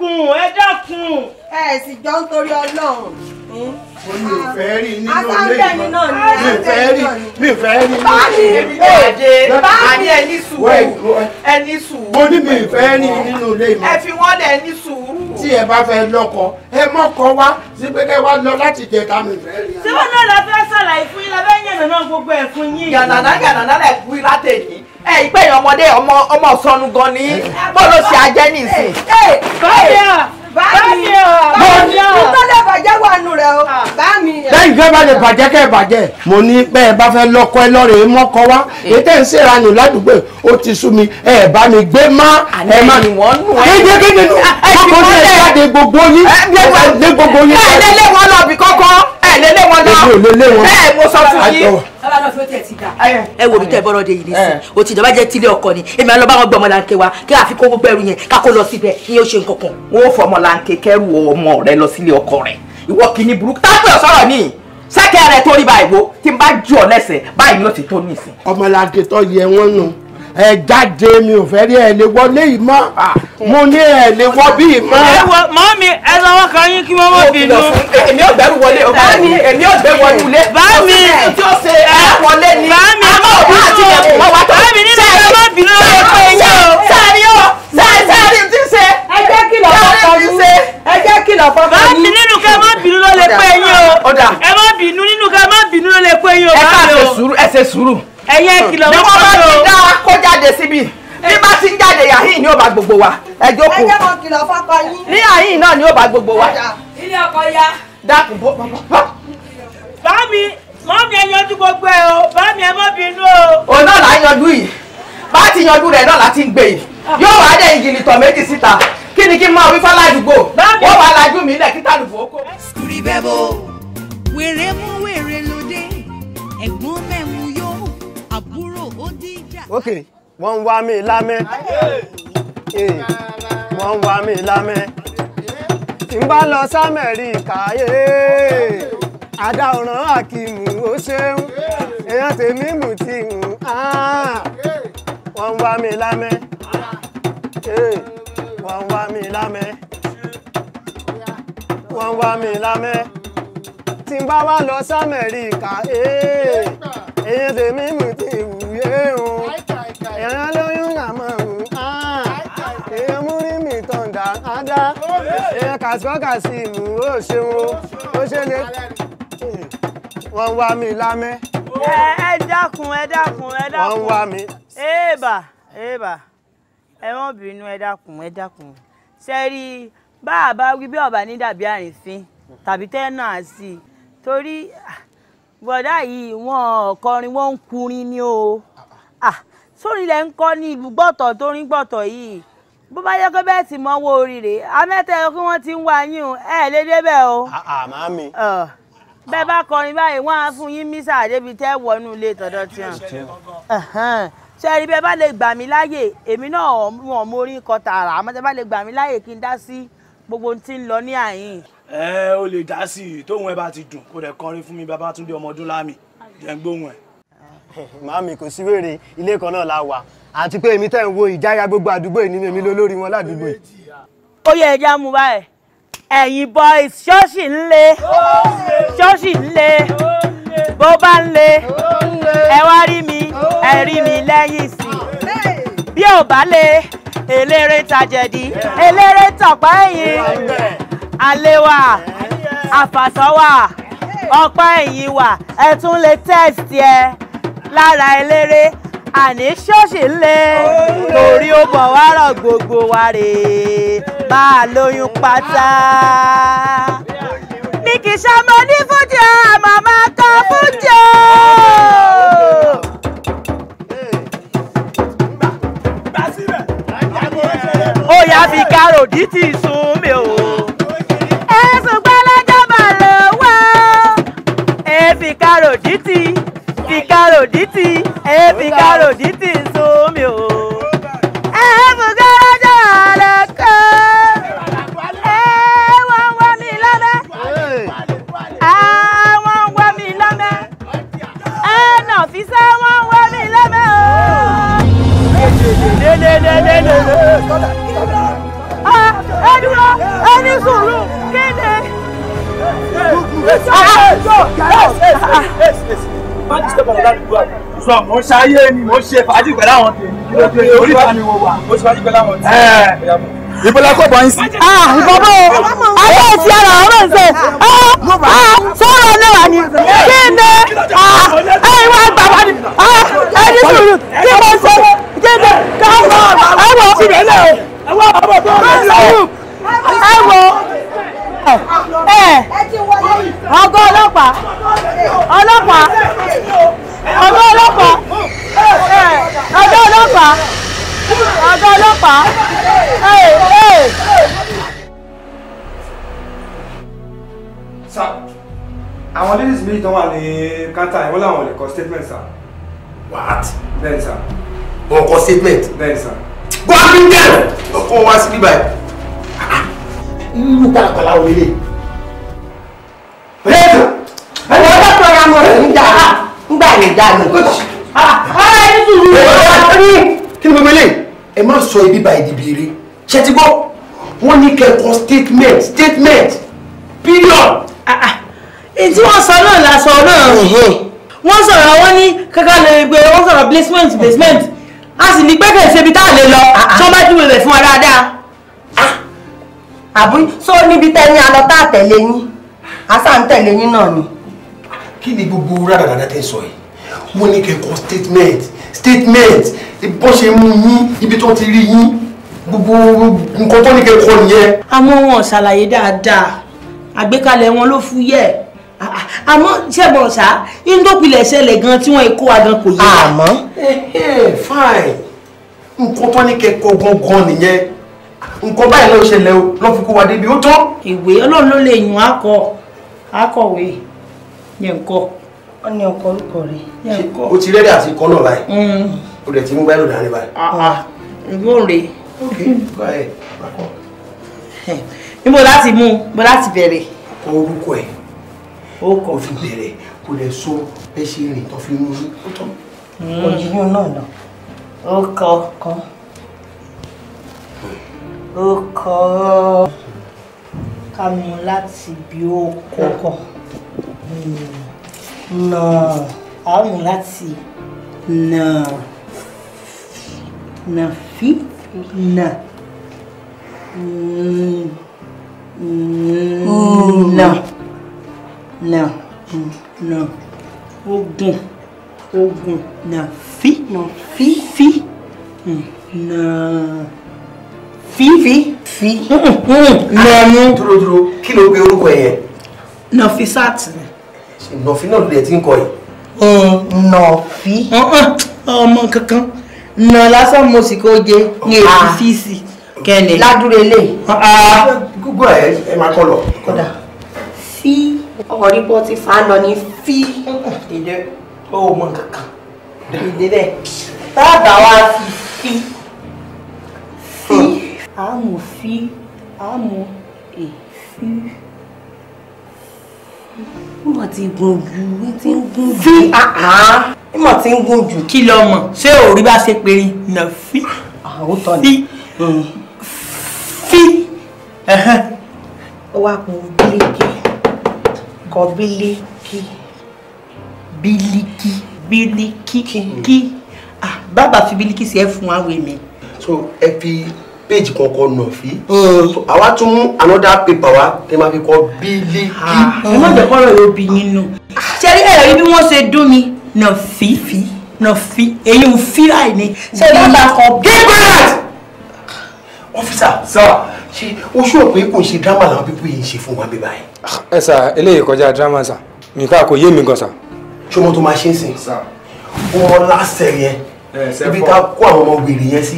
dákun ẹ dákun. ẹ sì jọ ń torí Ọlọ́run. Hmm? mi ò fẹ́ rí nínú ilé mi ò fẹ́ rí mi ò fẹ́ rí nínú ilé mi. báyìí èdè báyìí ẹni sùúrù ẹni sùúrù. mo ní mi ò fẹ́ rí nínú ilé mi. ẹ fi wọ́n lẹ̀ ní sùúrù. tí ẹ bá fẹ́ lọ́kọ ẹ mọ́kọ wá sí pé kẹ́ wá lọ láti jẹ ká mi fẹ́ rí. síbẹ̀ náà la fẹ́ sàlàyé fún yín la fẹ́ yànnà gbogbo ẹ̀ yín. yànnà náà yànnà ẹ ìpè yẹn ọmọdé ọmọ ọmọ sọnù gan ni bó ló ṣe ajẹ́ nìsín. báyà báyà báyà nítorí bàjẹ́ wà nù rẹ̀ o ah. bá mi. lẹ́yìn fẹ́ bá lè bàjẹ́ kẹ́ ẹ bàjẹ́ mo ní pé ẹ bá fẹ́ lọ́kọ́ ẹ lọ́rẹ̀ẹ́ mọ́kọ́ wá eh. èyí tẹ́ ń ṣèranù ládùúgbò ó ti sú mi ẹ bá mi gbé má ẹ má kéde kéde nù kókó ní ẹ jáde gbogbo yín ẹ lé wọn lọ bí kọ́kọ́ ẹ lé wọn lọ bẹ́ẹ̀ mo sọ fún yín ẹ wo mi tẹ bọ́rọ̀ de yìí nísìn o ti dọ́bàjẹ́ tilé ọkọ ni èmi àlọ́ bá wọn gbọ́ ọmọlanke wa kí a fi kó gbogbo ẹrù yẹn ká kó lọ síbẹ̀ ìyẹn ó ṣe nǹkan kan. wọ́n fọmọlanke kẹ́rù ọmọ rẹ lọ sílé ọkọ rẹ ìwọ kìíní burúkú tápẹ́ ọ̀sọ́rọ̀ ni sẹ́kẹ̀ rẹ torí báyìí wo tí n bá jù ọ lẹ́sẹ̀ báyìí ni ó ti tó nísìn. ọmọlanke tó yẹ wọ́n nù ẹ jáde mi ò fẹ́ rí ẹ lè wọlé yìí mọ́ mo ní ẹ lè wọ bí yìí mọ́. ẹ wọ mọ mi ẹ lọ́wọ́ kan yín kí wọ́n wọ́n bí inú. èmi ò bẹ̀rù wọlé o bá mi èmi ò bẹ̀rù wọlé ilé. bá mi tí ó ṣe ẹ wọlé ni. bá mi àmọ́ òbí àti ẹ̀kọ́ mọ́ wa tó. bá mi nínú ẹ má bínú ẹ kọ́ ẹ̀yìn o. sáré o sáré ti ṣe. ẹ jẹ́ kìlọ̀ fọ́fọ́ mi ẹ jẹ́ kìlọ̀ fọ́fọ́ mi. bá mi nínú ká má bínú ló lè pé ẹ̀yìn o. ẹ má bínú nínú ká má bínú ló lè pé ẹ̀yìn o. ẹ ká sùúrù ẹ sùúrù ẹ̀yẹ kìlọ̀ wọ́n kọ́ ló. ní wọ́n bá ti dá kó síbi bí bá ti ń jáde yàhín ni ó bá gbogbo wa ẹ jókòó. ẹ jẹ́ mọ kìlọ̀ fọ́kọ yín. ní yàhín náà ni ó bá gbogbo wa. ilé ọkọ ya. dákun bó bá. bá mi mọ́ ẹ yanjú gbogbo ẹ o bá ẹ mọ́ bínú o. òun náà là ń yanjú yìí bá ti yanjú rẹ̀ náà láti ń gbé yìí yóò wá dé ìgìlìtọ̀ méjì síta kí ni kí n máa wí fọ́ládùúgbò ó wà lájú mi lẹ̀ kí tàdùbò wèrè mú wèrè lóde ẹ̀gbọ́n ok wọ́n ń wá mi lámẹ́ wọ́n ń wá mi lámẹ́ tí n bá lọ sámẹ́ríkà àdá ọ̀ràn àkìmù ó ṣeun èèyàn tèmi mú ti hùn wọ́n ń wá mi lámẹ́ wọ́n ń wá mi lámẹ́ wọ́n ń wá mi lámẹ́ tí n bá wá lọ sámẹ́ríkà èèyàn tèmi mi ti wúyé o èèyàn lóyún làmọ́ o èèyàn múrí mi tọ̀ǹdà ádá èèyàn kàṣíkọ́kàṣí ìlú ó ṣeun o ó ṣe lè wọ́n wá mi lámẹ́. ẹ dákun ẹ dákun ẹ dákun wọ́n wá mi. èèbà èèbà ẹ wọ́n bínú ẹ dákun ẹ dákun ṣe rí bá a bá wí bí ọba ní dàbí àrífín tàbí tẹ́ náà sí i torí bọ̀dá yìí wọn kọrin wọn ń kurin ni o sórí ilẹ̀ ń kọ́ ní ìlú gbọ́tọ̀ tó rí gbọ́tọ̀ yìí bó bá yẹ kó bẹ́ẹ̀ sì mọ owó oríire amẹ́tẹ̀ kí wọ́n ti ń wá yín o ẹ̀ lé débẹ̀ o. màámi. bẹ́ẹ̀ bá kọrin báyìí wọ́n á fún yín mísà débi tẹ́ wọnú ilé tọ̀dọ̀ tí wọ́n. sẹ́ẹ̀rí bẹ́ẹ̀ bá lè gbà mí láàyè èmi náà wọ̀n mórí kọ tààrà àmọ́ tẹ́ bá lè gbà mí láàyè kí n dá sí gbogbo tí ń lọ ní àyín ẹ o lè dá sí i tóun ẹ bá ti dùn kó rẹ kọrin fún mi Babátúndé Ọmọdúnlámì jẹ ń gbóhùn ẹ. màámi kò sí wèrè ilé kan náà la wà àti pé èmi tẹ̀ ń wo ìjáyà gbogbo àdúgbò yìí nínú èmi lólórí wọn ládùúgbò yìí. ó yẹ ẹja mú báyìí ẹ̀yin boys ṣọ́ọ̀ṣì ń le ṣọ́ọ̀ṣì ń le bó bá ń le ẹ wá rí mi ẹ rí mi lẹ́yìn sí i bí ò bá le eléré tajẹ̀dí eléré tọ̀pá ẹ̀yìn alẹ́ wà àfàsọ́ wà ọ̀pá ẹ̀yìn wà ẹ tún lè test ẹ lára eléré àní ṣọ́ọ̀ṣì lé torí ó bọ̀ wá rọ̀ gbogbo wa rè bá a lóyún pátá. mi kì í ṣọmọ ní fújì ọ àmọ́ máa kọ fújì ọ. ó yá fi kárò dí ti sùn mi o. fìkàròdítì fìkàròdítì ẹ e fìkàròdítì sómi o. ẹ fìkàròdítì lẹ́kọ́ ẹ wọ́n wá mi lọ́mẹ́ àwọn wá mi lọ́mẹ́ ẹ nà fi sá wọ́n wá mi lọ́mẹ́ o. ẹ dúró ẹ ní sùúrù. Yes, yes, yes. má disturb àwọn aládùúgbò àgbà. sọ mo ṣayé ni mo ṣe fàájì pẹ̀lú àwọn tèmi oríta ni mo wà mo ṣe fàájì pẹ̀lú àwọn tèmi. ìbọlá kò bọ́ yín sí. ìbọn bó o ayé ìtì ara àwọn ọ̀rẹ́ ìṣe sọ́ọ̀rọ̀ náà wà ní. kọ statement sir. what. bẹ́ẹ̀ sir. wọn oh, kọ statement. bẹ́ẹ̀ sir. gbọ́dọ̀ dẹ̀ ọkọ wa sí bíbá ẹ̀. nínú pàlàpàlà ò lélẹ̀. bẹ́ẹ̀ sọ. ẹ̀rọ ọba tó ra mọ̀ rẹ̀ ń dá a ń gbà ní dá mi. ara ẹni tuntun rẹ̀ wá ní. kí ni gbogbo eléyìí. ẹ má sọ ibi bá ìdìbì rí ṣe ti gbọ́ wọ́n ní kẹ́kọ̀ọ́ statement tẹ̀lé yín àṣà ń tẹ̀lé yín náà ni. kí ni gbogbo rádaràdà tẹ́ sọ yìí wọ́n ní kẹ́kọ̀ọ́ statement statement bó ṣe mú yín ibi tó ti rí yín gbogbo nǹkan tó ní kẹ́kọ̀ọ́ nìyẹn. àmọ́ wọn ṣàlàyé dáadáa àgbékalẹ̀ wọn ló fúyẹ́ àmọ́ ṣẹ́gbọ̀n ṣá inú tó pilẹ̀ ṣẹlẹ̀ gan tí wọ́n kó wa gan kò yé. àmọ́ eh, eh, fine nǹkan tó ní kẹ́kọ̀ọ́ gangan nìyẹn nǹkan báyìí ló ṣẹlẹ̀ o lọ́ fi kó wa débi ó tán. ìwé ọlọ́run ló lè yàn akọ akọ̀wé yẹn nǹkan wọ́n ní ọkọ̀ orúkọ rẹ̀ o ti rẹ́rẹ́ àti kọ́ náà báyìí mm. o dẹ̀ ti mú báyìí lòdà ní báyìí. ìwé òre. ok báyìí bàkọ. níbo láti mú mo láti bẹ̀rẹ̀. kọ orúkọ ẹ o kọ fi bẹ̀rẹ̀ kó lè so bẹ́ẹ̀ ṣe rìn tó fi mú un ó tán. ọ̀jìnìún mm. náà lọ. ó kọ kan ọkọ kanu láti bí ó kọkọ nà àmú láti nà nà fi hmm. nà nà nà nà ogun ogun nà fi hmm. nà fi fi nà fi fi fi nọnu. Ah, dúró dúró kí ló gbé orúkọ yẹn. nọfisat ni. nọfi náà lè ti ń kọ yìí. Mm, nọfi. ọmọ kankan nà lásán mo sì kó jẹ ní èyí fíìsì kẹlẹ. ládùúrẹ́ lè. Ah. gúgú ẹ ẹ máa kọ lọ. kódà fi ọkọ̀ rí bọ́ ti fa lọ ní fi. dèdè ó mọ kankan. dèdè bẹ́ẹ̀ bàbá wa fi fi fi amòfin amò èéfín e, nígbà tí gùn jù ní ti ń gùn jù. fí àá nígbà tí ń gùn jù. kí lọ mọ̀ ṣé òrí bá ṣe pé fi, fí. àwòtọ́ ni fi, mm. ó wá kó bílíkì kọ bílíkì bílíkì bílíkì kí ah, bàbá fi bílíkì sí ẹ fún wa wèmí. so ẹ fi page kankan nà fi. àwa tún mú another paper wa tẹ máa fi kọ bílíkì. Ah. ẹ má jẹ́ kọ́rọ̀ yóò bí yín nù. ṣé rí ẹ̀rọ yìí bí wọ́n ṣe dún mi nà fífi nà fi èyí ò fi láì ní. ṣé dábà kan gilbert. ọ́fíìsà sọ ṣe o ṣó pé kò ṣe drama làwọn pípọ̀ yìí ń ṣe fún wa bí báyìí. Ah, ẹ sà eléyìí kọjá drama sà nǹkan kò yé mi gan sà. ṣé mo tó máa ṣe é sìn. ọmọ lásẹ̀ yẹn eh, ibi tá kó àwọn ọmọ wèrè yẹn sí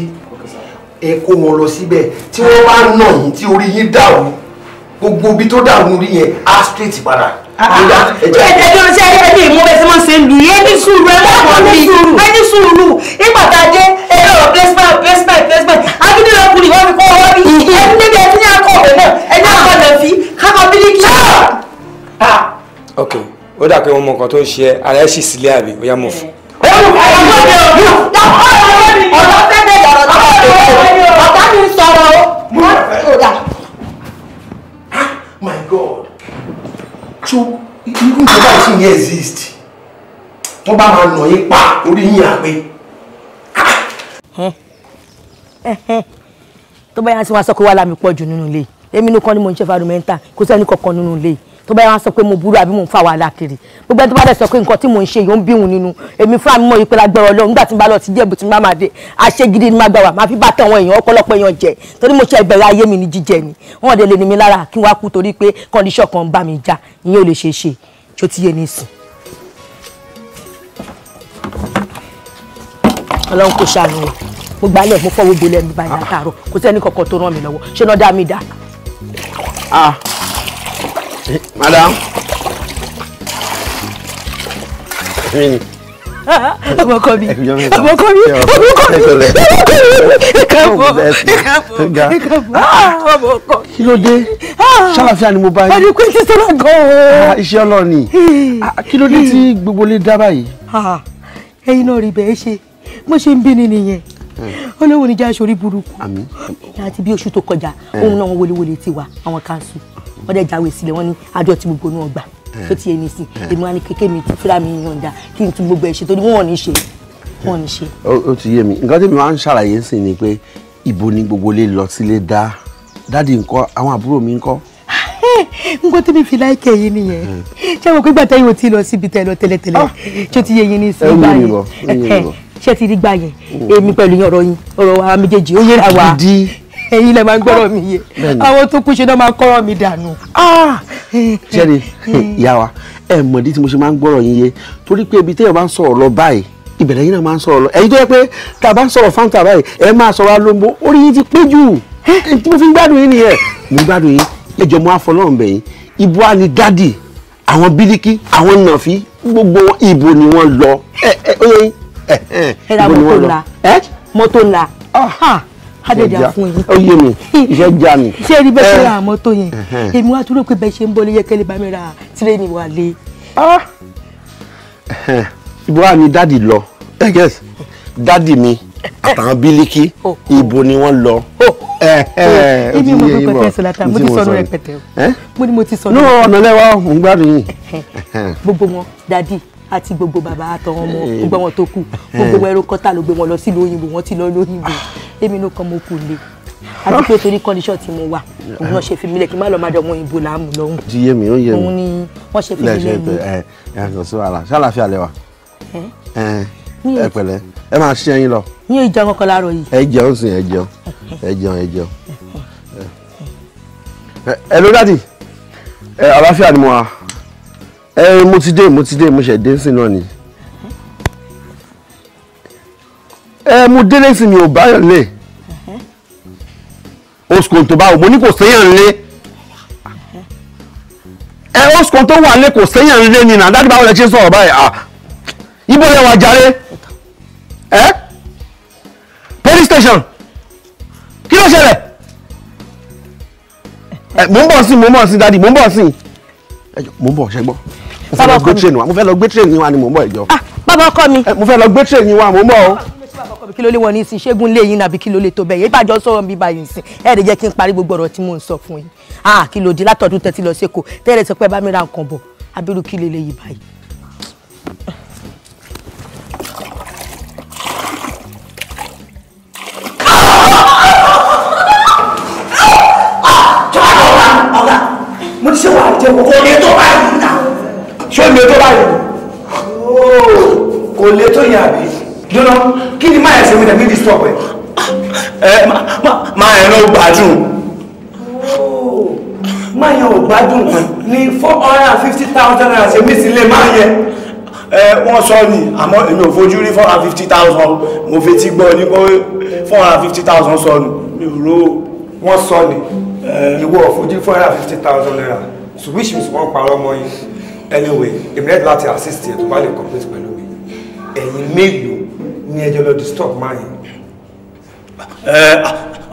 ẹ kó wọn lọ síbẹ̀ tí wọ́n bá nà yín tí orí yín dàrú gbogbo ibi tó dàrú orí yẹn á straight padà. Ah, ah. ẹ̀jẹ̀ tó ṣe ẹ̀jẹ̀ ní ìmúbẹ̀ tí wọ́n ṣe ń lù yé ní sùúrù ẹ̀ lọ́kàn mi ẹ̀ ní sùúrù ìgbà tá a dé ẹ̀rọ placement placement placement agídí lọ́kùnrin wọ́n fi kọ́ wọ́n bí ẹni níbi ẹni ní akọ ọ̀bẹ náà ẹni akọ ọ̀bẹ fi kákọ bíríkì. ok ó dà pé wọn mọ nǹkan tó ń ṣe ẹ ara ẹ sì sílé àbí ó yá mọ̀ fún. ọ̀rọ̀ o ọ̀gá mi ń sọ̀rọ̀ o wọ́n ò my god so irú ìjọba ìsìn yẹn exist wọ́n bá máa nà yín pa orí yín àgbẹ̀. tó bá yà ń sọ wá sọ pé wàhálà mi pọ̀ jù nínú ilé èmi nìkan ni mo ń ṣe fàrùmẹ́ńtà kò sẹ́ni kankan nínú ilé yìí tó bá yẹ wọn sọ pé mo burú àbí mo ń fa wàhálà kiri gbogbo ẹni tó bá dẹ̀ sọ pé nǹkan tí mo ń ṣe yìí ó ń bí òun nínú èmi fúnra mi mọ̀ yìí pé lágbára Ọlọ́run nígbà tí n bá lọ sí Jẹ̀bú tí n máa dé àṣẹ gidi ni máa gbà wá máa fi bá tàwọn èèyàn ọ̀pọ̀lọpọ̀ èèyàn jẹ torí mo ṣe ìbẹ̀rẹ̀ ayé mi ní jíjẹ ni wọn lè ní lára kí wọ́n á kú torí pé kọ́ndíṣọ̀ kan bá mi já ìyẹn ò lè ṣeé ṣe tí ti yé nísìn. Ọlọ́run kò ṣàánú o mo gbálẹ̀ mo fọwọ́ gbolẹ̀ mi báyìí látàárọ̀ kò sẹ́ni kankan tó ràn mí lọ́wọ́ ṣé náà dá mi dá. Ah madam. ọmọkọ mi ọmọkọ mi ọmọkọ mi ìkàbọ̀ ìkàbọ̀ ìkàbọ̀ ọmọkọ mi. kí ló dé ṣàlàfíà ni mo bá yín. wọ́n ní pé títí náà gan o. iṣẹ́ ọlọ́ọ̀ni kí ló dé tí gbogbo lè dá báyìí. ẹ̀yin náà rí bẹ́ẹ̀ ṣe mo ṣe ń bí ni nìyẹn eh. olówó níjà sórí burúkú àti bí oṣù tó kọjá eh. òun náà wọléwọlé ti wà àwọn kanṣu wọ́n dẹ̀ jáwé sílẹ̀ wọ́n ní àjọ tí gbogbo náà gbà tó ti yẹn sí èmi wá ní kékeré mi fúra mi yànda kí n tún gbogbo ẹ̀ ṣe torí wọ́n ní ṣe wọ́n ní ṣe. ó ti yé mi nǹkan tí mi máa ń ṣàlàyé sí ni pé ibo ni gbogbo lè lọ sílé dá dáàdi ńkọ́ àwọn àbúrò mi ńkọ́ nǹkan tí mi fi láìkẹ́ yìí nìyẹn ṣé mo pé gbàtẹ́ yìí ò tí lọ síbi tẹ́ lọ tẹ́lẹ̀tẹ́lẹ̀ ah! ṣé ti yẹ yín ní ìsìn báyìí ṣé ti rí gbà yẹn èmi pẹ̀lú ọ̀rọ̀ yín ọ̀rọ̀ wa méjèèjì ó yẹra wa ẹ̀yin lẹ máa ń gbọ́rọ̀ mi yé àwọn tó kú ṣe náà máa kọ́rọ̀ mi dànù. Ah! ṣẹ́ni ìyá wa ẹ mọ̀dí tí mo ṣe máa ń gbọ́rọ̀ yín yé torí pé ibi téèyàn bá ń sọ̀rọ̀ lọ báyìí ìbẹ̀rẹ̀ yín náà máa ń sọ̀rọ̀ lọ ẹ̀yin tó yẹ pé tá a bá ń sọ̀rọ̀ fáńtà báyìí ẹ máa sọ̀rọ̀ alóńgbò orí yín ti pé jù tí mo fi ń gbádùn yín nìyẹn mo ń gbádùn yín ẹ jọ̀ọ́ mo àfọlọ́run bẹ̀ yín ibo á ní dádì àwọn bílíkì àwọn nàfí gbogbo ibo ni wọ́n lọ ẹ ẹ ó yẹ yín ẹ ẹ ibo ni wọ́n lọ. ẹ ra mọ́tò ńlá mọ́tò ah! ńlá àdèjà fún yín. ó yé mi iṣẹ́ já mi. ṣé rí bẹ́ẹ̀ ṣe ra mọ́tò yẹn èmi wá dúró pé bẹ́ẹ̀ ṣe ń bọ́ lé yẹ́kẹ́lẹ́ bá mi ra tírẹ́ẹ̀nì wà lé. Ah! ibo wa ni dádì lọ dádì mi àtàwọn bílíkì oh. ibo ni wọ́n lọ. ibi mo fi pẹtẹ sọlá ta mo ti sọnù rẹpẹtẹ o mo ni mo ti sọnù. ní ọ̀nà lẹ́wọ̀ ń gbádùn yìí. gbogbo wọn dádì àti gbogbo bàbá àtọwọn ọmọ eh. gbogbo àwọn tó kù gbogbo eh. ẹrọ kọta ló gbé wọn lọ sílùú òyìnbó wọn ti lọ lóyìnbó èmi ló kàn mo kù lé àti pé torí kọ́ndíṣọ̀ tí mo wà òun náà ṣe fi mílẹ̀ kí n má lọ́ọ́ má dọ̀ wọn ìbò láàmú lọ́hùn. ti yé mi ó yé mi òun ni wọ́n ṣe fi mílẹ̀ mi. ẹ ẹ kò sí wàhálà ṣàlàfíà lẹwà ẹ pẹ̀lẹ́ ẹ máa ṣe ẹyin lọ. ní ìjà kọkọ láàárọ̀ yìí. ẹ jẹun sìn ẹ jẹun ẹ jẹun ẹ jẹun. ẹ ló dádì ẹ àlàáfíà ni mo wà ẹ mo ti dé mo ti dé mo ṣe dé sí náà ni ẹ mo délé sí mi ò báyọ̀ lé oṣù tó bá wò mo ní kò séyàn lé ẹ oṣù tó wà lé kò séyàn lé ni náà dájú báwo lẹ ṣe sọ̀rọ̀ báyìí à ibo lẹ wà jàre ẹ police station kí ló ṣẹlẹ̀ ẹ mo ń bọ̀ sí mo ń bọ̀ sí dadi mo ń bọ̀ sí mo ń bọ̀ ṣẹ́gbọ́n mo fẹ́ lọ mo fẹ́ lọ gbé train wa ni mò ń bọ̀ ìjọ. ah bàbá ọkọ mi. mo fẹ́ lọ gbé train wa mò ń bọ̀ o. kí ló lé wọn ní ìsìn ṣẹ́gun lé yín nàbí kí ló lé tó bẹ́ẹ̀ yẹn ìbàjọ́ sọ̀rọ̀ mi báyìí ìsìn ẹ̀ lè jẹ́ kí n parí gbogbo ọ̀rọ̀ tí mò ń sọ fún yín. ah kí ló di látọ̀dún tẹ́tí lọ sẹ́kọ̀ọ́ tẹ́lẹ̀ sọ pé bá mi ra nǹkan bọ̀ abirú kí lè lè báyìí. mo ti ṣe wà á jẹ́ wọ́n. kò ní tó báyìí ṣó lè tó báyìí kò lè tó yẹn àbí dúró kí ni máa ẹ̀ ṣe mi tẹ̀mí disturb ẹ̀. ẹ máa ẹ̀ lọ gbádùn. máa yẹn ò gbádùn ní four hundred and fifty thousand naira ṣe mí sílé máa yẹn ẹ wọ́n sọ ní àmọ́ èmi ò fojú rí 450,000 mo fi ti gbọ́ and fifty thousand, sọ nù mi ò ró wọ́n sọ ní ìwọ ò fojú 450,000 naira so which means wọ́n parọ́ mọ́ yín anyway ìmìlẹ́dì láti assist ẹ̀ tó bá lè complete pẹ̀lú mi ẹ̀yin mélòó ni ẹjọ́ lọ disturb máa yẹn.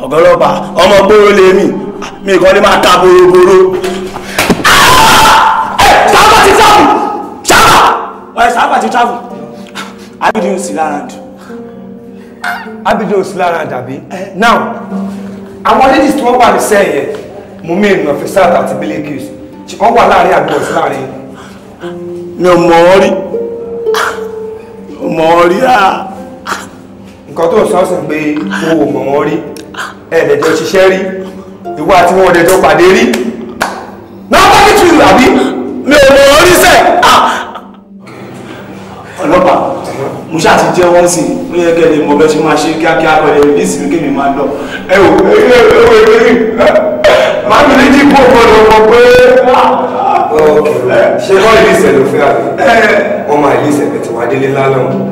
ọ̀gá ọlọ́pàá ọmọ gbóró lè mi mi kàn ní máa ta boroboro. sábà ti travel sábà ọ̀rẹ́ sábà ti travel abidjan ò sí lára dùn. abidjan ò sí lára dàbí now àwọn ladies tí wọ́n wà ní sẹ́yìn yẹn mo mẹ́rin ọ̀fẹ́sà àti bílẹ̀kì wọ́n wà láàrin àgbọ̀ sí láàrin mi ò mọ̀ ọ́ rí mọ̀ ọ́ rí nǹkan tó sọ pé o mọ̀ wọ́n rí ẹ̀ẹ́dẹ̀jọ ṣiṣẹ́ rí ìwọ àti wọn ọ̀dẹ̀jọ pàdé rí náà bá kìtù àbí mi ò mọ̀ ọ́ rí ọlọ́pàá mo ṣáà ti jẹ́ wọ́n sí ó yẹ kẹ́lẹ́ mo bẹ́ ṣe máa ṣe kíákíá pẹ̀lẹ́ ní ìsinmi kémi máa lọ ẹ wò ẹ wò ẹ wò ẹ má ṣe kọ́ ìlú ìṣẹ̀lẹ̀ òfin àbí wọ́n máa ilé ìṣẹ̀lẹ̀ tí wàá délé lálọ́run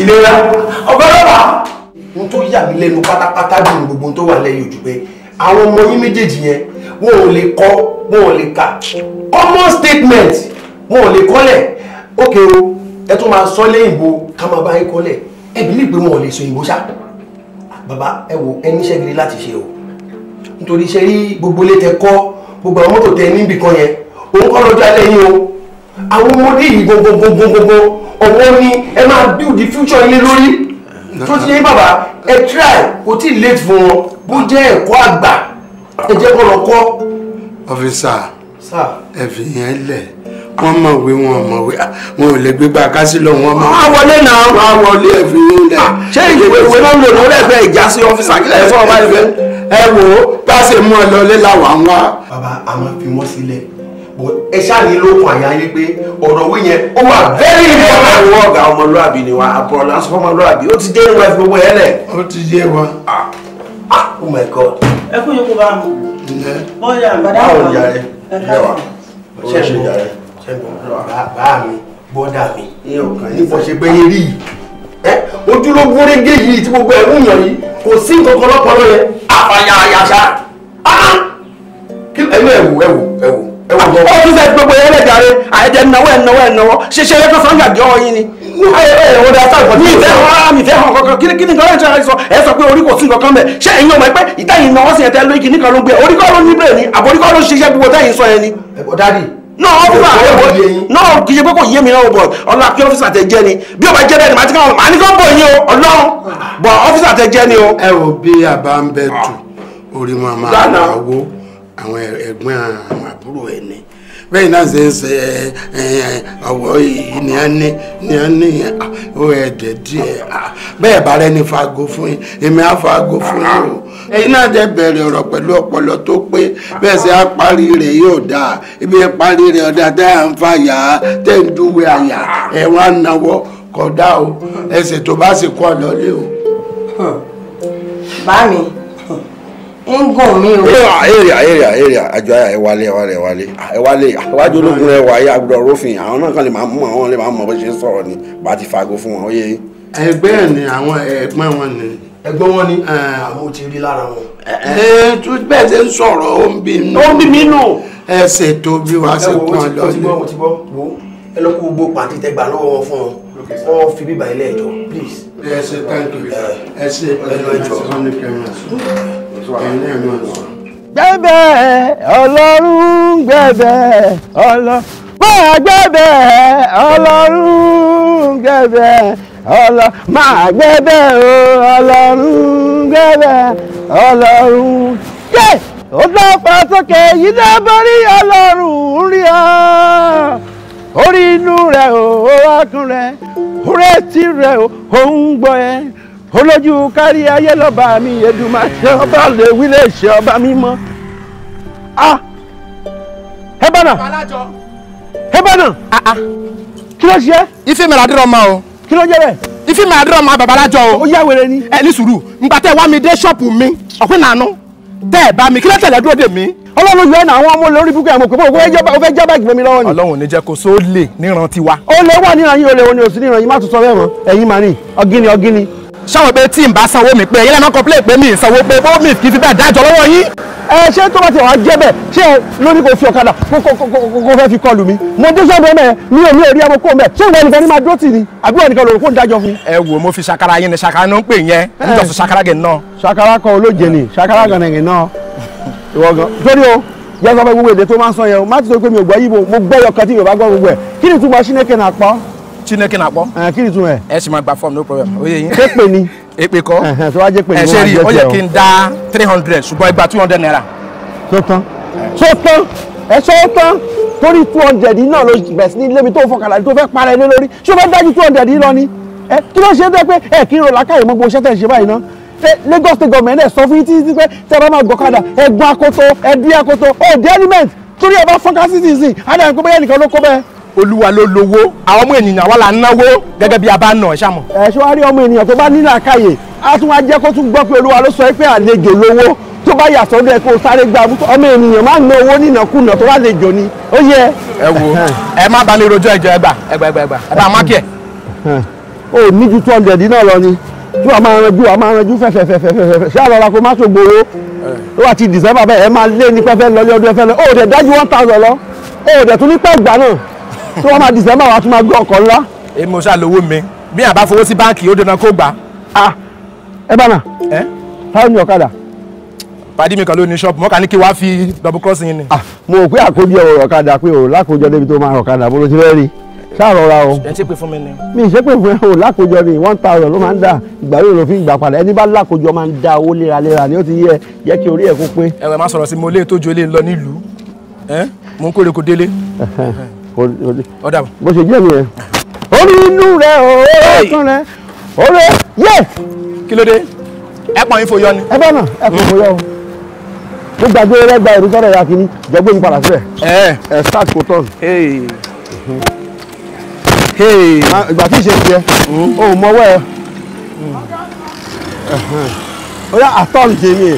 ìlera ọgọ́lọ́wà. n tó yà mí lẹ́nu pátápátá jù gbogbo tó wà lẹ́yìn ojú pé àwọn ọmọ yín méjèèjì yẹn wọn ò lè kọ wọn ò lè kà common statement wọn ò lè kọ́lẹ̀ ókè o ẹ tún máa sọ léyìnbó ká máa bá yín kọ́lẹ̀ ẹ bí lè pé wọn ò lè sọ ìbò ṣá bàbá ẹ wo ẹ níṣẹ́ gidi láti ṣe o nítorí iṣẹ́ rí gbogbo ilé tẹ kọ́ gbogbo àwọn mọ́tò tẹ níbì yẹn òun kọ́ lọ́jọ́ alẹ́ yìí o àwọn ọmọdé yìí gbogbogbogbogbò ọ̀wọ́ ni ẹ máa build the future ilé lórí tó ti yẹ bàbá ẹ try kò tí ì late fún wọn bó jẹ́ ẹ̀kọ́ àgbà ẹ jẹ́ kọ́ lọ kọ́. ọfíìsà ẹ fi yẹn lẹ̀ wọ́n mọ̀ wí wọn mọ̀ wí wọn ò lè gbé gba kásí lọ wọn mọ̀. wọ́n wọlé náà. wọ́n wọlé ẹ fi yẹn lẹ̀. Ah, ṣé ìwé ìwé náà lò lórí ẹgbẹ́ ìjà sí ọfíìsà kílẹ̀ ẹ̀ sọ́ọ́ bá ẹ wò ó bá a ṣe mú ọ lọ lé làwọn wá. bàbá a fi wọn sílẹ̀ ẹ ṣáàní lókun àyà yín pé ọ̀rọ̀ wí yẹn ó wà very important. ìwọ ọ̀gá ọmọlúwàbí ni wa àbúrò lásán ọmọlúwàbí ó ti dé ìwà ìfowópamọ́ ẹ̀ lẹ̀. ó ti yé wa. ah, ah oh my god. ẹ kú yín kó bá mi. bọ́ọ̀lù àgbàdo àwọn ọ̀gá rẹ̀ ẹ wà ṣe ń ṣe ń bọ̀ bá mi bọ́dà mi ní ṣe gbẹ́yẹ rí yìí ojúlógún régé yìí tí gbogbo ẹ̀rú yàn yìí kò sí nǹkan kan lọ́pọ̀lọ́ yẹn àfàyà àyàṣà ah! ẹ̀rú ẹ̀wù ẹ̀wù ẹ̀wù ó tún sẹ́ẹ̀ gbogbo yẹn lẹ́jàre àìjẹ́ náwó ẹ̀ náwó ẹ̀ náwó ṣeṣe yẹ kó sọ́ńgà jọ yín ni. mi fẹ́ hàn mi fẹ́ hàn kankan kí ni kí ni nǹkan lẹ́yìn ṣe pé kò yé mi náà bọ̀ ọlọ́run àti ọ́fíìsà àtẹ̀jẹ́ ni bí ó bá jẹ́ ni màá ti kàn án ní kàn bọ̀ yín o ọlọ́run bọ̀ ọ́fíìsà àtẹ̀jẹ́ ni o. ẹ wo bí àbá ń bẹ tù orí màmá àwọ àwọn ẹ̀gbọ́n àwọn àbúrò ẹ̀ ni bẹ́ẹ̀ náà ṣe ń ṣe ọ̀wọ́ ni a ní ni a ní ẹ̀dẹ̀ díẹ̀ bẹ́ẹ̀ bá fago fún yín èmi á fago fún yín o ẹ̀yin náà jẹ́ bẹ̀rẹ̀ pẹ̀lú ọpọlọ tó pé bẹ́ẹ̀ ṣe á parí rẹ̀ yóò ibi ẹ̀ parí rẹ̀ ọ̀dà tẹ́ à ẹ̀ wá náwó kọ̀dá ọ o. bá mi. ń gàn mí o. èrìà èrìà èrìà àjọ àyà ẹ wálé ẹ wálé ẹ wálé ẹ wálé iwájú ológun rẹ wáyé agbọdọ rófin àwọn náà kan lè máa mú àwọn lè máa mọ bó ṣe ń sọ̀rọ̀ ni bá ti fago fún wọn ó yé. ẹgbẹ́ ẹ̀ ni àwọn ẹ̀gbọ́n wọn ni. ẹ̀gbọ́n wọn ni àmọ́ ti rí lára wọn. ẹ tó bẹ́ẹ̀ ṣe ń sọ̀rọ̀ ó ń bí mi. ó ń bí mi nù. ẹsẹ̀ tó bí wàá ṣe pọ́n lọ sí. ẹ lọ kó gbogbo pàǹtí tẹ gbà lọ́wọ́ wọn fún wọn wọ́n fi please. ẹ ṣe thank you ẹ ṣe ẹ lọ gbẹ̀bẹ̀ ọlọ́run gbẹ̀bẹ̀ ọlọ́run máa gbẹ̀bẹ̀ ọlọ́run gbẹ̀bẹ̀ ọlọ́run máa gbẹ̀bẹ̀ ọlọ́run gbẹ̀bẹ̀ ọlọ́run yé ó dáfà sókè yìí dábọ̀ rí ọlọ́run rí ọ orí inú rẹ̀ ó wákùn rẹ̀ ó retí rẹ̀ ó ń gbọ́ ẹ olójú kárí ayé lọ́ba mi Èdùmàrè ọba lè wí lè ṣe ọba mímọ́ ah ẹ bá náà ah ah kí ló ṣe. ife mi àdúrà ọmọ o. kí ló jẹ́ bẹ́ẹ̀. ife mi àdúrà ọmọ babalájọ o. ó yá wèrè ni. ẹ ní sùúrù ngbà tẹ wá mi dé ṣọ́ọ̀pù mi ọ̀pẹ nànú tẹ ẹ bá mi kí ló tẹ̀lé dúró dè mí. ọlọ́run yóò náà àwọn ọmọ olórí búkẹ́ àmọ̀ pé o fẹ́ jábà gbẹmí lọ́wọ́ ni. ọlọ́run ò ní jẹ́ kó so ó lè níran tiwa. ó lè wà níran yín ó lè wọ́n ni òsì níran yín má tún sọ bẹ́ẹ̀ mọ́ ẹ̀yin mà ní ọgíní ṣáwọn pé tí n bá sanwó mi pé ilé mọ́kàn plé pé mi sanwó pé bó mi kì í ti bẹ́ẹ̀ dájọ́ lọ́wọ́ yín. ẹ ṣé tó bá ti wà á jẹ́ bẹ́ẹ̀ ṣé lórí kò fi ọ̀kadà kò fẹ́ fi kọlù mi mo dé sọ́dọ̀ mẹ́ mi ò mi ò rí ọmọ kó mẹ́ ṣé ìwọ nìkan ni máa dúró tì ní àbí wọn nìkan lòrò kó ń dájọ́ fún. ẹ wo mo fi ṣakara yín ni ṣakara ló ń pè yẹn nítorí ṣakara gẹ̀ náà. ṣakara kọ olóje ni ṣakara gànàgàn náà ìwọ gan torí o yẹ sọ fẹ gbogbo èdè tó máa ń sọ yẹn o má ti sọ pé mi ò gbọ́ yìí mo gbọ́ yọkan tí mi ò bá gbọ́ gbogbo ẹ̀ kí ni túmọ̀ ṣínẹ́kẹ̀ náà chineke na-akpọ ah, kí ni tún ẹ. ẹ sì máa no problem ó yé yín. képe ni. èpè kọ tó wá jẹ́ pé ni n dá three hundred ṣùgbọ́n igba two hundred naira. tó tán tó tán ẹ sọ tán torí two hundred náà ló bẹ̀ sí ní lébi tó fọkànlá tó fẹ́ para ẹni lórí ṣé o fẹ́ dájú two hundred lọ ni ẹ kí ló ṣe é dẹ́ pé ẹ kí n rò lákàyè gbogbo iṣẹ́ ṣe báyìí náà Lagos state government ẹ sọ fún yín títí pé tẹ bá máa gbọ́kadà ẹgbọn akoto ẹdí akoto ó element torí ẹ bá fọ́nká sí sí sí àdàkùn bẹ́ẹ̀ nìkan ló kó bẹ́ẹ̀ olúwa ló lówó àwọn ọmọ ènìyàn wà là náwó gẹ́gẹ́ bí a bá nà ẹ ṣàmọ. ẹ ṣé wàá rí ọmọ ènìyàn tó bá ní làákàyè á tún wá jẹ́ kó tún gbọ́ pé olúwa ló sọ pé àlejò lówó tó bá yàtọ̀ dẹ kó sáré gba ọmọ ènìyàn máa ń ná owó nínàkúnà tó bá lejò ni ó yẹ. ẹ wo ẹ má balẹ̀ rojọ́ ẹjọ́ ẹgbà ẹgbà ẹgbà ẹgbà ẹgbà má kíẹ̀. o ní ju two hundred náà lọ ni tí wàá máa ranjú wàá máa ṣé àlọ́ ra kó má ṣògbòrò ó wà tí wọ́n máa December wa tún máa gbé ọkọ̀ ńlá. èmi ò ṣàlówó mi bí àbá fowó sí báǹkì ó dandan kó gbà. ẹ bá nà táwọn ní ọ̀kadà. pàdé mi kan ló ní ṣọ́ọ̀bù mọ́ka ní kí wàá fi double crossing ni. mo rò pé àkójọ ọ̀rọ̀ ọ̀kadà pé o lákòójọ débi tó máa ọ̀kadà mo ló ti fẹ́ rí ṣáàrọ̀ ra o. ẹ ṣe pé fún mi ni. mi ṣe pé fún ẹ o lákòójọ ni one thousand ló máa ń dà ìgbà yóò lọ fi ìgbà padà ẹni bá lákòójọ máa ń da owó léraléra ni ó ti yẹ jẹ́ kí orí ẹ̀ kó pé. ẹ̀wẹ̀ má sọ̀rọ̀ sí mo lé ètò ìjọ ilé lọ nílùú mo ń kórè kó délé bó ṣe jẹ́ nìyẹn. orí inú rẹ ooo ọtún rẹ oore yẹ. kí ló dé ẹ pọn ifo yọ ni. ẹ bá náà ẹ pọn ifo yọ o mo gbàgbé rẹ gba ìrú tọrọ ya kìíní jọ gbé mi padà sílẹ̀. ẹ ẹ start kò tán. Ah, ìgbà tí ì ṣe tiẹ̀ mm. o ò mọwọ́ ẹ ó yá àtọ́ǹtì mi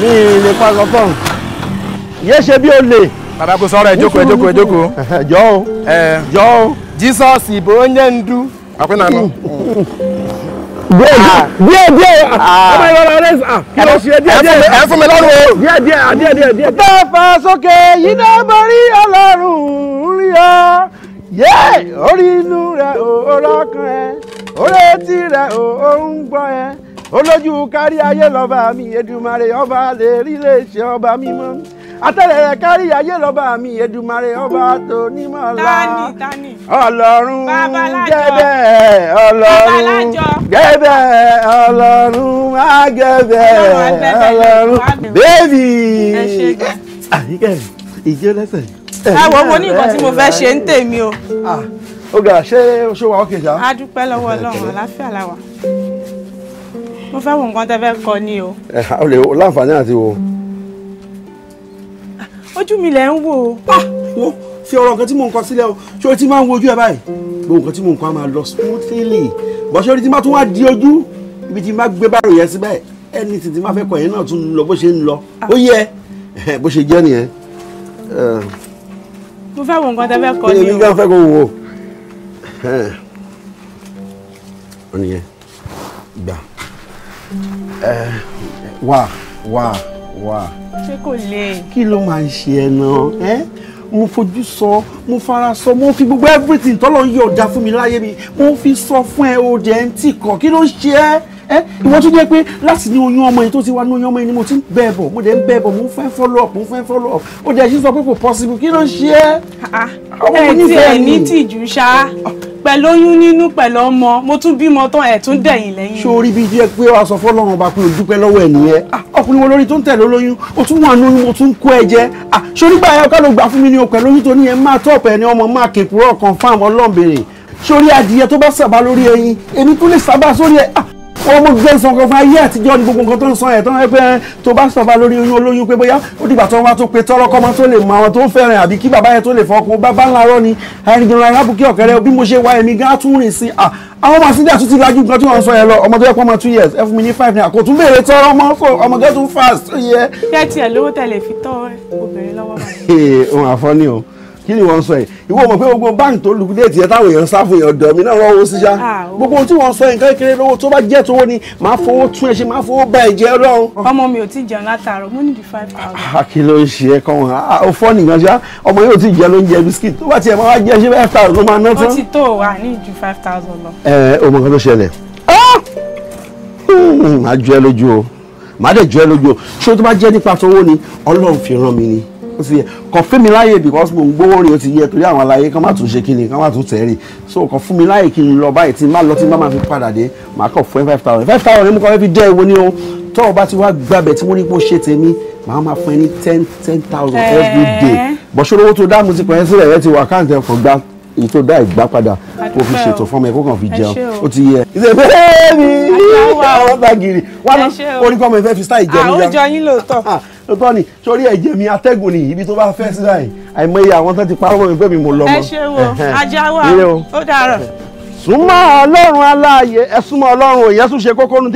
mi ì lè pa sọ tán ṣe bí o lè baba kò sọ̀rọ̀ ẹ jókòó ẹ jókòó ẹ jókòó. jọ o jọ o. jesus ibo onye ndu. akwụna nọ. díẹ̀ díẹ̀ ah. díẹ̀ ah. ọmọ ìwọ lọ rẹ sà kí ló ṣe díẹ̀ díẹ̀. ẹ fún mi lọ́rùn o. díẹ̀ díẹ̀ ah, díẹ̀ díẹ̀ díẹ̀. bá fa sókè yìí náà bá rí ọlọ́run rí ọ yé orí inú rẹ ò ọlọ́kàn ẹ orí etí gbọ́ ẹ olójú kárí ayé lọ́ba mi Èdùmàrè ọba lè rí lè ṣe ọba mímọ́ atẹ́lẹ̀ kárí ayé lọ́ba mi Èdùmàrè ọba tó nímọ̀lá ọlọ́run gẹ́bẹ̀ ọlọ́run gẹ́bẹ̀ ọlọ́run àgẹ́bẹ̀ ọlọ́run bébì àyíkẹ́ ìjẹ́ lẹ́sẹ̀. ẹ wo mo ní nǹkan tí mo fẹ́ ṣe ń tèmi o. ó ga ṣé ṣé wàá kejì a dúpẹ́ lọ́wọ́ ọlọ́run àlàáfíà la mo fẹ́ wo nǹkan tẹ́ fẹ́ kọ ni o. ẹ o lè láǹfààní àti wo. Mm ojú mi lẹ ń wò ó. Ah, wo ṣe ọ̀rọ̀ nǹkan tí mò ń kọ sílẹ̀ o ṣé o ti máa ń wojú ẹ báyìí gbogbo nǹkan tí mò ń kọ á máa lọ smoothly bọ́sẹ̀ orí ti máa tún wá di ojú ibi tí máa gbé bárò yẹn síbẹ̀ ẹni tí ti máa fẹ́ kọ yẹn náà tún lọ bó ṣe ń lọ ah. ó yẹ eh, bó ṣe jẹ́ nìyẹn. mo fẹ́ wo nǹkan tẹ́ fẹ́ kọ ni o. èmi gan fẹ́ kó wo eh, ó nìyẹn gbà wá eh, wá wà. ṣé kò le. kí ló máa ń ṣe ẹ náà mo fojú sọ mo fara sọ mo fi gbogbo everything tọ́lọ̀ ń yọ̀ ọ̀dà fún mi láyé mi mo fi sọ fún ẹ o jẹ́ ń tì kàn kí ló ń ṣe ẹ́ ẹ́ ìwọ tó jẹ́ pé láti ní oyún ọmọ yìí tó ti wá ní oyún ọmọ yìí ni mo ti ń bẹ̀ bọ̀ mo dẹ̀ ń bẹ̀ bọ̀ mo ń fẹ́ follow up mo ń fẹ́ follow up ó dẹ̀ ṣí sọ pé kò possible kí ló ń ṣe ẹ́. ẹ ah, ah. ti ẹ̀ ní tìjú ṣá. Ah, pẹ̀lú oyún nínú pẹ̀lú ọmọ mo tún bímọ tán ẹ̀ tún dẹ̀yìn lẹ́yìn. ṣé orí bíi díẹ̀ pé wàá sọ fọlọ́run ọba pé o dúpẹ́ lọ́wọ́ ẹ̀ nìyẹn ah, ọkùnrin wo lórí tó ń tẹ̀lé olóyún o tún wà lóyún o tún kó ẹ jẹ ah, ṣé onígbà ayọ̀ ká ló gbà fún mi ní o pẹ̀lú oyún tó ní máa tọ́ ọ̀pẹ̀ ni ọmọ máa kèpùrọ̀ kan fáwọn ọlọ́ọ̀bẹ̀rẹ̀ ṣé orí adìyẹ tó bá sábà lórí ẹyin èmi tún lè sábà sórí ẹ ah, wọ́n mú gbé sàn kan fún ayé àtijọ́ ni gbogbo nǹkan tó ń sọ ẹ̀ tán ẹ pé tó bá sọ̀fà lórí oyún olóyún pé bóyá ó dìgbà tó wá tó pe tọ́rọ́ kọ́ máa tó lè mọ àwọn tó ń fẹ́ràn àbí kí bàbá yẹn tó lè fọkùn bàbá ńlá rọ́ ni ẹnìgbọ̀n arábùkí ọ̀kẹ́rẹ́ bí mo ṣe wá ẹ̀mí gan tún rìn sí à àwọn ọmọ àti dàtú ti lajú nǹkan tí wọ́n sọ yẹn lọ ọmọ tó yẹ pọ́n mọ ọmọ kí ni wọ́n sọ yìí ìwọ mọ̀ pé gbogbo báńkì tó lu léètì yẹn táwọn èèyàn sáfù èèyàn dọ̀ mí náà rọ́wọ́ sí ṣá ah, gbogbo tí wọ́n sọ yìí kékeré lówó tó bá jẹ́ tówó ni màá fowó tún ẹ ṣe màá fowó bá ẹ jẹ ọlọ́run. ọmọ mi ò tí jẹun látàárọ̀ mo ní di five thousand. Ah, kí ló ń ṣe ẹ wọn ah, ó fọ́ nìkan ṣá ọmọ yóò tí jẹ lóúnjẹ bisikíìtì tó bá tiẹ̀ máa jẹ ṣé five thousand ló máa ná tán. ó ti tó wà ní ju five thousand lọ. ẹ ó ti yẹ mi láàyè because mo ń gbówó rìn ó ti yẹ torí àwọn aláyé kan má tún ṣe kí kan má tún tẹ̀ so kàn fún mi láàyè kí n lọ báyìí tí n má lọ tí fi padà dé màá kàn fún five thousand five thousand ni mo kàn fi dẹ́ ewo ní o tó o ti wá gbàbẹ̀ tí wọ́n ní kó ṣe tèmi màá máa fún ẹ ten ten thousand every day bọ̀ṣọ́rọ́wọ́ tó dá mo ti pẹ̀lú sílẹ̀ rẹ ti wà káàntẹ́ fọ̀gbà èyí tó dá ìgbà padà kó fi ṣètò fún ọmọ ẹ kó kàn fi jẹun ó ti yẹ. ìṣe bẹ́ẹ̀ni àwọn gbàgìrì wà á orí kọ́ ọmọ ẹ fẹ́ fi style jẹun jẹun. àwùjọ yín lóòótọ́. lóòótọ́ ni sórí ẹ̀jẹ̀ mi atẹ́gùn ni ibi tó bá fẹ́ síra ẹ̀ àìmọye àwọn tó ti parọ́ mọ́ mi pé mi mo lọ mọ́. ẹ ṣe wo ajáwá ó dàárọ̀. súnmọ́ ọlọ́run aláàyè ẹ súnmọ́ ọlọ́run òyìn ẹ̀sùn ṣe kókó nu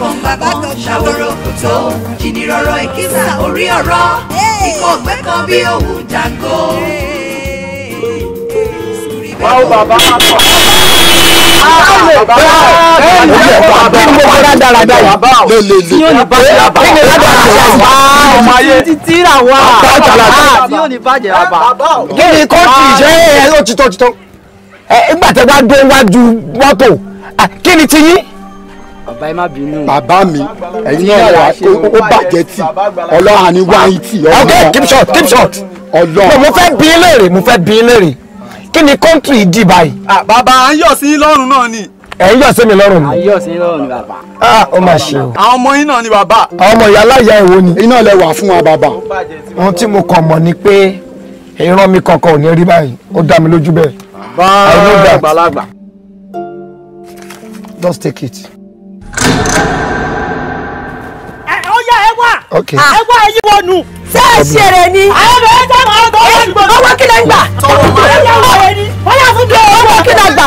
o bàbá tó ṣàwòrò kòtò jìnnìrọ̀rọ̀ ìkísà orí ọ̀rọ̀ ikọ̀ ọ̀gbẹ́ kan bí òun jàǹgó. báwo bàbá máa tọ̀ kíni kọ́ọ̀tì ṣe é ẹ ó titọ́ titọ́ ẹ ìgbà tẹ bá dó wájú mọ́tò kíni ti yín bàbá ẹ má bínú. bàbá mi ẹ̀yin náà wà ó bàjẹ́ tì ọlọ́run ni wá yín tì. ok keep short keep short. ọlọ́run mo fẹ́ bí léèrè mo fẹ́ bí léèrè kí ni kọ́ńtì di báyìí. Ah, bàbá à ń yọ̀ sí lọ́rùn náà ni. ẹ̀ ń yọ̀ sí mi lọ́rùn mi. à ń yọ̀ sí lọ́rùn ni bàbá. ah ó mà ṣe o. àwọn ọmọ yín náà ni bàbá. àwọn ọmọ ìyá aláya ìwo ni. iná lẹ wà fún wa bàbá. ohun tí mo kàn mọ̀ ni pé ìran mi kankan ò ní rí báyìí ó dá mi lójú bẹ́ẹ̀. bá a gbàlagbà. just take it ọ̀yà ẹ wà ẹ wà ẹ yí wọnú. ṣé ẹ ṣe rẹ ni. àwọn ẹ tẹ àwọn ọgbà ọgbà ìgbà. ọwọ́ kí lẹ ń gbà. wọ́n yà fún mi. ọwọ́ kí lẹ gbà.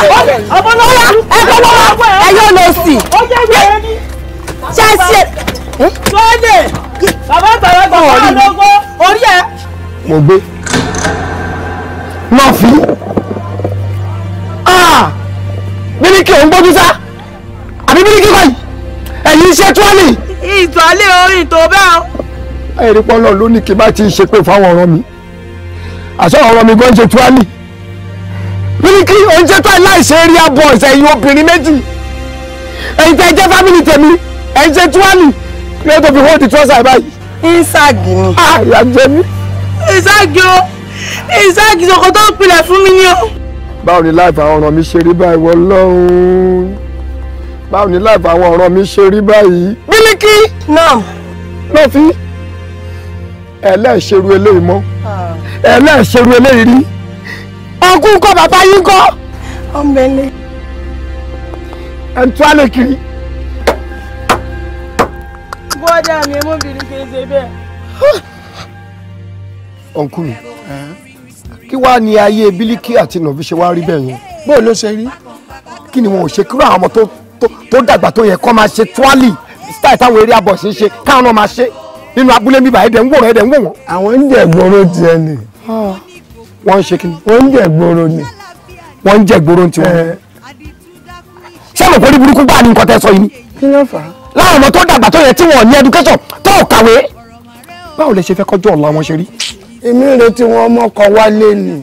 ọmọ náà wà ẹ kọ́ lọ́wọ́ ẹ yóò lọ sí. ṣé ẹ ṣe. sọ́ọ̀dẹ̀ bàbá àgbàlagbà wà lọ́gọ́ orí ẹ. mo gbé máa fi. bíríkì ò ń gbójú sá àbí bíríkì kọ́ yìí ẹ̀yin iṣẹ́ tuwálì. ìtọ́lé orin tó bẹ́ẹ̀. ẹ̀rí pọ́nlọ́ ló ní kí bá ti ṣe pé fáwọn ọ̀rọ̀ mi àṣọ ọ̀rọ̀ mi gan ṣe tuwálì bíríkì oúnjẹ tó aláìṣe rí abọ́ ọ̀sẹ̀ yìí obìnrin méjì ẹ̀yin tẹ́ jẹ́ fámìlì tèmi ẹ̀yin ṣe tuwálì kí ló tó fi hóòdì tọ́sà báyìí. ìṣàgì ni. àyà ah, jẹ mí. ìṣàgì o ìṣàgì ṣòkòtò ìpìlẹ̀ fún mi ni o. báwo ni láìpẹ́ àwọn ọ̀ràn mi ṣe rí báyìí wọ́n lọ́hùn-ún báwo ni láìpẹ́ àwọn ọ̀rọ̀ mi ṣe rí báyìí. bílíkì náà. náà fi ẹlẹ́ẹ̀ṣẹ̀rù eléyìí mọ́ ẹlẹ́ẹ̀ṣẹ̀rù eléyìí rí. ọkùn kọ bàbá yín kọ. ọmọbìnrin. ẹ ń tú àlè kiri. bọ́dà mi mú bílíkì ṣe bẹ́ẹ̀. ọ̀nkú mi kí wàá ní ayé bílíkì àti nàbí ṣe wá rí bẹ́ẹ̀ yẹn. bó ló ṣe rí kí ni wọn ò ṣe kúrò àwọn ọmọ tó tó dàgbà tó yẹ kó máa ṣe tuwálì style táwọn eré abọ̀ ṣe ń ṣe káwọn náà máa ṣe nínú abúlé bíbá ẹ̀dẹ̀ ń wòrán ẹ̀dẹ̀ ń wò wọ́n. àwọn ń jẹ gbòòrò tiẹ̀ ni. Ah. wọ́n ń ṣe kí ni. wọ́n ń jẹ gbòòrò ni. wọ́n ń jẹ gbòòrò ti wọn. Eh. ṣé mo kò ní burúkú gbáà ní nǹkan tẹ́ sọ yìí ni. kí ló fà á. láwọn ọmọ tó dàgbà tó yẹ tí wọn ní education tó ò kàwé. báwo lè ṣe fẹ́ kọjú ọ̀la wọn ṣe rí. èmi retí wọn ọmọ ọkọ wálé ni.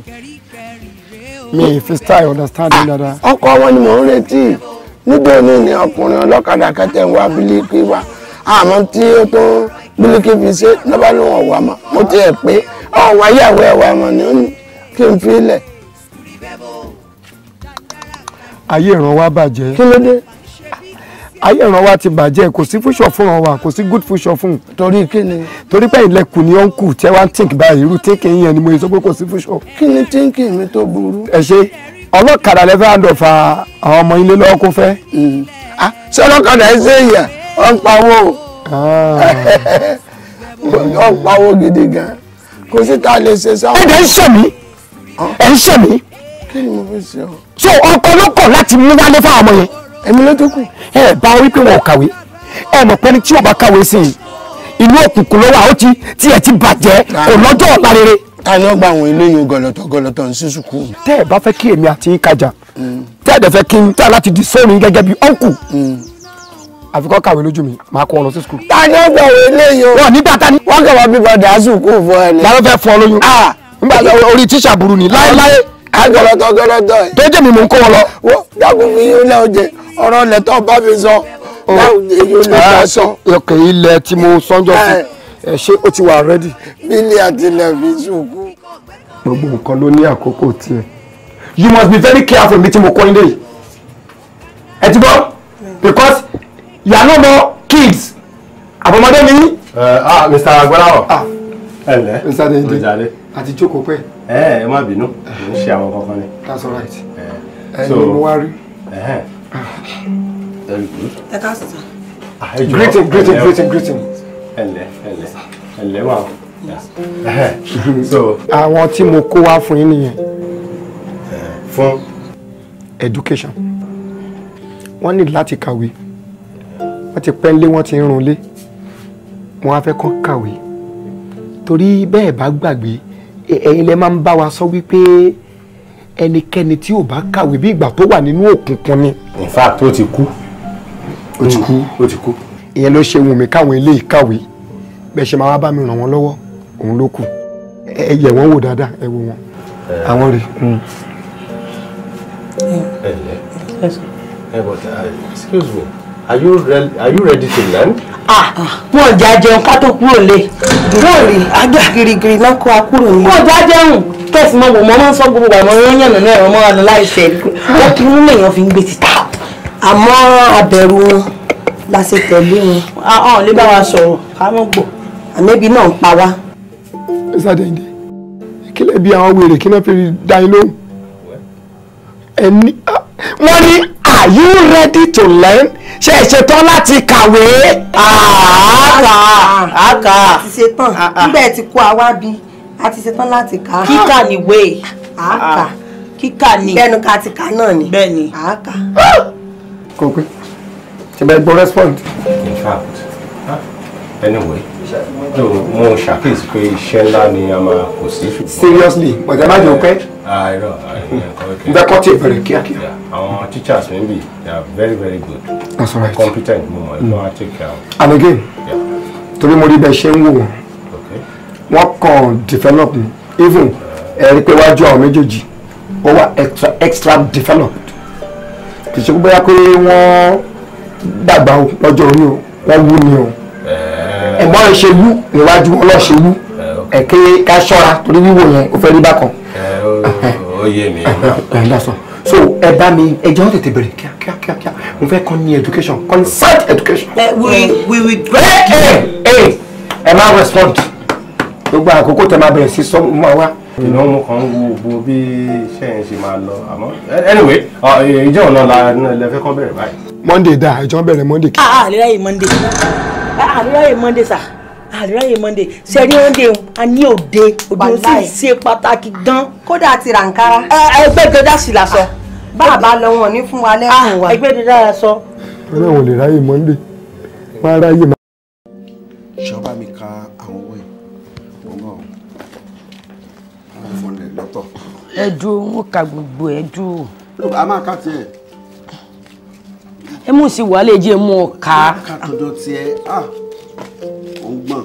mi ì fi style understand dada. ọkọ wọn ni mò ń níjọ́ ní ní ọkùnrin ọlọ́kadà kẹ́tẹ̀ ń wá bílíkì wa àmọ́ tí ó tó bílíkì fi ṣe lọ́ba ló wọ̀ wá mọ́ mo ti ẹ̀ pé ọ̀wá yàwó ẹ̀wà ẹ̀wọ̀n ni ó ní kí n fi lẹ̀. ayé ìran wa bàjẹ́. kí ló dé. ayé ìran wa ti bàjẹ́ kò sí fúnṣọ fún ọ̀wà kò sí good fúnṣọ fún. torí kí ni. torí pé ilẹ̀kùn ni ó ń kù tẹ́wá ń tìǹkì báyìí irú tìǹkì yẹn ni mo sọ pé kò sí fúnṣọ. kí ni tìǹkì mi tó burú. ẹ ṣe ọlọ́kadà lẹ fẹ́ àdọ̀fà àwọn ọmọ ilé lọ́wọ́ kó fẹ́. Mm. Ah, ṣé ọlọ́kadà ẹ ṣe èèyàn wọ́n ń pawó ah. wọ́n ń pawó gidi gan kò sí tá a lè ṣe sáwọn. ẹ̀dá ń ṣẹ̀ mí ẹ̀ ń ṣẹ̀ mí. kí ni mo fi ṣe ọ. so ọkọ ló kọ láti mú wálé fáwọn ọmọ yẹn. èmi ló tó kù. ẹ bá wípé wọn ò kàwé ẹ mọ̀ pé ní tí wọn bá kàwé sí i inú òkùnkùn ló wà ó ti tiẹ̀ ti bàjẹ́ kò ah. lọ́jọ́ tani ọgbà àwọn eléyìn gọlọtọ gọlọtọ ń sí sùkú. tẹ́ ẹ bá fẹ́ kí èmi àti kájà tẹ́ ẹ dẹ̀ fẹ́ kí n tẹ́ láti di sóòrùn gẹ́gẹ́ bí ọ̀nkù àfikọ́ kàwé lójú mi máa kọ́ ọ lọ sí sùkú. tani ọgbà àwọn eléyìn o. wọn nígbà tani. wọn kàn wá bíbọn dà sùkú fún ẹ ní. lálọ́ fẹ́ fọ́ lóyún. Ah! nígbà orí tíṣà burú ni láéláé. agọlọtọ gọlọtọ yìí. tó jẹ́ mi mò ń kó wọn lọ. wọ́n dàgbù mi yóò lẹ́ oúnjẹ ọ̀rọ̀ ilẹ̀ tó bá mi sọ. Oh. Ah, ilẹ̀ tí mo sọ́njọ́ sí. Eh ẹ ṣé ó ti wà rẹ́dì. nílé àtìlẹ́ fi gbogbo nǹkan ló ní àkókò tiẹ̀. you must be very careful mi tí mo yìí. ẹ ti gbọ́ because you are no more kids àbọ̀mọdé ni. ah mr agbọ́láwọ̀ ah. ẹ ǹlẹ́ mr dende àti jókòó pẹ́. ẹ ẹ má bínú mo ń ṣe àwọn kankan ni. that's all right. ẹ ní mo wá rí. ẹ ah. ká sọ. Ah, greeting greeting greeting greeting ẹlẹ ẹlẹ ẹlẹ wà so. àwọn tí mo kó wá fún yín nìyẹn. fún. education wọ́n ní láti kàwé wọ́n ti pẹ́ ńlé wọ́n ti ń runlé wọ́n á fẹ́ kàn kàwé torí bẹ́ẹ̀ bá gbàgbé ẹ̀yin lẹ máa ń bá wa sọ wípé ẹnikẹ́ni tí ò bá kàwé bí ìgbà tó wà nínú òkùnkùn ni. in fact ó ti kú ó ti kú ó ti kú ìyẹn ló ṣe wùn káwọn ilé ìkàwé bẹ́ẹ̀ ṣe máa wá bá mi ràn wọ́n lọ́wọ́ òun ló kù ẹ yẹ̀ wọ́n wò dáadáa ẹ wò wọ́n àwọn rè. Hmm. Uh, excuse me are you ready are you ready to learn. wọn ah, jà jẹun ká tó kúrò lé bóòlì àgbà girigiri náà kó a kúrò ní. wọn jà jẹun kẹsì mọ gbọmọ máa ń sọ gbogbo àwọn ọmọ yànnà náà ẹ̀rọ mọ́ra lọ láìsẹ̀ ó kí n lèèyàn fi ń gbé títà àmọ́ abẹ̀rù wọn la ṣe tẹ̀lé wọn àwọn lè bá wa sọ̀rọ̀ ká mọ̀ gbọ́ àmẹ́bí náà ń pa wá. ẹ ṣàdéǹde kí lè bí àwọn wèrè kí náà fi dá yín lóhùn ẹni wọ́n ní are you ready to learn ṣe é ṣetán láti kàwé. àkà àkà àti ṣetán níbẹ̀ ti kó àwa bí àti ṣetán láti kà. kíkà níwé àkà kíkà ní. bẹ́ẹ̀ ni ká ti kà náà ni. bẹ́ẹ̀ ni àkà. kò pé ṣe bẹ́ẹ̀ gbọ́ respond. in fact anyway no mo ṣàkíyèsí pé iṣẹ́ ńlá ni a máa kò sí seriously bọ̀dá má jẹun pẹ́. àìrọ̀ àìrọ̀ ǹjẹ́ kọ́ tí ì bẹ̀rẹ̀ kíákíá. àwọn teachers mi bì they are very very good. that's all right competent mo mọ̀ ẹ̀ lọ́wọ́ take care. and again torí mo rí bẹ́ẹ̀ ṣe ń wò wọ́n wọ́n kàn develop even ẹ̀rí pé wájú àwọn méjèèjì ó wà extra extra developed kì í ṣe pé bóyá pé wọ́n dàgbà o lọ́jọ́ orí o wọ́n wú ni o ẹ̀gbọ́n rẹ̀ ṣe wú níwájú wọn wú ẹ̀kẹ́ ká ṣọ́ra torí wíwò yẹn ó fẹ́ rí bákan. ó yé mi. so ẹ bá mi ẹ jẹ́ wọ́n tètè bẹ̀rẹ̀ kíákíákíá mo fẹ́ kọ́ ní education consent education. we we we break. ẹ ẹ ẹ má respond gbogbo àkókò tẹ máa bẹ̀rẹ̀ sí sọ́mọ́ wa ìná mo kàn ń wo bo bí iṣẹ́ yẹn ṣe máa lọ àmọ́ anyway ìjọ ọ̀nà la fẹ́ kọ́ bẹ̀rẹ̀ báyìí. monday da ìjọ bẹ̀rẹ̀ monday. àlera yìí ah, ah, monday ah, àlera yìí monday sà àlera yìí monday ṣe ní monday a ní òde òde ó sì ṣe pàtàkì gan. kódà ti rà ń kára. ẹgbẹ́ gẹ́gẹ́ sì la bàbá lọ wọn fún wa lẹ́kùn wa. ẹgbẹ́ gẹ́gẹ́ la ọlọ́run ò lè ráyè monday máa ráyè máa. lọ́tọ̀. ẹ dúró wọn ka gbogbo ẹ dúró. a máa ká tiẹ̀. ẹ mú sí wàhálà ẹ jẹ́ mú ọ ká. ká tọjọ tiẹ̀ à ah, ó ń gbọ̀n.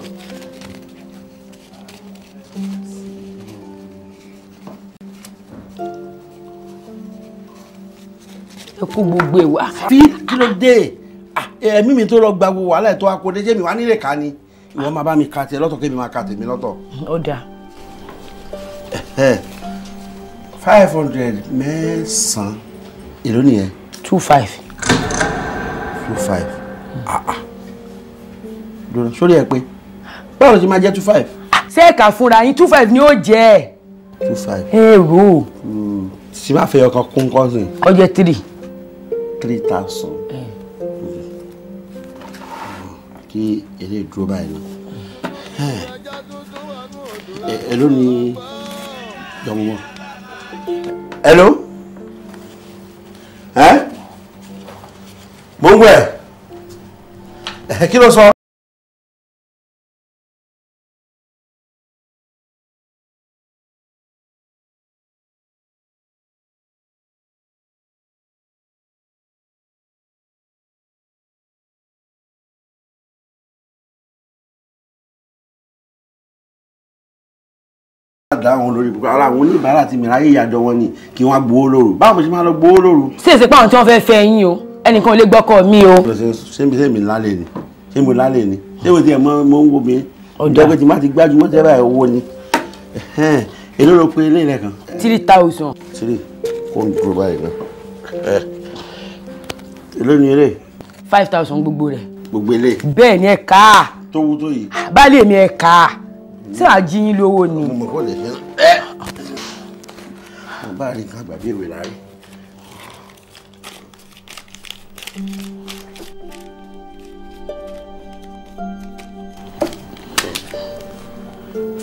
ẹ kó gbogbo ẹ wá. fi kí ló dé ah, ẹ̀mí mi tó lọ gba gbogbo wàhálà ẹ̀ tó akọ déjé mi wá nílé ká ni ìwọ máa bá mi ka tiẹ̀ lọ́tọ̀ kí mi máa ka tèmi lọ́tọ̀. ó dáa five hundred mẹ́sàn-án èló nìyẹn. two five. two five ah ah dùnà sórí ẹ pé báwo ló ti máa jẹ́ two five. ṣé ẹ̀ka fúnra yín two five ni ó jẹ́. two five. èrò. sì hmm. máa fẹ́ ọkàn kún kọ́sìn. ó jẹ́ three. three thousand. kí eré dúró báyìí náà. èló ni jọmọ wọn. hello ẹ mo ń wẹ̀ kí ló dá àwọn lórí púpọ̀ ara àwọn oníbàárà ti mìíràn ayé ìyàjọ wọn ni kí wọ́n gbowó lóru báwo mo ṣe máa lọ gbowó lóru. ṣé èsì páwọn tí wọ́n fẹ́ẹ́ fẹ́ yín o ẹnìkan ò lè gbọ́kọ̀ mi o. ṣé mi ṣé mi lálẹ́ ni ṣé mi lálẹ́ ni ṣé mo ti ẹ̀ mọ ń wo mi ìjọba ti má ti gbájú mọ́ sẹ́bà ẹ̀ wo ni èló ló pe ilé rẹ̀ kan. three thousand. three kò ń dúró báyìí náà èló ni eré. five thousand gbogbo rẹ̀. gbogbo ilé. bẹ́ẹ̀ ni ẹ̀ ká. tó wú tó yìí. bá tí a jí yín lówó ni. mo mọ̀ kó lè ṣe é. mo bá rí nǹkan àgbàdo ìwé láàrín.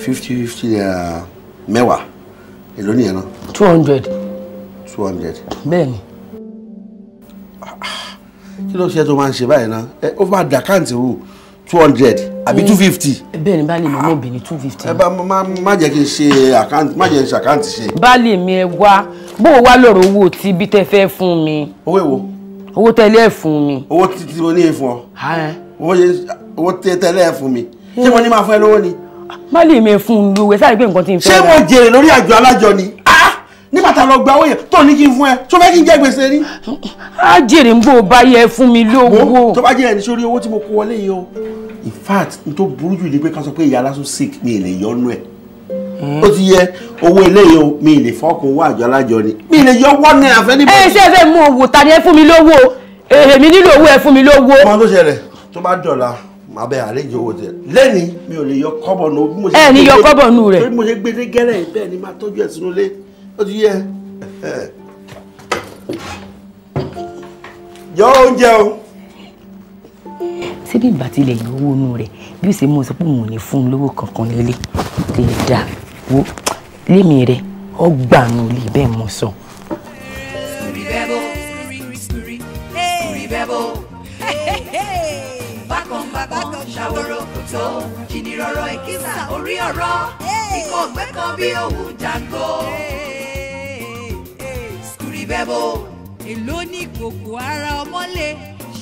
fifty fifty naira uh, mẹ́wàá èló nìyẹn náà. two hundred. two hundred. bẹ́ẹ̀ni. kí ló ṣe tó máa ń ṣe báyìí náà ó bá dàkáǹtì rú two hundred àbí two fifty. bẹ́ẹ̀ ni baálé mi náà ah. bìíní two fifty. ẹ bá má má jẹ́ kí n ṣe àkáǹtì má jẹ́ kí n ṣe àkáǹtì ṣe. baálé mi ẹ wá bó o wá lọ́rọ̀ owó tí bí tẹ fẹ́ fún mi. owó èwo. owó tẹ́lẹ̀ ẹ̀ fún mi. owó títí mo ní í fún ọ. owó tẹ́lẹ̀ ẹ̀ fún mi. ṣé mo ní máa fún ẹ lówó ni. baálé mi fún un lówó ẹ sáré pé nǹkan ti ń fẹ́. ṣé mo jèrè lórí àjọ alájọ ni ah! nígbà tá a lọ gba owó yẹn tó ní kí n fún ẹ tó fẹ́ kí n jẹ gbèsè ni. á jèrè ń bò bá yẹ fún mi lówó. tó bá jẹ́ ẹni sórí owó tí mo kó wọlé yìí o in fact n tó burú jù ni pé ká sọ pé ìyá aláṣọ sick mi ì lè yọnu ẹ̀ ó ti yẹ owó eléyìí o mi ì lè fọ́ọ̀kù owó àjọ alájọ ni mi ì lè yọ wọ́n ní àfẹ́ níbẹ̀. ẹ ṣe é fẹ́ mú owó ta ni ẹ fún mi lówó èmi nílò owó ẹ fún mi lówó. ọmọ tó ṣẹlẹ̀ tó bá dọ̀la màá bẹ àlejò owó tẹ lẹ́ni mi ò lè yọ kọ́bọ̀ nù. ẹ ní yọ kọ́bọ̀ nù rẹ̀. mo ṣe gbé dé gẹ́rẹ́ bẹ́ẹ̀ ni máa tọ́jú ẹ̀ sínú ilé ó ti yẹ. yọ oúnjẹ o ṣé bí ìgbà tilẹ̀ yìí owó inú rẹ̀ bí ó ṣe mú un sọ pé òun ò ní fún un lówó kankan nílé lè dà wó lémi rẹ̀ ọgbà nù lè bẹ́ẹ̀ mọ̀ sọ. bákan ní kòkò ara ọmọlé.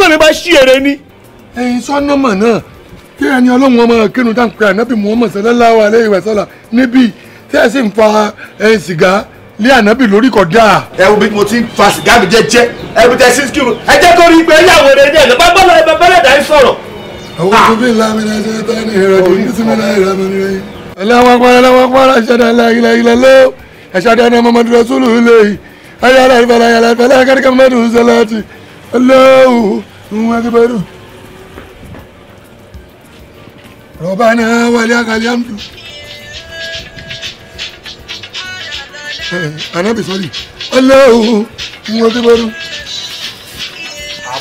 pè mí bá ṣí èrè ni. ẹyin sọ́nà mọ̀ náà kí ẹni ọlọ́run ọmọ kírun tá n pè ànábì Muhammad sallallahu alaihi wasallam níbi tí ẹ sì ń fa sìgá lé ànábì lórí kọjá. ẹ wo bí mo ti ń fa sìgá mi jẹ́jẹ́ ẹ bí tẹ sí kírun ẹ jẹ́ kó rí i pé ìyàwó rẹ ní ẹ̀jẹ̀ bábá lọ ẹ̀bẹ̀ bẹ́lẹ̀ dá ń sọ̀rọ̀. àwọn tó bí lámìnà ṣe tá ní ìrọ̀lẹ́ ní sísúnmọ́lá ìrọ̀lẹ́ ní rẹ̀. aláwọ̀ pàrọ̀ aláwọ̀ pàrọ̀ aṣáájú aláìlẹ̀ ló aṣáájú aná Muhammadu Rasulullah ayé aláìfẹ́lẹ́ ayé aláìfẹ́lẹ́ akẹ́kẹ́ mọ́tò ń sọ láti ọlọ́wọ́. أكبر ربنا ولك الحمد أنا بصلي الله أكبر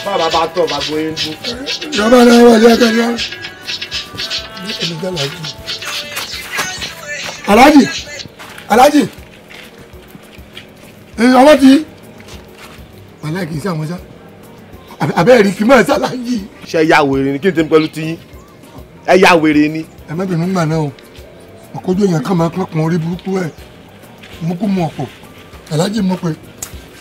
bàbá bá tọ̀ bá gbóyè ń e bú. ìjọba náà wà yá kẹrìá aláàjì aláàjì Alaji. ti wàhálà kì í sí àwọn sá abẹ́rẹ́ kì í máa ṣàlàyé. ṣe ya wèrè ni kí n tẹ́ pẹ̀lú tiyín ẹ ya wèrè ni. ẹ má bínú gbà náà o àkójọ yẹn kàn máa kankan orí burúkú ẹ mú kú mu ọ̀pọ̀ aláàjì mọ̀ pé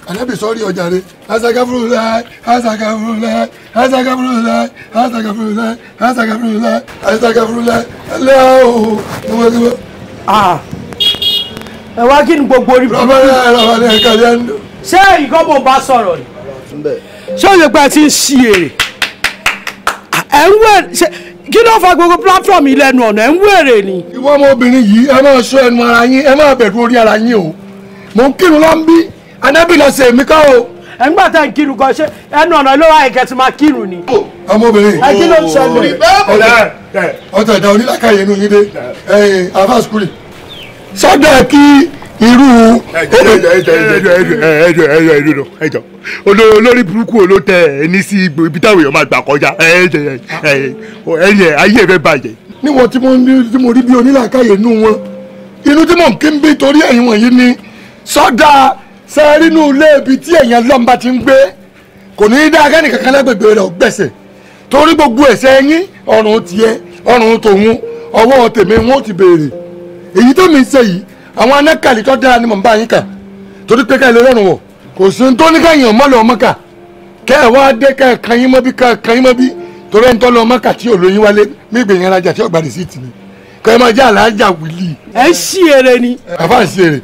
alábì sọ́ọ́rì ọjà rẹ asagafurula asagafurula asagafurula asagafurula asagafurula asagafurula ẹlẹ́ o gbogbo. ẹ wá kí ni gbogbo orí burúkú. rọ̀bẹ̀rẹ̀ kàlẹ́ ń dùn. ṣé ìkọ́bọ̀ bá sọ̀rọ̀ ni ṣé òye pé ẹ ti ń ṣí èrè ẹ ń wẹ̀ ṣe kí ló fa gbogbo platform ìlẹ́nu ọ̀nà ẹ ń wèrè ni. ìwọ ọmọbìnrin yìí ẹ máa ṣọ́ ẹnu ara yín ẹ máa bẹ̀rù orí ara yín o mò ń kírun lọ́n bí anábì lọ sí èmi ká o. ẹ ń gbà tá ń kírun kan ṣé ẹnu ọ̀nà ló wà ẹ̀kẹ́ tí máa kírun ni. ọmọbìnrin ẹ kí ló ń ṣẹlẹ̀. ọ̀tọ̀ ẹ̀dá onílàkàyè inú yín dé àfa skuli sọ́dọ̀ kí irú. ẹjọ ẹjọ ẹjọ ẹjọ ẹjọ ẹjọ ẹjọ ẹjọ olórí burúkú ló tẹ ẹni sí igbó ibi táwọn èèyàn máa gbà kọjá ẹyìn ẹ ayé rẹ bàjẹ́. níwọ̀n tí mo rí bí onílàkàyè inú wọn inú tí mò ń kí ń bí torí ẹ̀yin wọ̀nyí ni sọ́dà sẹ́rínú ilé ibi tí ẹ̀yìn lọ́nba ti ń gbé kò ní í dá akẹ́ni kankan lágbègbè rẹ̀ gbẹ̀sẹ̀ torí gbogbo ẹ̀sẹ̀ yín ọ̀run tiẹ̀ ọ̀run tòun ọwọ́ tèmi wọn ti béèrè èyí tó mi ń ṣe yìí àwọn anákàlì tó dára ni mò ń bá yín kà torí pé ká ilé rọrùn wọ̀ kò sí ní tó ní káyàn mọ́ lọ mọ́kà kẹ́ ẹ̀ wá dé ká ẹ̀ kan yín mọ́ bí ká ẹ̀ kan yín mọ́ bí torí ẹ̀ ń tọ́ lọ mọ́kà tí olóyin wálé mígbè yẹn rajà tí ọgbà rìsíìtì ni kọ́ ẹ máa jẹ́ àlàájà wìlì. ẹ ń ṣí eré ni. àfa ń ṣí eré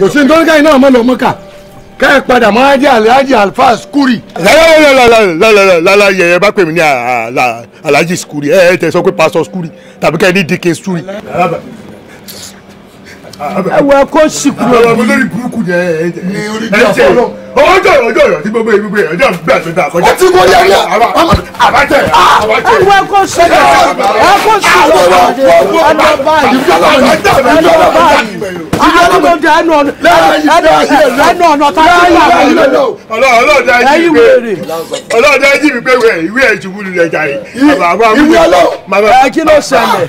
kò sí ní tó ní káyàn náà mọ́ lọ mọ́kà kẹ́ ẹ̀ padà máa jẹ́ àlàájà alfa skuri. lálá yẹyẹ bá pè mí ní àlàájì skuri ẹ ẹ tẹ sọ pé pásọ skuri tàbí kẹ́ ẹ ní dike skuri ẹwà kó sì kúrò. àwọn ọmọ lórí burúkú yẹn ẹ jẹ ọlọ ọjọ́ yọ ọjọ́ yọ tí gbogbo ìgbogbo yẹn ọjọ́ gbà tó dà kọjá. ó ti wọlé ẹyà àbájẹ àbájẹ. ẹwà kó sì kúrò ẹwà kó sì kúrò ọdọ báyìí ọdọ báyìí alùpùpù ẹnu ọ̀nà tàbí wà báyìí. ọlọ́ọ̀dà ẹjí mi pé ọlọ́ọ̀dà ẹjí mi pé ìwé wúlò lẹ́jà yìí. ìwé ọlọ́ọ̀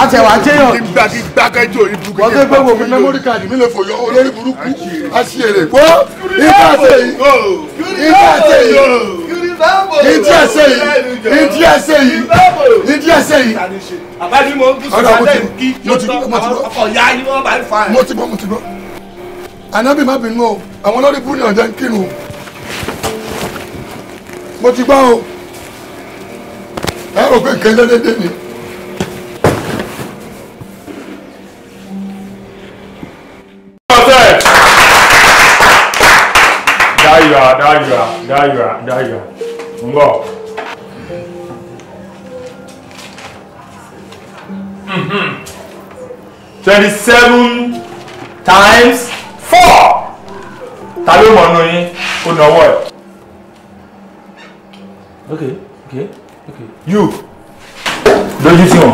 àti ẹ̀wà jẹ́yàn. gbàgbẹ́jọ ìdúgbò. wọ́n fẹ́ gbé wo mi mẹ́mórì mi lè fò yọ olórí burúkú àṣìyèrè. wo ibà ṣe yìí ibà ṣe yìí ìdí ẹsẹ̀ yìí ìdí ẹsẹ̀ yìí ìdí ẹsẹ̀ yìí. àbájú mo ń bú sọ́dọ̀ kí mo ti gbọ́ ọkọ̀ ya yín wọ́n bá ń fa. mo ti gbọ́ mo ti gbọ́. ànábì má bínú o àwọn olórí burúkú ni ọ̀jẹ̀ ń kírun mo ti gbọ́ o ẹ rò pé kẹlẹ́ ni. you are, there you are, there you are, there you are. Ń bọ̀. Mm-hmm. Twenty-seven times four. Ta ló mọ̀ nù yín? Ó Okay, okay, okay. You lójú you see?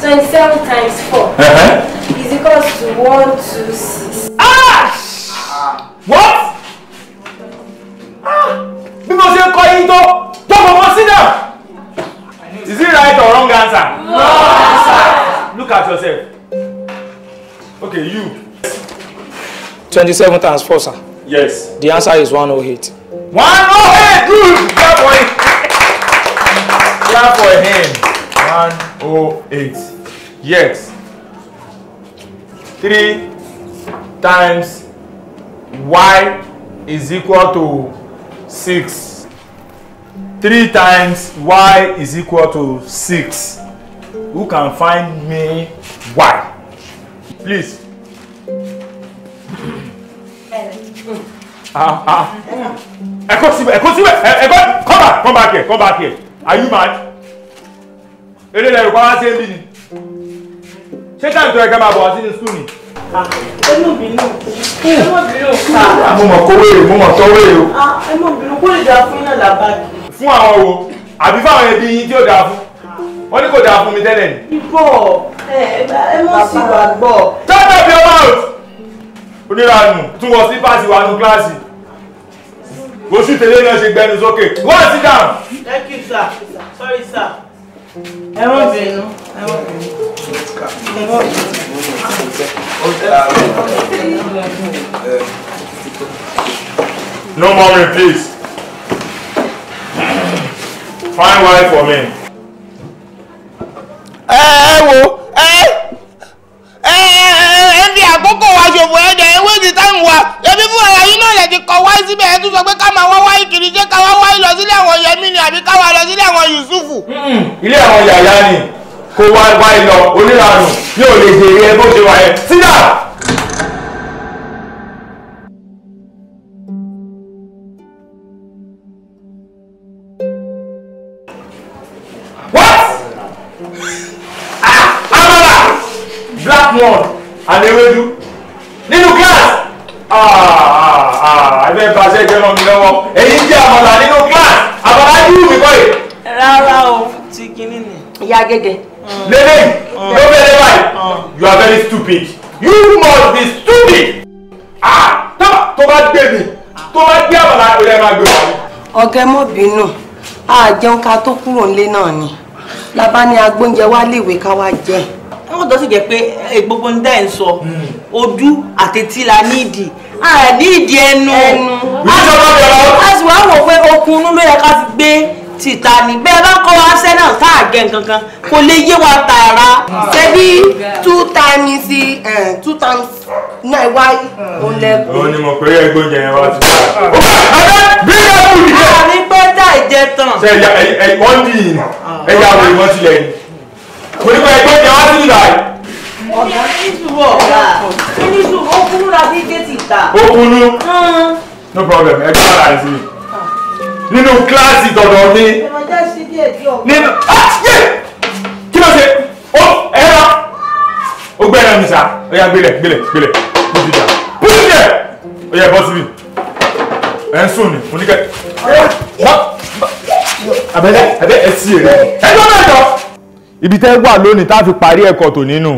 twenty-seven times four. Uh -huh. is equals to one two six. ah! what? bí mo ṣe kọ yín tó tó kò mọ sí is it right or wrong answer no answer look at yourself okay you. twenty-seven times four sir. yes. the answer is one oh eight. one oh eight good clap for him clap for him one oh eight yes three times y is equal to Six. Three times y is equal to six. who can find me y please ah ah síbẹ̀ ẹ síbẹ̀ ẹ come back come back here come back here are you mad eré lẹ́rù kọ́ sí ẹbí ni ṣé táyì tó yẹ máa bọ̀ wá sí ní school ni. Ah, mo mọ̀ kó wéèrè mo mọ̀ tọ́ wéèrè o. Ah, fún àwọn wo àbí fáwọn ẹbí yín tí ó dáa fún ah. wọ́n ní kò dáa fún mi tẹ́lẹ̀ ni. ibò ẹ mọ̀ sí wa gbọ́. shut up your mouth. oníranù tún wọ sí páàsì wa nu kíláàsì oṣù tẹ̀lé náà ṣe gbẹnu sókè go and sit down. thank you sir sorry sir. No mommy, please. Find wife for me. Ẹ wo, ẹ ẹ ẹ ẹ ẹ ẹ ẹ ẹ ẹ àkókò wa ṣòfò ẹ̀dẹ̀ ewé ti táwọn wa, ẹbí fún ara yín ti kọ wáyé síbẹ̀ ẹ tún sọ pé ká máa wá wáyé kiri ṣé ká wá wáyé lọ sílé àwọn yẹmí ni àbí ká wá lọ sílé àwọn yusufu. ilé àwọn yàyà ni kó wá wáyé lọ oníranù yóò lè jèrè ẹ bó ṣe wáyé sídà. jẹ́ ìjọba mi lọ́wọ́ èyí jẹ́ àmàlà nínú class àmàlà yìí mi kọ́ yìí. rárá o ti kinní ni. ìyá gẹ́gẹ́. Mm. lélẹ̀ mm. ló bẹ̀rẹ̀ báyìí mm. you are very stupid you must be stupid. ah tó bá gbé mi tó bá gbé àmàlà rẹ̀ máa gbé wa. ọ̀gá ẹ mọ̀ bínú àjẹun ká tó kúrò nílé náà ni labá ní agbóúnjẹ wá léèwé ká wá jẹ́ wọ́n tó sì jẹ́ pé eh, gbogbo ń dá ẹ̀ ń sọ hmm. ojú àtẹ̀tí la nídìí àníìdí ẹnu láti wá wò pé okun inú ló yẹ ká fi gbé tìta ni bẹ́ẹ̀ bá kọ́ wa ṣẹ́ náà tá a gẹ̀ kankan kò lè yé wa tààrà. ṣebí two times eh, two times nine wáyé hmm. ó lẹ́kọ̀ọ́. òun ni mo pé ẹgbẹ́ oúnjẹ yẹn wá ti sọ. bí ẹ kú ìjẹ. àmì pẹ́ẹ́tà ìjẹ tán. ṣe ẹ̀yà ẹ̀yà wọ́n dì í ẹ̀yà àwọn ìwọ́n tilẹ̀ yìí kò ní kọ́ ẹgbẹ́ ìjà wá sí ìgbà yìí. ọ̀gá ní sùúrù ọ̀gá ní sùúrù ó kúrú la sí géètì ìta. ó kúrú no problem ẹgbẹ́ ara rẹ̀ sí mi nínú kíláàsì tọ̀dọ̀ mi. ẹ̀rọ jẹ́ sí géètì ọ̀gá. nínú ah! kí ló ṣe ó ẹ̀rọ ó gbé ẹ̀rọ mi sá ó yà gbélé gbélé gbélé mo ibi tẹ́ wà lónìí tá a fi parí ẹ̀kọ́ tò nínú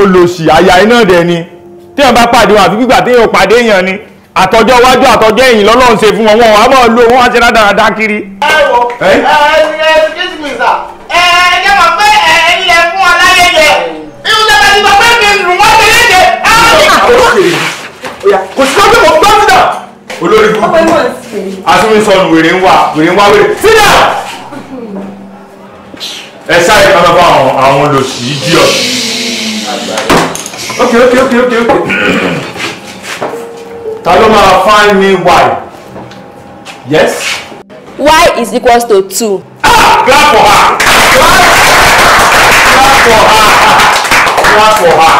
olòṣì àyà iná dẹ̀ ni téèyàn bá pàdé wọn àfi gbígbà téèyàn pàdé èèyàn ni àtọjọ́ iwájú àtọjọ́ ẹ̀yìn lọ́lọ́run ṣe fún wọn wọn á máa lo wọn á ṣe rádaràdá kiri. ẹ wo ẹ ẹ ẹ excuse me sir ẹ ẹ jẹ́ mọ̀ pé ẹ ilẹ̀ fún wọn láyé yẹ irun tẹ́tẹ́ ti sọ pé mi nù wọ́n ti léde. kò sí lọ́jọ́ mọ̀ gbọ́ sídà olórí burúkú àtúnṣe sọnù wèrè ń wà wèrè ń wá wèrè sídà ẹ sáré kan náà fún àwọn àwọn olòṣì idiot. ok ok ok ok ok ta ló máa find me why yes. y is equal to two. ah clap for her clap for her clap for her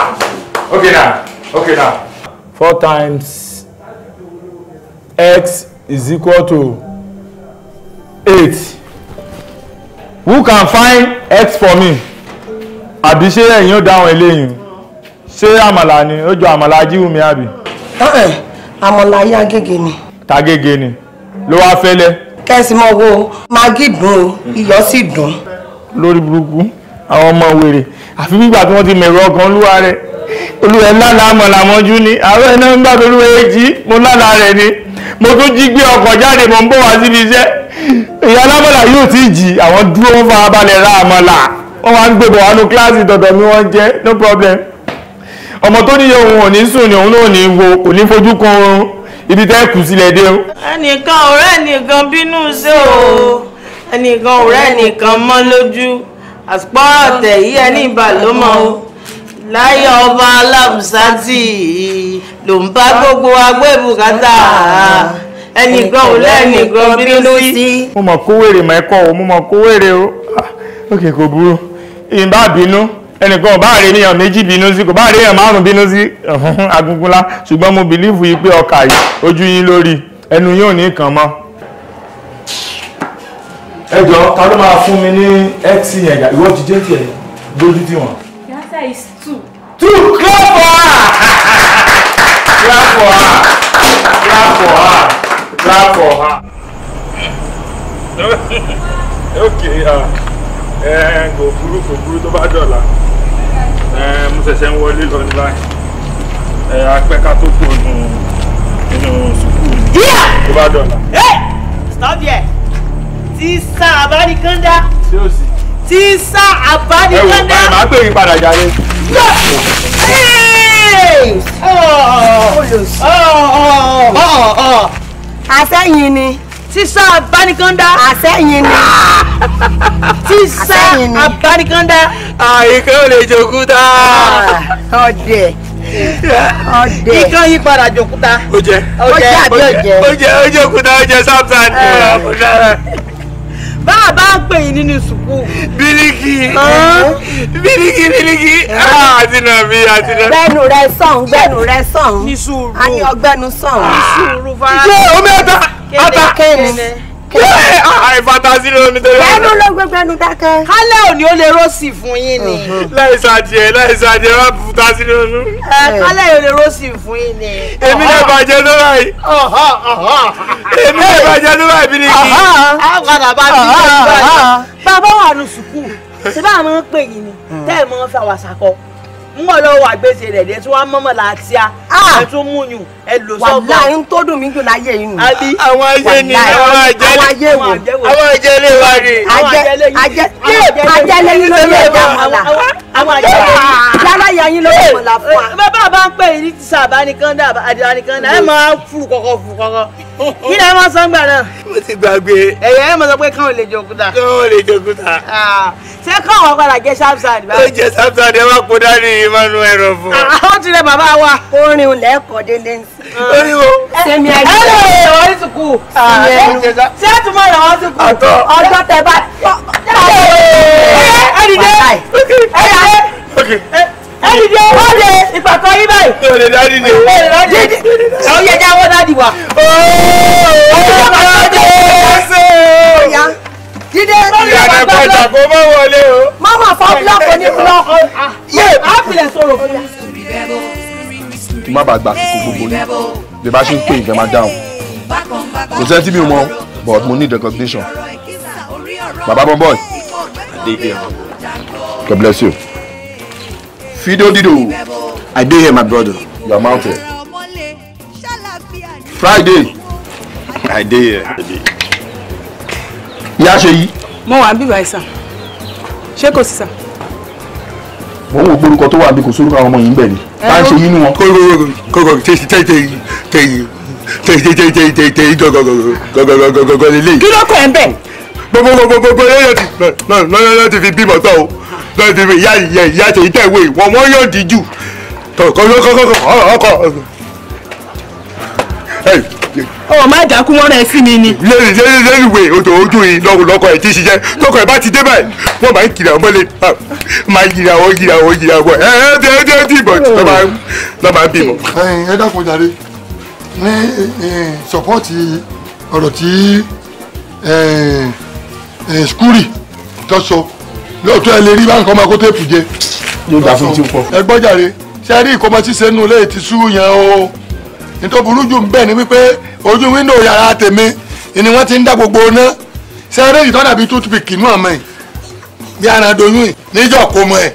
okay now okay now. four times x is equal to eight who can find x for me àbí ṣé ẹ̀yin ó dáhùn eléyìí ṣé àmàlà ni ó jọ àmàlà jíwùmí àbí. Ah, eh, àmàlà ayé agége ni. tagége ni ló wá fẹ́lẹ́. kẹ́sì mọ wo magi dùn iyọ̀ sì dùn. lórí burúkú àwọn ọmọ wèrè àfi gbígbà tí wọ́n ti mẹ̀rọ ọkàn olúwa rẹ̀ olúwa ẹ̀ lálàá àmàlà ni àwọn ẹ̀ náà ń gbàdúrà olúwa ẹ̀ jí mo lálàá rẹ̀ ni mo tún jí gbé ọkọ̀ jáde mo ń bọ̀ wá síbi iṣẹ́ ìyá alámọ̀là yóò ti jì àwọn dúró wọn fara balẹ̀ ra àmọ̀là wọn wá ń gbé bọ̀ wánú kíláàsì dọ̀dọ̀ mi wọ́n jẹ́ no problem ọmọ tó níye òun ò ní sùn ni òun náà ní wo kò ní fojú kan oorun ibi tẹ́ kù sílẹ̀ dé o. ẹnìkan ọ̀rẹ́ ẹnìkan bínú sí o ẹnìkan ọ̀rẹ́ ẹnìkan mọ́ lójú àpọ̀ ọ̀tẹ̀ yìí ẹni ìbà ló mọ̀ o láyé ọba alábùsátì ló ń bá gbogbo agbébùkátà ẹnìkan ò lẹ́nìkan bínú sí. mo mọ̀ kó wèrè mọ́ ẹ̀kọ́ o mo mọ̀ kó wèrè o òkè ah, kò burú ìbá bínú ẹnìkan ò bá rí èèyàn méjì bínú sí kò bá rí èèyàn márùn bínú sí agungunlá ṣùgbọ́n mo bìlífù yìí pé ọkà yìí ojú yín lórí ẹnu yín ò ní kàn mọ́. ẹ jọ ta ló máa fún mi ní ẹtì yẹn gà ìwọ jíjẹ tiẹ lójú tiwọn. the answer is two. two clap for her clap for her clap for her. Clap for her. okay, ah. eh, kò burú kò burú tó bá dọ̀la. Eh, mo ṣẹ̀ṣẹ̀ ń wọlé lọ ní báyìí. Eh, Apẹ́ ká tó kù nínú sùkúù ni. Tó bá dọ̀la. Stop there. Tí sá àbáríkàndá. Ṣé o sì? Tí sá àbáríkàndá. Ẹ wò máa gbé yín padà jáde. Hey! Oh! Oh! Oh! Oh! Oh! oh, oh àsẹ́yìn ni. sísá abánikanda. àsẹ́yìn ni. sísá abánikanda. àyíká ò lè jòkúta. Ah, ọdẹ ọdẹ ikán yí padà jòkúta. ó jẹ ó jẹ àbí ó jẹ ó jẹ ó jòkúta ó jẹ sábà ní ọ̀la bá a bá ń pè yín nínú sùkú. bíríkì bíríkì bíríkì àtinà mi àtinà. gbẹnu rẹ sàn gbẹnu rẹ sàn. ní sùúrù a ní ọgbẹnu sàn. ní sùúrù fara. ṣé omi ẹta kéde kéde. Ah, ìfantasi ló ní tẹ́lẹ̀. ẹnu ló gbẹgbẹ ẹnu dákẹ́. kálẹ̀ òní ó lè rọ́ọ̀sì fún yín ni. láìsí adìẹ láìsí adìẹ wà fantasi ló nú. ẹ kálẹ̀ òní rọ́ọ̀sì fún yín ni. èmi lè bàjẹ́ tó báyìí. èmi lè bàjẹ́ tó báyìí bí ni a padà bá mi lọ sí báyìí. bàbá wà ní sùkúù ṣé bá àwọn pè yín ni hmm. tẹ́ ẹ̀ mọ́ fẹ́ wàṣà kọ. ń lọ́wọ́ àgbèsè rẹ̀ ẹ lò sọ́gbà. wàhálà ń tó dùn mí jù láyé inú. àbí àwọn ayé ni àwọn ajẹ́ wò àwọn ajẹ́ lè wá rí. ajẹ́ ajẹ́ ajẹ́ lẹ́yìn ló lè dá wọn la. àwọn ajẹ́ yàrá yẹn ló lè mọ̀ la fún wa. bàbá bá ń pè yìí ti sàbá nìkan dà àdìrà nìkan dà ẹ máa furu kọkọ furu kọkọ. kí ni ẹ máa sọ ń gbà náà. mo ti gbàgbé. ẹ̀yẹ́ ẹ máa sọ pé kán ò lè jòkúta. kán ò lè jòkúta. Ah, ṣé kán wọn padà jẹ samsung. ó jẹ samsung ẹ máa kó dání emmanuel rọ fún. àwọn tún lè bàbá wa. orin ò lẹ́kọ̀ọ́ délé ń s oríwo. sẹ́mi ayé ẹ lè ràn wọ́n sùkú. ṣé ẹ tún máa ràn wọ́n sùkú. ọ̀tọ̀ ọjọ́ tẹ bá. ẹ dìde ẹ dìde ẹ dìde ó lè ìpàkọ́ yín báyìí. ó lè dá dìde. ó lè dá dìde. ó yẹ kí àwọn dáàdì wà. ọjọ́ kan tó dé. dídé ìyàdá padà kó má wọlé o. má má fọ́ búlọ́ọ̀kù ní búlọ́ọ̀kù. yé àpilẹ̀ sọ̀rọ̀ fún mi kí n má bàa gba àsìkò gbogbo ní bí bá ṣe ń pè ìfẹ́ máa dáhùn kò sẹ́ni mi ò mọ but mo need recognition baba bon boy God bless you Fido Dido I dey here my brother you are mounted Friday I dey here ìyá ṣe yí. mo wà bíbá ẹ sàn ṣé kò sí sàn wọn ò gbórúkọ tó wà bí kò sórúkọ àwọn ọmọ yìí ń bẹ ni bá ń ṣe yín nú wọn. kókó tẹ̀sí tẹ̀sí tẹ̀yìn tẹ̀yìn tẹ̀yìn tẹ̀yìn tẹ̀yìn gọ̀gọ̀gọ̀gọ̀gọ̀ lélẹ̀. kí ló kọ ẹ bẹ. gbogbogbogbogbò lọ́yọ̀ ti fi bímọ tán o lọ́yọ̀ ti fi ìyá ṣe ìtẹ̀wé wọn wọ́n yóò díjú kọ̀ọ̀kọ̀ ọkọ̀ ọ má dákú wọn rẹ sí mi ni. lẹ́yìn lẹ́yìn lẹ́yìn wẹ̀ odò ojú yìí lọ́kọ̀ lọ́kọ̀ ẹ̀ tí ì ṣiṣẹ́ lọ́kọ̀ ẹ̀ bá ti dé báyìí wọ́n máa ń kiri àwọn mọ́lẹ̀ máa yìrà wọ́n yìrà wọ́n yìrà wọ́n ẹ̀ ẹ́ bí ẹ́ bí ẹ́ bí ìbọn lọ́ máa ń bímọ. ẹ dákun jàre ní sọpọ́ọ̀tì ọ̀rọ̀ tí skúrì tó sọ lóòótọ́ ẹ lè rí báńkì ọmọ akótó èpù jẹ. yóò gbà fún tí ó pọ̀. ẹ gbọ́ jàre ṣe é rí ìkọ́mọ ṣíṣe nù lẹ́yìn tí sú yẹn o nítorí burú jù ń bẹ̀ ni wípé ojú windo yàrá tèmi ni wọ́n ti ń dá gbogbo ná sẹ́rẹ́ yìí tọ́jà bíi toothpick inú ọmọ ẹ̀ bí ara doyún ẹ̀ níjọ́ kó mọ ẹ̀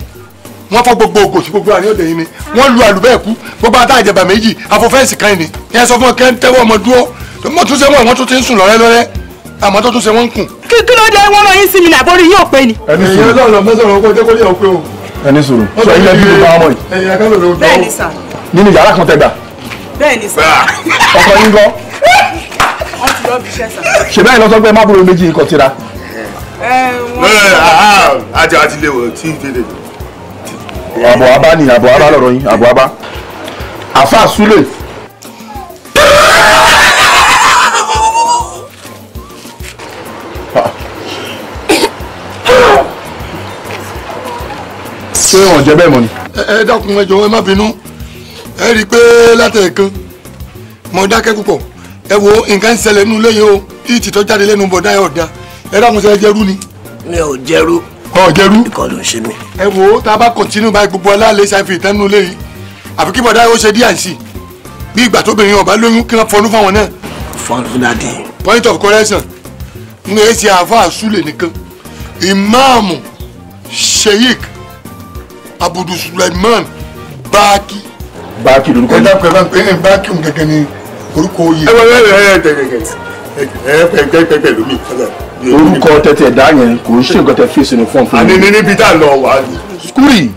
wọ́n fọ́ gbogbo ògò sí gbogbo àríyànjẹ yìí ni wọ́n lu àlùbẹ́ẹ̀kú gbogbo ata àjẹbà méjì afọfẹ́ǹsì kan ni ẹ sọ fún ọ kẹ́ tẹ́wọ́ ọmọ dúró mo tún ṣe wọ́n tún ti ń sùn lọ́rẹ́ lọ́rẹ́ àmọ́ tó tún ṣe wọ́n ń kùn. kí ló dé wọn lọ yín sí ní àbórí yóò pé ni. ẹni sùúrù ẹni sùúrù ọmọ ọkọ jẹ kó yẹ ọ pé o. ẹni sùúrù sọ ilé bí gbogbo àwọn ọmọ yìí. bẹ́ẹ̀ni sà. nínú yàrá kan tẹ gbà bẹ́ẹ̀ ni sọ. ọkọ yín gan. wọ́n ti lọ́ọ́ bí iṣẹ́ sàn. ṣèbá yìí lọ́sọ́ pé má búrò méjì ikọ̀ tira. àjọ àti ilé wò tí ń fèdè. àbọ̀ abá ni àbọ̀ abá lọ̀rọ̀ yín àbọ̀ abá. àfa súlè. ṣé wọn jẹ bẹ́ẹ̀ mọ ni. ẹ dákun ẹ jọ̀wọ́ ẹ má bínú ẹ rí i pé látẹ̀ẹ̀kan mo dákẹ́ púpọ̀ ẹ wo nǹkan ń ṣẹlẹ̀ nínú lẹ́yìn o ìtì tó jáde lẹ́nu bọ̀dá ẹ̀ ọ̀dà ẹ dáhùn sọ ẹ jẹ́rú ni. mi ò jẹ́rú. ọ jẹ́rú. ìkọlù ń ṣe mí. ẹ wo tá a bá kọ̀ntínú báyìí gbogbo aláàlẹ́ ṣàfi ìtàn nínú lẹ́yìn àfi kí bọ̀dá ẹ̀ ó ṣe díàǹsì bí ìgbà tóbìnrin ọ̀bá lóyún kí wọ́n fọnú fáwọn báàkì lórúkọ yìí. ẹ dákun ẹ bá ń pè é báàkì òun gẹ́gẹ́ ni orúkọ yìí. ẹ wọlé ẹ ẹ tẹ̀gẹ̀gẹ̀ ẹ pẹ̀pẹ̀ lómi. orúkọ tẹ̀tẹ̀ dá yẹn kò ń ṣe nǹkan tẹ fèsì ní fọ́n fún mi. àní níbi tá a lọ wà á ní. skuri.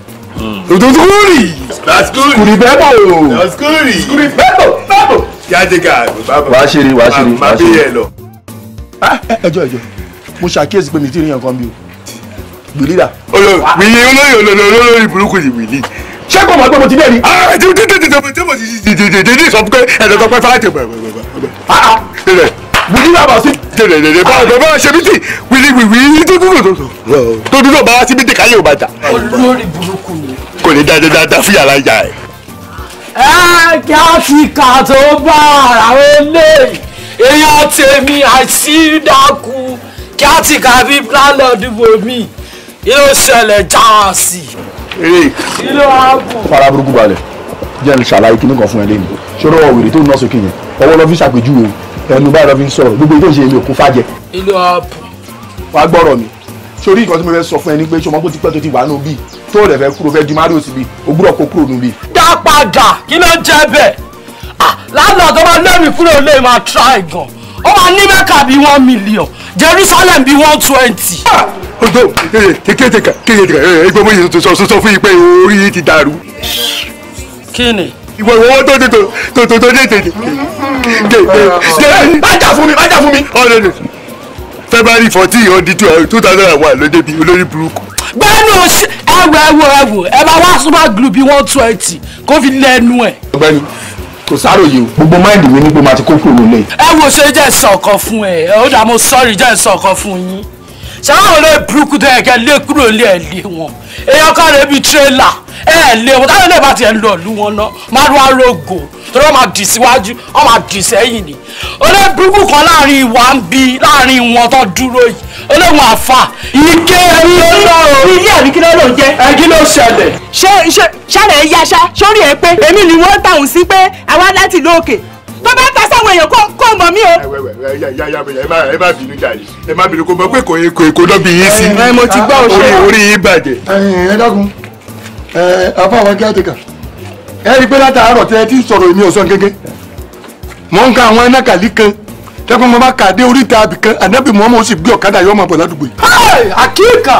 skuri. skuri bẹ́bọ̀ o. skuri. skuri bẹ́bọ̀ bẹ́bọ̀. yájẹ́gà bàbá. wàá ṣeré wàá ṣeré wàá ṣeré. ẹjọ ẹjọ mo ṣàkíyèsí pé mi ti rí yẹn kan bí o wìlí dà. olórí olórí olórí burúkú yìí wìlí ṣé kò mọ̀ pé mo ti dé ni. Ah, tí mo ti tètè tí mo ti tètè ní ìsọfún pé ẹ̀rọ ah, ah. tó pẹ́ fáláàtì bẹ̀rẹ̀ wìlí bàbá sí. dèdèdè bá bàbá ṣe mí tì wìlí wìlí tó dúró tó tó bá wá sí mí káyé ò bá jà. olórí burúkú ni. kò ní dáadáa dáadáa fún yàrá ìjà ẹ. ẹ kí a ti kà tó bá ara ẹlẹ́ èèyàn tèmi àìsí dákú kí a ti kà bí pálọ̀ dìbò mi yóò ṣẹlẹ̀ já sí i fara burúkú balẹ̀ jẹ́ n ṣàlàyé kíní kan fún ẹ lẹ́nu ṣòro ọ̀wèrè tó ń ná sókè yẹn ọwọ́ lọ fi ṣàpèjúwe ẹnu báyìí lọ fi ń sọ̀rọ̀ gbogbo ètò ìṣe èmi ò kún fàjẹ́. ilé ọ̀pù. wàá gbọ́rọ̀ mi sórí nǹkan tí mo fẹ́ sọ fún ẹ ni pé ṣọmọ kó ti pẹ́ tó ti wà nù bíi tó rẹ̀ fẹ́ kúrò fẹ́ di marius bíi o gbúdọ̀ kó kúrò nù bíi. dá padà kí ló jẹ bẹ́ẹ̀ ah, lálọ́ tó bá lẹ́rìí kúrò lè máa tra ẹ̀gàn ó wà ní mẹ́kà bí one million Jerusalem bí one twenty. ọjọ́ kékeré kékeré ẹgbẹ́ mọ́ ìyẹn sọ sọ fún yín pé orí ti dàrú. kí ni. ìwọ ìwọ tó tó tó tó tó dé tètè. bájà fún mi bájà fún mi. February fourteen ọdún two thousand and one ló débi olórí burúkú. gbẹ́nu ẹwọ ẹwọ ẹwọ ẹ bá wá super glue bí one twenty kó fi lẹ́nu ẹ̀. ọgbẹ́ni kò sáròyè o. gbogbo máìndì mi ní pé màá ti kó kúrò nílé. ẹ wo ṣe jẹ́ sọ ọkọ fún ẹ ó dà mo sọ́ọ̀rì jẹ́ sọ ọkọ fún yín ṣáwọn ọ̀rẹ́ burúkú tó yẹ kẹ́ lé kúrò nílé ẹ̀ lé wọn èèyàn kan rẹ̀ bíi tírélà ẹ̀ lé wọn táwọn ẹlẹ́bàá ti ẹ̀ lọ lù wọn náà máa lọ arógo torí wọn máa dì síwájú wọn máa dì sẹ́yìn ni ọ̀rẹ́ burúkú kan láàrin ìwà ń bi láàrin wọn tó dúró yìí ológun àfà. ike ẹni ọlọ́run. ilé àbí kí lọ́lọ́ jẹ́. ẹ kí ló ṣẹlẹ̀. ṣé ṣé ṣẹlẹ̀ ẹ yaṣá sórí ẹ pé èmi ni wọ́n tàùn sí pé àwa láti ìlú òkè tó bá ta sáwọn èèyàn kó mọ̀ mí o. ẹ má bínú jàre ẹ má bínú kó mọ̀ pé kò èkó èkó lọ́ bí yín sí. ẹ mo ti gbọ́ òṣèlú. orí orí yín bàjẹ́. ẹ dákun ẹ afọ àwọn gíátìkà ẹ rí i pé látàárọ̀ tẹ ẹ ti sọ̀rọ̀ èmi ò sọ gẹ́gẹ́ mò ń ka àwọn ẹnákàlí kan tẹ́kun mo bá kàdé oríta abìkan ànábì Muhammad ó sì gbé ọ̀kadà yọ̀ọ́ máa bọ̀ ládùúgbò yìí. àkíkà.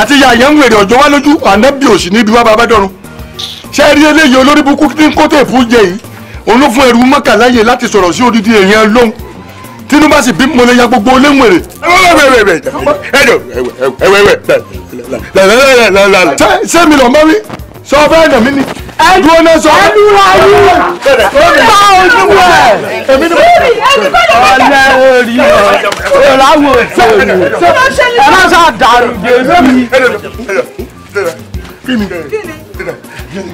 àti yàyà ń wèrè ọ̀jọ́ wá lójú ànábì òsì níbi wá bàbá dọ̀run ṣé rí eléyìí olórí burúkú tí ń kó jẹ yìí òun ló fún ẹrú mọ́kànláyè láti sọ̀rọ̀ sí odidi èèyàn lóhùn tínú bá sì bí mo lè ya gbogbo olóńgbèrè. ṣé mi lọ mọ́ wí sọ fẹ́ẹ́ nà mí ni dúró náà sọ. ẹnu wa yí bá ojú ẹ. èmi ni mo ọlẹ́ orí ọ ìràwọ̀ òtẹ́ẹ̀lì ẹ má sá dàrú débi. kíni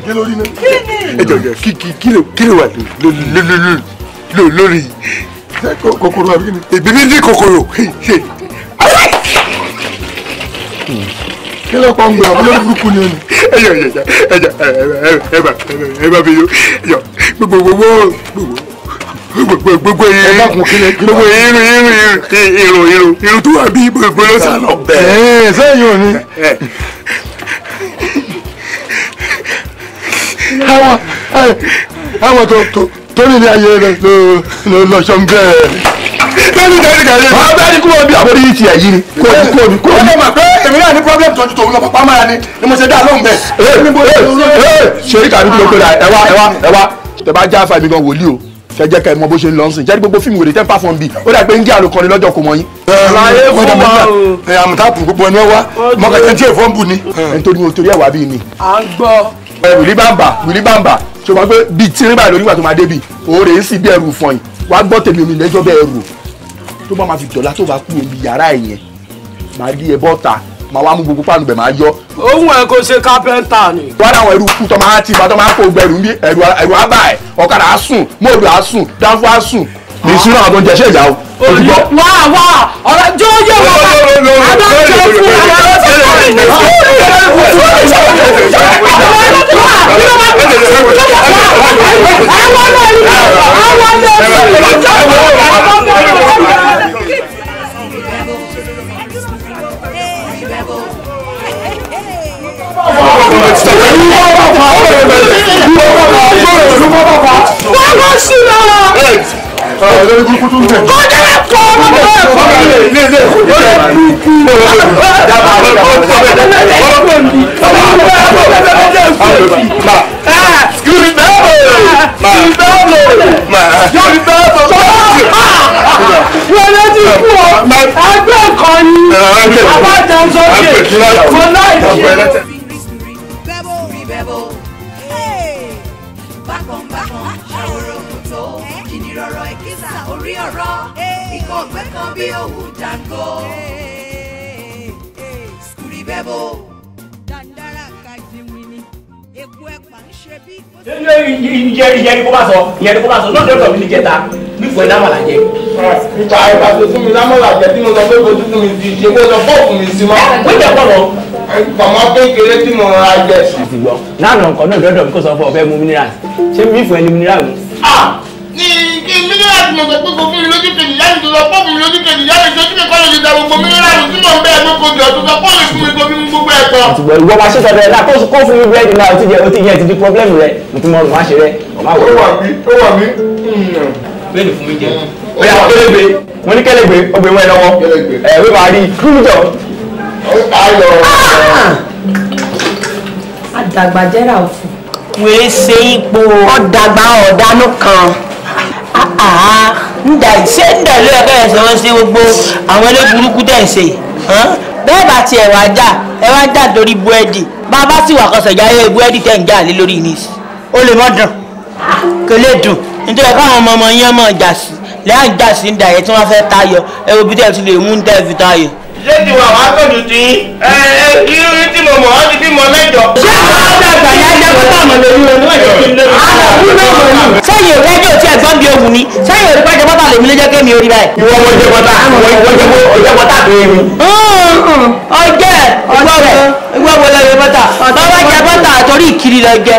gé lórí náà. kíni. ẹ jọ jọ kí kí kí lè wà lórí kòkòrò àbí kíni. èmi ní kòkòrò kí ló kọ́ ń gbé ọ̀bí lórí burúkú ni o ní. ẹyọ ẹyọ ẹyọ ẹyọ ẹyọ ẹyọ ẹyọ gbogbo gbogbo gbogbo gbogbo irun gbogbo irun irun irun irun irun tó wà bí gbogbo ló sá lọ. ẹ sẹ́yìn ò ní. àwọn àwọn tó tó nílé ayé rẹ lọ lọ sọ ń bẹ́ẹ̀ lórí ìdarí ìdarí. wọ́n bẹ́ẹ̀ ni kúrò bí àbórí yìí ti ẹ̀yí ni kóòbí kóòbí kóòbí. wọ́n mọ̀ pé èmi náà ní problem tọ́jú tòun lọ pàpà mára ni ni mo ṣe dá lóhùn bẹ́ẹ̀. ee ṣe é kàbí kúrò pẹ̀lú ẹ̀wá ẹ̀wá ẹ̀wá tẹ bá já fa ibi gan wòlíì o fẹ jẹ ká ẹ mọ bó ṣe ń lọ sìn jẹ gbogbo fíìmù wèrè tẹ ń fà fún bi ó dà pé ń jẹ àlùkọrin lọ́jọ́ kò mọ yín. ẹ̀ẹ́dẹ̀ mẹ́ta ẹ̀ àmọ̀tá kù gbogbo ẹni ẹ wá mọ̀kàtí tí èèfọ́ ń bù ni. nítorí mo torí ẹ̀wà bíi ni. à ń gbọ́. wìlí bàǹbà wìlí bàǹbà ṣùgbọ́n pé bíi tírín báyìí lórí ìgbà tó máa dé bì òórè ń sì bí ẹrù fọyín wàá gbọ́ tèmi omi lẹ́jọ́ bẹ́ẹ̀ rù tó bá máa fi dọ̀là tó bá kú omi yàrá ẹ̀ yẹn màá rí ẹ bọ́ta màá wá mú gbogbo pàánù bẹ̀ màá yọ. ohun ẹ kò ṣe kápẹ́ńtà ni. wọ́n àwọn ẹrú kú tọ́ máa ti ìbátan máa kó gbẹrù ẹrù àbá ọ̀kadà á sùn mọ́ọ̀dù á sùn dáfọ́ á sùn kì àwọn tó ń ìyá o. wá wá ọ̀rọ̀ jó yé wọn bá adájọ́ fún ara wọn tó kọ́ ìlú sí Wọ́n lọ sí lọ́wọ́ olórí kúkú tún bẹ̀. kó jẹ́ ẹ̀kọ́ ọmọ ẹ̀kọ́ ilé ilé ilé wọlé ti kú ọ ẹgbẹ́ kan ni abájá ń sọ pé for life. Bibio Utango Skuribebo Dandara Kajiwini Ìyẹn ìyẹn ni kó bá sọ ìyẹn ni kó bá sọ lóde ọ̀dọ̀ mi ní jẹta nífọ̀ iná màlà jẹ. Ìgbà ìgbà tó fún mi lámọ̀lá jẹ tí mo sọ pé kò tún fún mi di ṣe kó sọ fọ́ọ̀kù mi sí ma. Péjọ pọ̀ lọ. Kọ̀mọ́ kékeré tí mo ra jẹ. Àti gbọ́, lánàá nǹkan náà lọ́dọ̀ mi kò sọ fún ọ̀fẹ́ mu mineral. Ṣé mi fún ẹni mineral mi? À ní kí mi láti mọ̀ pé kò fún mi lójú kejì yá nìjọ sọ fún mi lójú kejì yá nìjọ tí mi kọ́ lè ṣe dàrú gbòmí láàrú tí mò ń bẹ́ẹ̀ ló kojú ọ̀tún sọ fún mi fún mi kò fi mú gbogbo ẹ̀ tán. àtùgbọ̀ ìwọ máa ṣèṣọ bẹ̀rẹ̀ náà kó fún mi búrẹ́dì náà òtí jẹ òtí jẹ ti di pọ́blẹ́mù rẹ mo ti mọ ṣe rẹ ọ̀má wọ̀ ó wà mí bẹ́ẹ̀ni fún mi jẹ. Mm. ó mo ní kélégbé ó gbé wọn lọ́wọ́ ẹ wí máa rí Ah, ah. ǹdà ṣé ǹdà ló yẹ kẹ́yẹ̀ ṣe wọ́n ṣe gbogbo àwọn ilé burúkú tẹ̀ ń ṣe bẹ́ẹ̀ bá tiẹ̀ wá jà ẹ wá jà torí búrẹ́dì bá a bá sì wà kọsẹ̀ jáyé búrẹ́dì tẹ̀ ń jà lé lórí ní ìsì ó lè mọ́ dùn kò lè dùn nítorí káwọn ọmọ ọmọ yẹn mọ̀ jà sí lẹ́yìn jà sí ǹdà yẹn tí wọ́n fẹ́ tayọ ẹ wo bí tẹ̀ ti lè mú ǹdà fi tayọ. ṣé ti wà wá pẹ̀lú ti ẹ ẹ kí tí sẹ́yìn rẹ́díò tí ẹ̀gbọ́n bí ohun ni sẹ́yìn òrí pàjẹ́ bọ́tà lèmi ló jẹ́ kémi orí báyìí. ìwọ ọmọ ìjẹ bọ́tà ìjẹ bọ́tà bí mi. ọjẹ ìwọwọ ìwọwọ lọ yẹ bọ́tà tọ́wọ́ jẹ bọ́tà torí ìkiri lọ jẹ.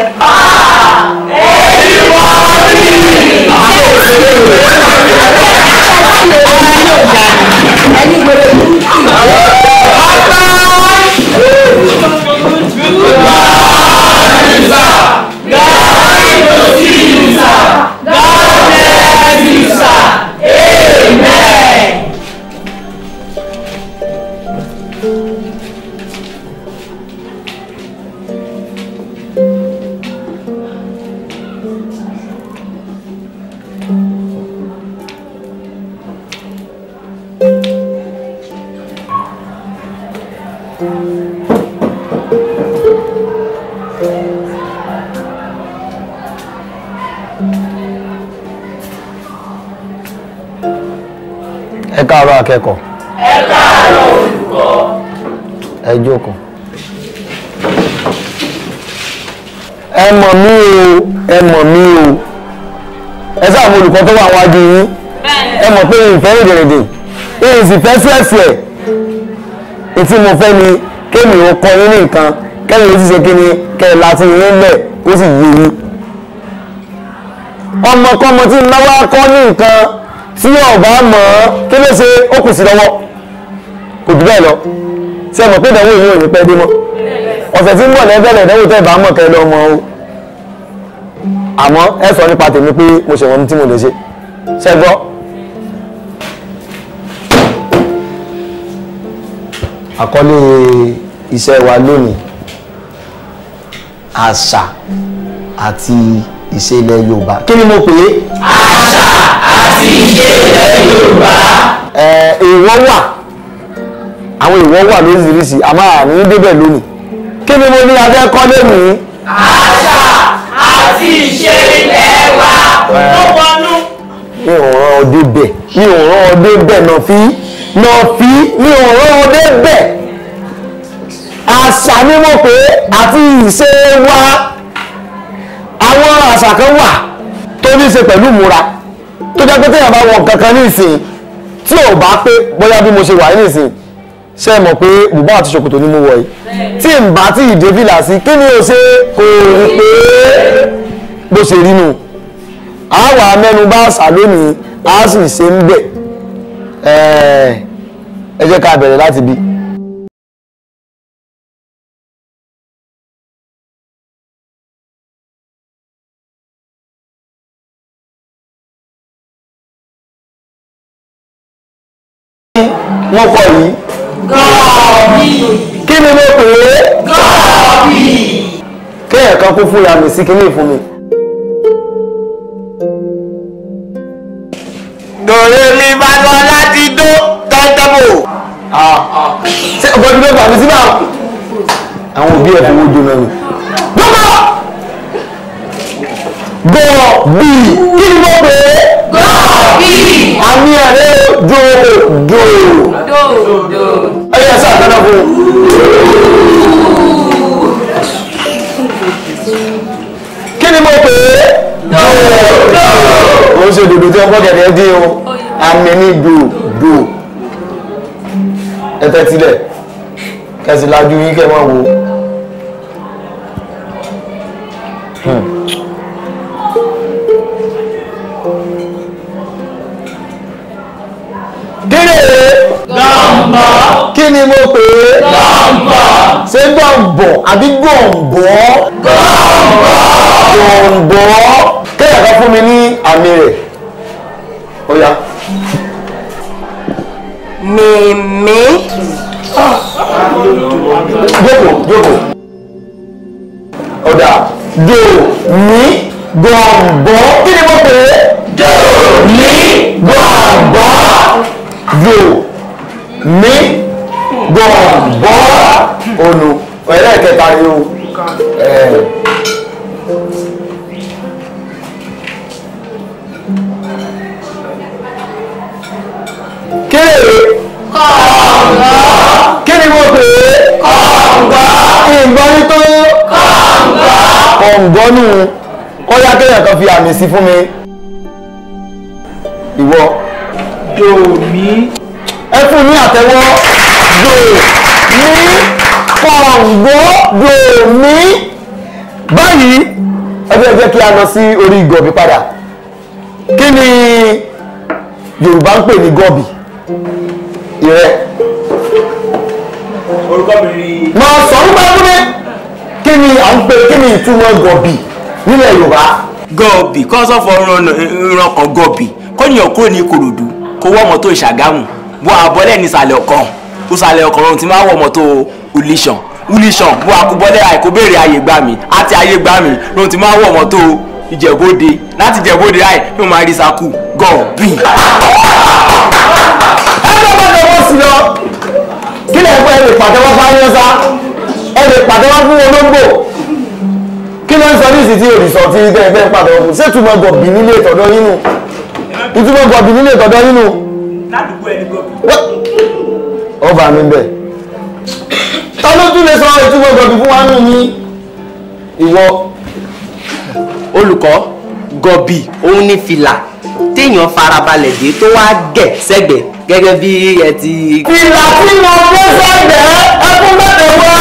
ẹni gbèrè mú kí. God. àárọ̀ akẹ́kọ̀ọ́. ẹ káàárọ̀ olùkọ́. ẹ jókòó. ẹ mọ̀ mí o ẹ mọ̀ mí o ẹ sáà mo olùkọ́ tó wà wájú yín ẹ mọ̀ pé ìfẹ́ ìdèrèdè èyí sì fẹ́ fẹ́fẹ́ ètí mo fẹ́ ni kémi ò kọ yín ní nǹkan kẹ́mi ò sì ṣe kíni kẹ́mi láti yín lẹ̀ ó sì yé yín ọmọkọ́mọ tí ń náwó akọ́ ní nǹkan tí ọba mọ̀ ọ́ kí ló ṣe ó kù sí lọ́wọ́ kò jù bẹ́ẹ̀ lọ ṣe mọ̀ pé ìdánwò yìí ò ní pẹ́ dé mọ́ ọ̀sẹ̀ tí ń bọ̀ lẹ́bẹ̀rẹ̀ ìdánwò tẹ́ bá mọ̀ kẹ́ lọ mọ́ o àmọ́ ẹ sọ nípa tèmi pé mo ṣèwọ̀n tí mo lè ṣe ṣe gbọ́. àkọlé iṣẹ́ wa lónìí àṣà àti ìṣe ilẹ̀ Yorùbá kí ni mo pè é. àṣà sí ilé Yorùbá. ẹ èèwọ̀ wà àwọn èèwọ̀ wà lóríṣiríṣi àmọ́ àní débẹ̀ lónìí kí ni mo ní abẹ́ kọ́ lẹ́nu yìí. àṣà àti ìṣe ilẹ̀ wa ló wọnú. mi ò rán ọdẹ bẹ́ẹ̀ mi ò rán ọdẹ bẹ́ẹ̀ náà fi náà fi mi ò rán ọdẹ bẹ́ẹ̀ àṣà ni mo pè é àti ìṣe wa àwọn àṣà kan wà tó ní í ṣe pẹ̀lú ìmúra tó jẹ́ pé téèyàn bá wọ nǹkan kan ní ìsìn tí ò bá pé bóyá bí mo ṣe wà ní ìsìn ṣe mọ̀ pé bùbá àti ṣòkòtò ni mo wọ̀ yìí tí n bá tí ìdè fìlà sí kí ni o ṣe kò rí pé bó ṣe rí nu àwa mẹ́nubà sàlónì a sì ṣe ń bẹ̀ ẹ jẹ́ ká bẹ̀rẹ̀ láti bí. mo kọ yìí. gọ́ọ̀bì. kí ni mo pè é. gọ́ọ̀bì. kéèyàn kan kú fúnra mi sí kíní fún mi. dòwe mi bá lọ láti dó tẹ́tẹ́bù. ṣé ọ̀gbọ́n mi ló gbà mí síbà? àwọn òbí ẹ̀ fowó jó mẹ́rin. gbọ́dọ̀ gbọ́dọ̀ bíi kí ni mo pè é. gọ́ọ̀bì àmì ẹ̀rẹ́ dòdò. ẹyẹ sáà dáná fún kí ni mo pè é dòdò. ó ṣe dòdò tí wọ́n kọ́ gẹ̀dẹ̀ dé o àmì ní dòdò. ẹ tẹ́tí lẹ̀ kẹsì lajú yín kẹ́ máa wo. ṣé gbọ̀ǹbọ̀ àbí gbọ̀ǹbọ̀ gbọ̀ǹbọ̀ kéèyàn kan fún mi ní àmì rẹ̀ ó yá. mèmí. jókòó jókòó ọ̀dà dòmí gbọ̀ǹbọ̀ kí ni mo pè é. dòmí gbọ̀ǹbọ̀ dòmí gbọ̀ngbọ́ ònù ẹlẹ́ẹ̀kẹta ni o kéèrè kọ̀ǹgbọ́ kí ni mo pè é kọ̀ǹgbọ́ ìgbọ́ ní tó kọ̀ǹgbọ́ kọ̀ǹgbọ́ nù kọ́yá kéèyàn kan fi àmì sí fún mi ìwọ. dòmí. ẹ fún mi àtẹ́wọ́. dò mí kọ̀ǹgó dò mí. báyìí ẹgbẹ́ ẹgbẹ́ kí a lọ sí orí gọ̀bì padà kí ni Yorùbá ń pè ní gọ̀bì ìrẹ́. orúkọ mi ni máa sọ ń gbá fún mi ni à ń pè kí ni ìtumọ̀ gọ̀bì nílẹ̀ Yorùbá. gọ̀bì kọ́sọ̀ fọ ìran kan gọ̀bì kọ́nìyàn kúrò ní Ìkòròdú kó wọ́n mọ́tò Ṣàgámù wọ́n àbọ̀lẹ̀ ó sàlẹ̀ ọkàn ọ̀run tí máa wọ̀ mọ́tò ulishan ulishan bó akúbọ́lẹ̀ àìkú béèrè àyè gbà mí àti àyè gbà mí lóhun tí máa wọ̀ mọ́tò ìjẹ̀bóde láti ìjẹ̀bóde àì yóò máa rí sakú gọ̀ọ̀bì. ẹgbẹ́ wọn lọ́wọ́ sí lọ kí lè fún ẹni pàtẹ́wọ́ fáyọ́ sá ẹni pàtẹ́wọ́ fún olóńgbò kí ló sọ ní ìsìtì òrìṣọ́ tí ilé ẹgbẹ́ pàtẹ́wọ́ fún ṣé ó bá mi bẹ̀ ta ló tún lè sọ ìtumọ̀ gọ̀bì fún wa nù ní ìwọ olùkọ́ gọ̀bì òun ní fìlà téèyàn farabalẹ̀ dé tó wá gẹ̀ sẹ́gbẹ̀ gẹ́gẹ́ bí ẹ ti. fìlà tí mo gbé sẹ́gbẹ̀ ẹkún mẹ́tẹ̀ wá.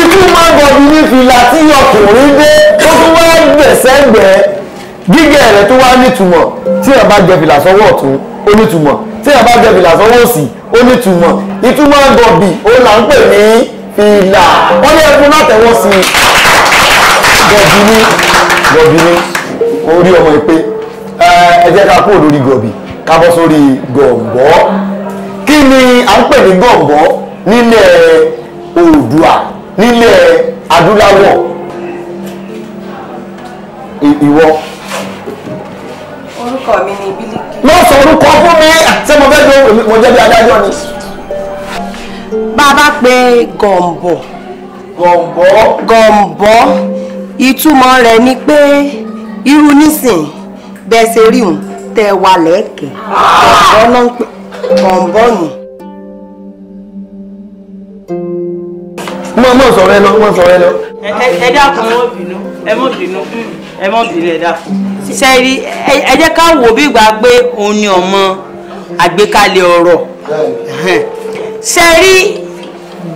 ìtumọ̀ gọ̀bì ní fìlà tí ọkùnrin dé tó tún wá gẹ̀ sẹ́gbẹ̀ gígẹ̀ rẹ̀ tó wá nítumọ̀ tí ẹ̀ bá jẹ fìlà sọ́wọ́ ọ̀tún ó nítumọ̀ téèyàn bá jẹ fìlà sọ́wọ́ òsì ó ní ìtumọ̀ ìtumọ̀ gọ̀bì ó là ń pè ní fìlà wọ́n ní ẹkún látẹ̀wọ́ sí gọ̀bì ní gọ̀bì ní orí ọmọ ìpè ẹ jẹ́ ká kúrò lórí gọ̀bì ká bọ́ sórí gọ̀ǹbọ́ kí ni à ń pè ní gọ̀ǹbọ́ nílẹ̀ oòdùà nílẹ̀ adúláwọ̀ ìwọ. E, orúkọ mi ni bílíkì. lọ sọ orúkọ fún mi ṣé mo fẹ́ lo mo jẹ́ bí adájọ́ ni. bàbá pé gọ̀m̀bọ̀. gọ̀m̀bọ̀. gọ̀m̀bọ̀ ìtumọ̀ rẹ̀ ni pé irú nísìn bẹ́ẹ̀ ṣe rí òun tẹ́ wà lẹ́ẹ̀kẹ́ gọ̀m̀bọ̀ náà ń pè gọ̀m̀bọ̀ nù. mo mọ̀ sọ̀rọ̀ ẹ lọ mo sọ̀rọ̀ ẹ lọ. ẹ dákun ẹ mọ̀ bínú ẹ mọ̀ bínú ẹ mọ̀ bínú ẹ dákun. sẹ́ẹ̀rì ẹ jẹ́ ká wò bí ìgbà pé òun ni ọmọ àgbékalẹ̀ ọ̀rọ̀ sẹ́ẹ̀rì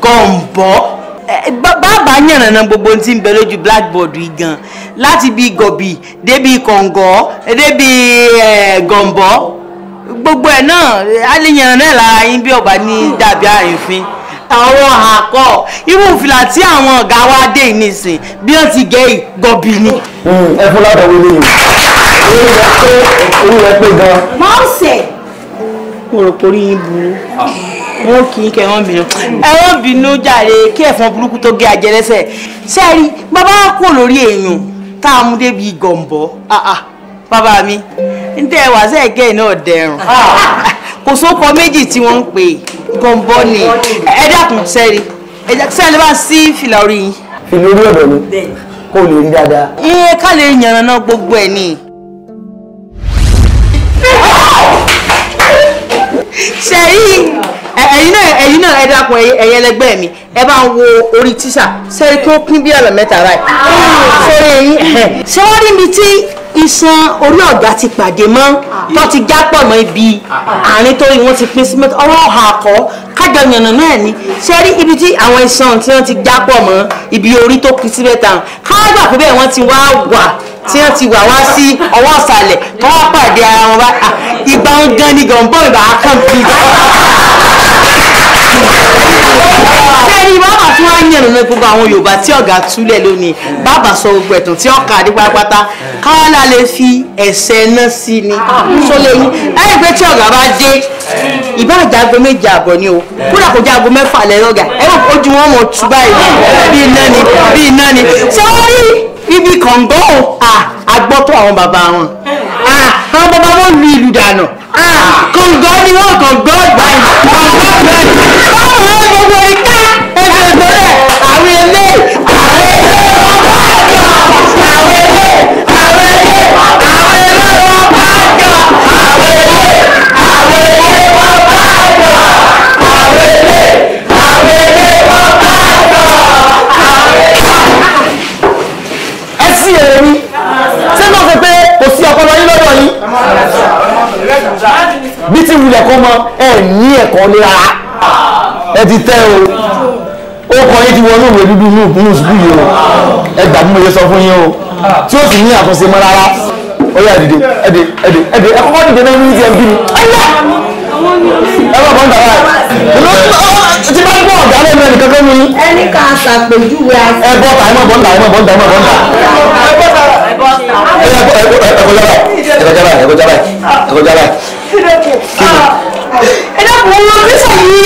gọ̀m̀bọ́ bàbá yànnàna gbogbo tí ń bẹ lójú blackboard yìí gan láti bí gọ̀bì débi kọ̀ǹgọ́ débi gọ̀m̀bọ́ gbogbo ẹ̀ náà a lè yànnàna lára yín bí ọba ní dàbí àrífín àwọn àkọ́ irú fìlà tí àwọn ọ̀gá wa dé nísìn bí wọ́n ti gẹ ìgọ̀bì ni. Hmm, ẹ fún ládàá wo ni orí rẹ pé gan. máa ń sẹ̀. mo rò pé orí yín burú wọn kì í kẹ wọn bínú ẹ wọn bínú jàre kí ẹ̀fọn burúkú tó gé ajẹrẹsẹ̀ sẹ́ẹ̀rí bàbá kò lórí èèyàn tá a mú débi gọ̀m̀bọ́ ah, ah, bàbá mi ń tẹ́ ẹ wá sẹ́ẹ̀kẹ́ náà dẹrùn ah. kò sóko méjì tí wọ́n ń pè é gọ̀ǹbọ ni ẹ dákun sẹ́rí ẹ jẹ́ sẹ́rí bá sí fìlà orí yín. fìlà orí ọ̀dọ̀ ni kó lè rí dáadáa. ìyẹn ká lè yànnàná gbogbo ẹ̀ ni. sẹ́rí ẹ̀yin náà ẹ̀yin náà ẹ dákun ẹ̀yin ẹlẹgbẹ́ mi ẹ bá ń wo orí tíṣà sẹ́rí tó pín bí àlọ́ mẹ́ta rà ẹ̀ sórí ẹ̀yin ṣé wọ́n rí ibi tí iṣan orí ọ̀gá ti pàdé mọ́ tó ti já pọ̀ mọ́ ibi àárín tó wọ́n ti pín sí mẹ́ta ọwọ́ ọ̀hà àkọ́ kájọ yànnà náà ni ṣe rí ibi tí àwọn iṣan tí wọ́n ti já pọ̀ mọ́ ibi orí tó pín sí mẹ́ta káàgbà pé bẹ́ẹ̀ wọ́n ti wá wà tí wọ́n ti wà wá sí ọwọ́ ìsàlẹ̀ tó wá pàdé ara wọn bá ah, ìgbà ń gan ni gànbọ́n ìbá kan bí ẹ̀yin bàbá tí wọ́n á yẹn nínú gbogbo àwọn yorùbá tí ọ̀gá túlẹ̀ lónìí bàbá sọ gbogbo ẹ̀tàn tí ọ̀ka àdé pátápátá káwálà lè fi ẹsẹ̀ náà sí ni tó lè yín ẹ̀yìn pé tí ọ̀gá bá dé ìbá àjàgbó méje àbọ̀ ni o kódà kó jágo mẹ́fà lẹ́yìn ọ̀gá ẹ̀rọ ojú wọn mọ̀ tú báyìí bí iná ni bí iná ni ṣé wọ́n rí ibi kọ̀ǹgọ́ àgbọ́tọ̀ àwọn bàbá wọn àwọn bàbá wọn lu ìlú dànù kọ̀ǹgọ́ ni wọ́n kọ̀ǹgọ́ gbà kọ̀ǹgọ́ gbà báwo wọ́n gbogbo ẹ̀ka. bí ti wulẹ̀ kọ́ mọ ẹ ní ẹ̀kọ́ nira ẹ ti tẹ́ o ó kọ yín ti wọnú ìwé dúdú ní òkúnnù sùkú yìí o ẹ gbà mú iye sọ fún yín o tí ó sì ní àtúnṣe mọ́ rárá ó yà dìde ẹ̀dẹ̀ ẹ̀dẹ̀ ẹ̀dẹ̀ ẹ kọ́kọ́ dìde náà ní ti ẹ̀ bí mi ẹ bá bọ́ ń dàgbà ẹ̀ ti bá gbọ́ ọ̀gá lẹ́nu ẹnìkan fẹ́ mi. ẹnì kan ṣàpèjúwe àti. ẹ bọ́ ta ẹ má bọ́ ń dà ẹ má bọ́ ń dà ẹ má bọ́ ń dà ẹ̀dọ́kùn wọn bí sàyí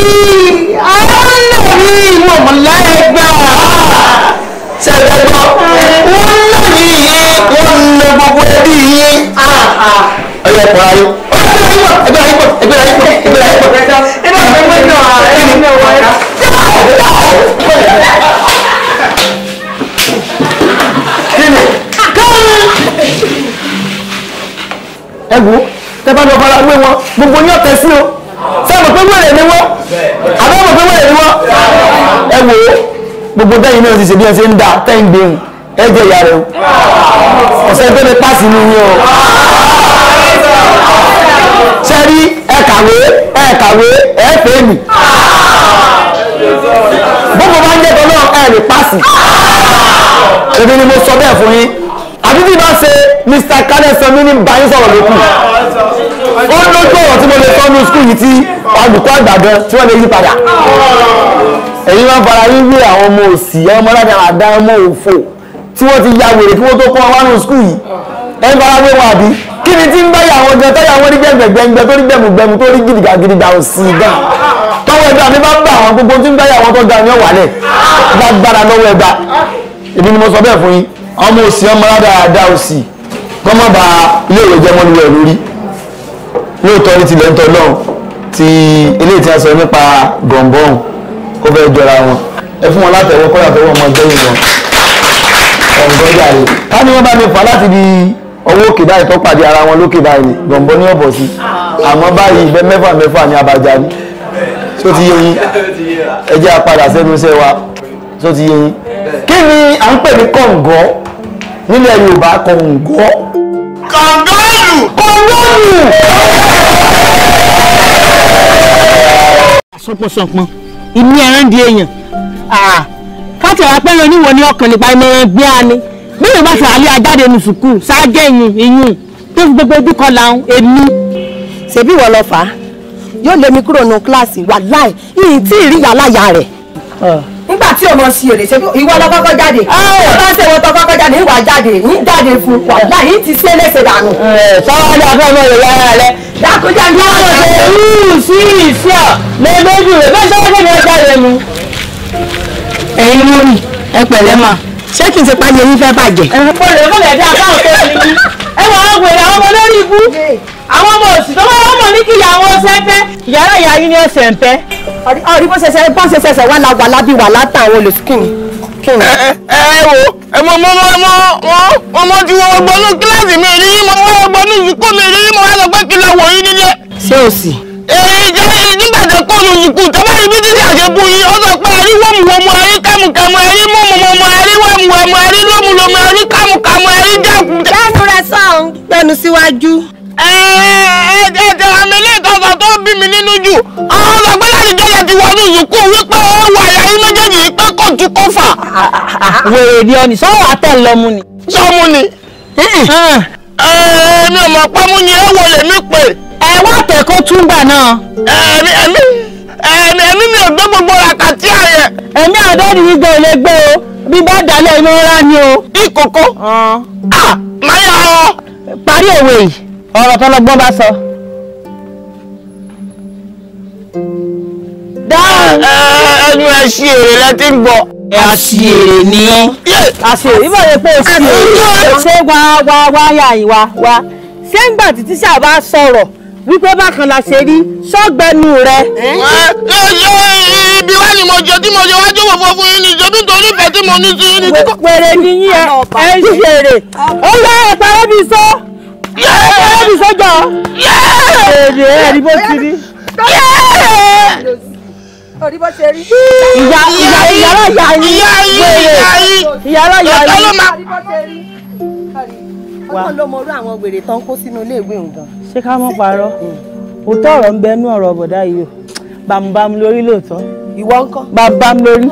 aráàlú mi ìwọ̀n mọ̀lá ẹgbẹ́ wa ṣẹ̀dọ̀gbọ́ wọn náà ní iye wọn na gbogbo ẹbí iye ọyọ ẹ̀kọ́ ayọ̀ ẹgbẹ́ ayípo ẹgbẹ́ ayípo ẹgbẹ́ ayípo ẹgbẹ́ ayípo ẹgbẹ́ ayípo ẹgbẹ́ ayípo ẹgbẹ́ ayípo ẹgbẹ́ ayípo. ẹ wò tẹ́ bá lọ fara wé wọn gbogbo ní ọ̀tẹ̀ sí o sábà pé wèrè ni wọ́n àbẹ́ mọ̀ pé wèrè ni wọ́n ẹ wò ó gbogbo tẹ́yìn náà ti ṣe bí ẹ ṣe ń da tẹ́yìn gbé hùn ẹ jẹ ìyá rẹ o ọ̀sẹ̀ tó lè pàṣẹ ní yín o ṣe rí ẹ kàwé ẹ kàwé ẹ pè mí gbogbo bá ń jẹ́ tọ́lọ́ ẹ lè pàṣẹ èmi ni mo sọ bẹ́ẹ̀ fún yín àbí bí bá ṣe mr kadẹsán mi ní báyìí sọ̀rọ̀ ló kù ó ń lójú ọ̀rọ̀ tí mo lè sọ ní skul yìí tí olùkọ́ àgbà gan tí wọ́n lè yí padà ẹ̀yin máa ń fara yín gbé àwọn ọmọ òsì àwọn ọmọ aládàá àdá ọmọ òfò tí wọ́n ti ya wèrè kí wọ́n tó kọ́ wọn wá ní skul yìí ẹ̀ ń fara gbé wọn àbí kí ni tí ń bá yà wọn gan táyà wọn rí gbẹ̀gbẹ̀gbẹ̀ngbẹ tó rí gbẹ̀mùgbẹ̀mù tó rí gidigagidigba òsì gan tọwọ́ ẹgbẹ́ àbí bá ń àwọn gbogbo tí ń bá yà wọn tó ga ní ọ̀wálẹ̀ gbàgbára lọ́wọ́ ẹgbà èmi ni mo sọ bẹ́ẹ̀ fún yín ọmọ òsì ọmọ aládàá àdá òsì kọ́ má ba ilé ìwé jẹ́ mọ́nú rẹ̀ lórí lóòótọ́ ní tilẹ̀ ń tọ́ lọ́hùn ti ilé ìtí a sọ nípa gọ̀ǹbọ̀n ó fẹ́ jọra wọn ẹ fún wọn látẹ̀wọ́ kọ́ látẹ̀wọ́ ọmọ ìjọyìn wọn ọ̀gbọ́n jàre ká ní wọ́n bá mi fà láti di ọwọ́ òkè báyìí tó pàdé ara wọn lókè báyìí gọ̀ǹbọ̀n ní ọ̀bọ̀ sí àmọ́ báyìí ìbẹ́ mẹ́fà mẹ́fà ní abàjá ni tó ti yé yín ẹ jẹ́ apadà sẹ́nu iṣẹ́ wa tó ti yé yín kí ni à ń pè ní kọ̀ǹgọ́ nílẹ̀ Yorùbá kọ̀ǹgọ́ kàngálù. olóòlù. sọpọsọpọn ìní ẹran di èèyàn kátìrà pẹ́ràn oníwọ̀ ni ọkàn nípa ìmọ̀ràn gbé a ni bẹ́ẹ̀ bá fi àlẹ́ ajáde ní sùkúù ṣáájú ẹ̀yìn ìyún tó fi gbogbo ojú kan làwọn èmi. ṣèbí ìwọ lọ fà á yóò lé mi kúrò nù kíláàsì wàláì yìí tí ì rí yàrá yà rẹ̀ tí o mọ̀ sí èrè ṣe ìwọ lọ kọ́kọ́ jáde ìwọ bá ṣe ìwọ tó kọ́kọ́ jáde ìwà jáde ń jáde fún wa láyé ti ṣe é léṣe dànù. sọ́wọ́n ní abẹ́ ọmọ rẹ̀ yára rẹ̀. dákújá ní ọ̀rọ̀ rẹ̀ rúù sí ìfẹ́ lè lójú rẹ̀ bẹ́ẹ̀ sọ́wọ́n ní ọjà rẹ̀ mu. ẹ̀yin lórí ẹ pẹ̀lẹ́ máa ṣé kì í ṣe pálí eyín fẹ́ bàjẹ́. ẹ̀fọ́lẹ̀ ẹ̀fọ́lẹ̀ ẹ̀dá àbáwọ̀ tó ti ní ẹ̀wọ̀n àwọn ọmọ ìyàwó ọmọ lórí ibú àwọn ọmọ òsì tó bá wọ́n mọ̀ ní kí ìyàwó ṣẹ́fẹ́ yàrá ìyá yín ní ọ̀sẹ̀ ń fẹ́. ọ̀rí bó ṣẹṣẹ bó ṣe ṣẹṣẹ wà láwà lábí wà látàwọn olùsíkìn. ẹ ẹ wo ẹ mọ mọ mọ mọ mọ mọ ti wọ ọgbọnú kíláàsì mi rí mọ wọ ọgbọnú ìsìnkú mi rí mọ wá lọ pé kí lọ wọ yín nílé. ṣé o sì èyí jẹ́ nígbà tó kó lu ìkú tó bá rí bíbí àjẹkù yìí ó sọ pé arí wọ́mùwọ́mù arí kàmùkàmù arí mọ̀mọ̀mọ̀ arí wọ́mùwọ́mù arí lómùlómù arí kàmùkàmù arí jẹ́kù. lẹ́nu rẹ̀ sọ̀hún. gbẹnu síwájú. ẹ ẹ ẹ ẹ àmì ilé ìtajà tó bí mi nínú jù àwọn sọ pé láti jẹ́ láti wọnú ìsìnkú wípé ó wà yàrá méjèèjì pé kò tún kó fà. wèrè ni ọ ní sọ́wọ́ àtẹ̀ lọ́mú ni. sọ́mú ni. ẹ̀ẹ́n mi ò mọ̀ pé mo ní ẹ̀wọ̀ lèmi pè ẹ wá tẹ̀kọ́ túngbà náà. ẹ̀mí ẹ̀mí ẹ̀mí mi ò gbé gbogbo àkàtì ààyè. ẹ̀mí àdọ́ni gbígbẹ́ ò lè gbé o bí bá dalẹ̀ inú rá ni o. ìkòkò máa yà ọ. parí òwe yìí ọ̀rọ̀ tọ́lọ́gbọ́n bá sọ. dáhùn. ẹnu ẹ ṣí èrè lẹ ti ń bọ̀. ẹ á ṣí èrè ni ó. àṣèrè ìbọn yẹn pé o ṣí èrè ṣé wá wá wá yà yín wá wá ṣé ń gbà tí tíṣà bá sọ̀rọ̀ wípé bákan la ṣe rí sọ́gbẹ́nu rẹ. ibi wá ni mo jẹ tí mo jẹ wájú wò fún fún yín ni ìjọba nítorí ìfẹ́ tí mo ní sí yín ni. pèrè ni yín ẹ ẹ ń ṣèrè ó yẹ ẹ̀pẹ̀rẹ̀ mi sọ ẹ̀pẹ̀rẹ̀ mi sọ́jọ́ èrè ẹ̀rí bó ti rí. Orí bó ṣe rí. Ìyá ìyá ìyá ìyá ìyá ìyá ìyá ìyá ìyá ìyá ìyá ìyá ìyá ìyá ìyá ìyá wá. wọn ló mọrú àwọn wèrè tán kó sínú iléèwé nǹkan. ṣé ká mọ̀ parọ́ mm. òótọ́ ọ̀rọ̀ ń bẹnu ọ̀rọ̀ bọ̀dá yìí o bàmùbàmù lórí lóòótọ́. ìwọ ńkọ́. bàmùbàmù lórí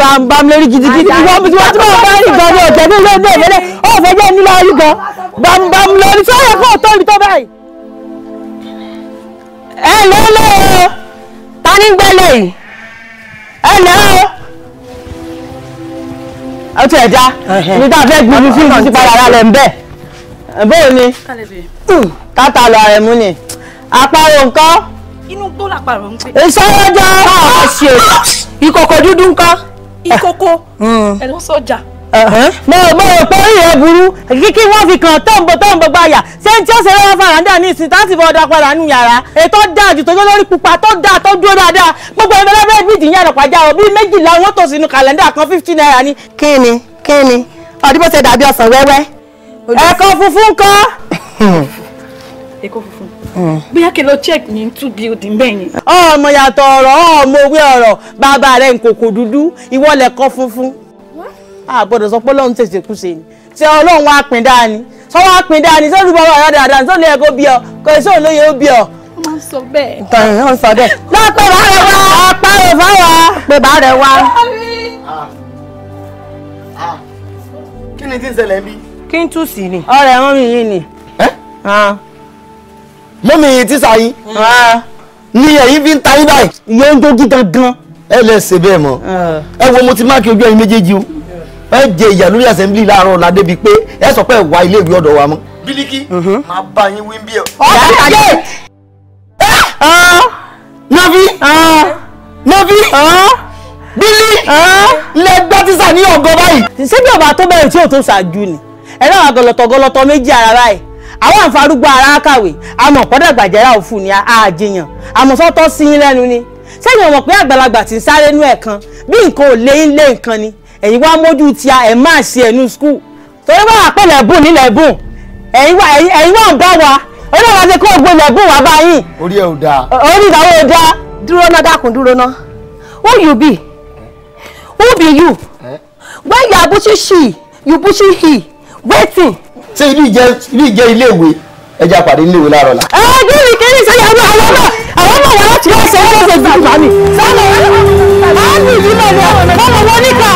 bàmùbàmù lórí gidigidi ìwọ mi tí wọ́n ti máa bá rí gan ní ọ̀tẹ̀ ní ìlú ìmẹ́lẹ̀ ó fẹ́ jẹ́ nílò ayé gan bàmùbàmù lórí sọ́yẹ̀ kó tó ibi tó báyìí. ẹ ló lọ o ta ní gbẹlẹ yìí ẹ lọ o. ó ti ẹ̀ dá nígbà fẹ́ gbin fífi ìfúnṣí padà rà lẹ̀ ń bẹ́ẹ̀ bóò ni hmm, tata lọ ààrẹ mú ni àparò nǹkan. inú gbó làparò ń pè. ìsọwọ́jọ́ ọ̀rọ̀ ṣe ìkòkò dúdú nǹkan. ìkòkò ẹ̀ ló sọjà. mo mo rò pé ìyẹn burú kíkí wọ́n fi kàn tọ́ǹbò tọ́ǹbò gbàyà ṣé n tí ó ṣe lọ́wọ́ fàràǹdà ní ìsìn táàtì fọ́ọ́dà padà nù yàrá ètò dáa jù tó yọ lórí pupa tó dáa tó dúró dáadáa gbogbo ẹgbẹ́ lẹ́bẹ̀ẹ́ bíi ìdíyàn àpàjá ọ̀ bíi méjìlá wọn tó sínú kàlẹ́ndà kan fifteen naira ni. kí ni kí ni ọdún bó ṣe dàbí ọsàn wẹ́wẹ́ ẹ̀kọ́ funfun kọ́. ẹ̀kọ́ funfun bóyá kí n lọ check ní two building bẹ́ẹ̀ yẹn. ọmọ yàtọ̀ ọ̀rọ̀ ọmọ òwe ọ̀rọ̀ bàbá rẹ̀ ń kòkò dúdú ìwọ lẹ̀kọ́ funfun. àbọ̀dọ̀ sọ pé ọlọ́run tètè kú sí ni ṣé ọlọ́run wá pín dáa ni sọ wá pín dáa ni sọ́dún bọ́ọ̀ ọ̀rọ̀ dáadáa ni sọ́dún ẹ̀kọ́ bí ọ kò sí òun lóye ó bí ọ. wọ́n sọ bẹ́ẹ̀. wọ́n sọ bẹ́ẹ̀. lọ́pẹ́ bá bá rẹ̀ wá kí n tù sí ni. ọ̀rẹ́ mọ́mì yìí ni. mọ́mì tíṣà yìí ni ẹ̀yin fi ń ta yín báyìí. ìyá ń dójú gangan. ẹ lẹ ṣe bẹ́ẹ̀ mọ́ ẹ wo mo ti máàkì ojú ẹ̀yin méjèèjì o ẹ jẹ ìyà lórí assembly láàárọ̀ ọ̀la débi pé ẹ sọ pé ẹ wá ilé ìwé ọ̀dọ̀ wa mọ́. bílíkì máa mhm. bá yín wí bí ẹ. ọ̀sẹ̀ nabi nabi bílí lẹ gbá tíṣà ní ọgọ báyìí. ṣé bí ọba tó bẹ̀rẹ̀ tí ò tó ṣáájú ni ẹ̀rọ àwọn gọlọtọ̀ gọlọtọ̀ méjì ara báyìí àwọn àǹfarúgbó ara kàwé àmọ̀ pọ́dàgbàjẹ́ra òfun ni àjèyàn àmọ̀ sọ́tọ́ sí yín lẹ́nu ni sẹ́yìn ọmọ pé àgbàlagbà ti ń sáré nú ẹ̀kan bí nǹkan ò léyìn lé nǹkan ni ẹ̀yin wá mójú ti a ẹ̀ máa ṣe ẹ̀nu skul torí wọ́n wà pé lẹ́bùn ní lẹ́bùn ẹ̀yin ń bá wa oníwà ṣe kó gbé lẹ́bùn wá báyìí. orí ẹ ò dáa. orí ìdáwó ò dáa. dúró ná dákun dúró ná who you be who be you when you are bushy she you bushy he wetin. ṣé ilé ìjẹ ilé ìjẹ ilé ìwé ẹja pàdé ilé ìwé láàárọ̀ la. ẹ gbẹ́rì kiri sẹ́yìn àwọn àwọn náà àwọn náà wà láti ọ̀sẹ̀ ẹ̀rọ ṣe gbàgbà ni. sọ́nà ọ̀hún àmì ìdílé wọn bọ́lá wọn níkà.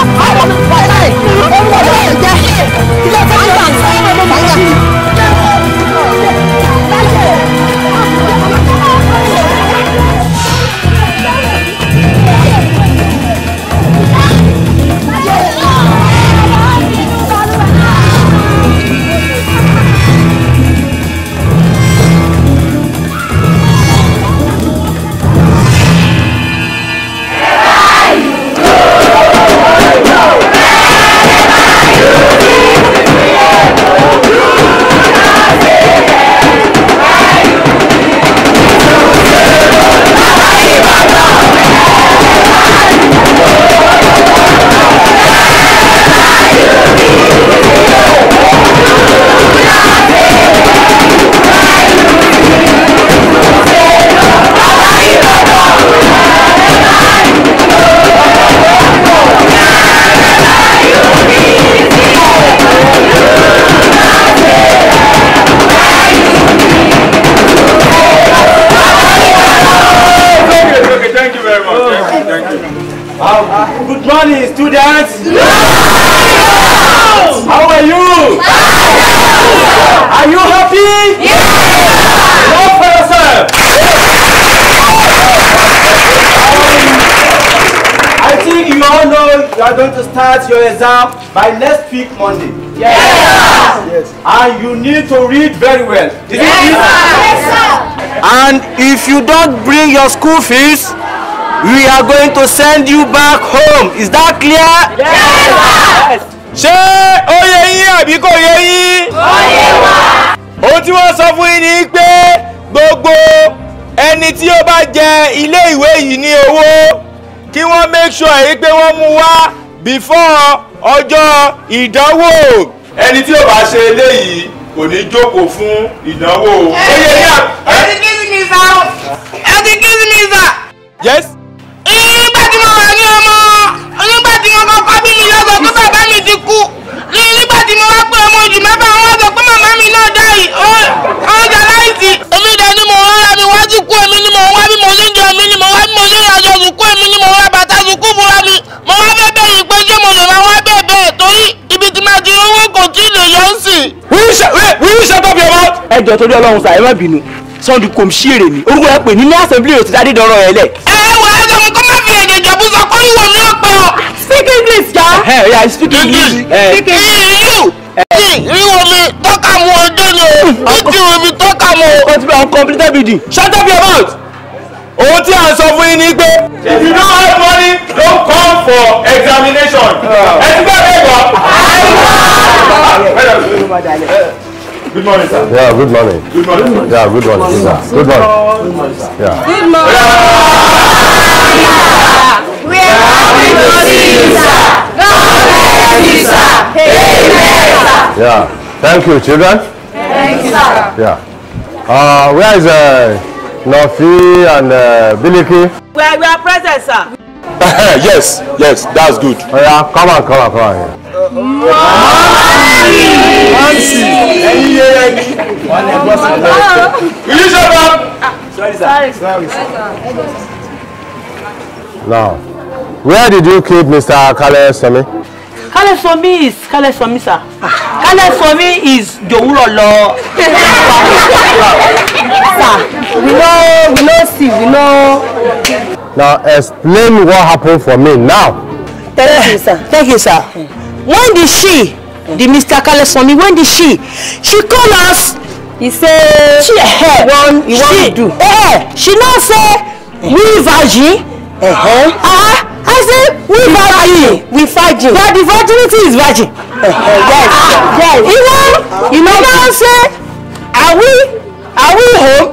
start your exam by next week Monday. Yes. yes. And you need to read very well. Did yes, you yes, sir. And if you don't bring your school fees, we are going to send you back home. Is that clear? Yes. Ṣé ó yé yín àbí kò yé yín? Ó yé wa. Ohun tí wọ́n sọ fún yín ni pé gbogbo ẹni tí ó bá jẹ ilé ìwé yìí ní owó kí wọ́n make sure yìí pé wọ́n mú wá before ọjọ́ ìdánwò. ẹni tí ò bá ṣe eléyìí kò ní jókòó fún ìdánwò. education is out. education is out. yes. nígbà tí mo wà ní ọmọ nígbà tí mo kọ́kọ́ bí mi lọ́sọ̀ pé bàbá mi ti kú nígbà tí mo wá pé ọmọ oṣù mẹ́fà wọn sọ pé màmá mi náà dá yìí ọ̀hún ọjà láìsí. omi dẹ ni mo wá ra mi wá sùkú èmi ni mo wá bí mo ṣe ń jẹ mi ni mo wá bí mo ṣe ń yàjọ sùkú èmi ni mo wá bàtà sùkú fúnra mi mo wá fẹ́ bẹ́ẹ̀ mo lè máa wá torí ibi tí máa ti owó kò tí ì lè yọ ń sìn. wíwí ṣe tó ọmọ. ẹ torí Ọlọ́run sàyẹn má bínú Sunday kò ń ṣí ni orúkọ ẹ pè ní ní assembly rẹ ti dá dídọrọ ẹ lẹ. ẹ wà á lọ́wọ́ kó má fi èdè ìjọ̀bù sọ kó ìwọ ní ọ̀pọ̀. speak English ja. ẹ ẹ ya speak English. speak English. ìwọ mi tọ́ka mu ọjọ́ ni o ìjì omi tọ́ka mu. o ti bẹ ọkọ̀ complete everything. shut up your mouth ohun tí a sọ fún yín ni pé if you don't have money don't come for examination ah. ẹ ti gbàgbé ìwà. Good morning, sir. Yeah, good morning. Good morning. Yeah, good morning, sir. Good morning. Good morning, sir. Yeah. Good morning. We are happy to see you, sir. God bless you, sir. Amen, sir. Yeah. Thank you, children. Thank you, sir. Yeah. Uh, where is uh, Nafi and uh, Biliki. We are, we are present, sir. yes, yes, that's good. Oh, yeah, come on, come on, come on. Mansi! Mansi! Will you shut up? Sorry, sir. Sorry, Sorry sir. Now, where did you keep Mr. Kale Semi? kálẹ̀ sọ mí is kálẹ̀ sọ mí sà kálẹ̀ sọ mí is jòwúrọ̀ lọ. sir we no we no see we no. now explain what happen for me now. thank you sir. thank you sir. when did she the Mr. kálẹ̀ sọ mí when did she she call us. he say she eh, one eh, he wan do. Eh, she now say we virgin. Uh -huh. uh, I say we virgin. We virgin. But the virginity is virgin. Uh, yes. Ah, yes. Even ah, you know now say are we are we home?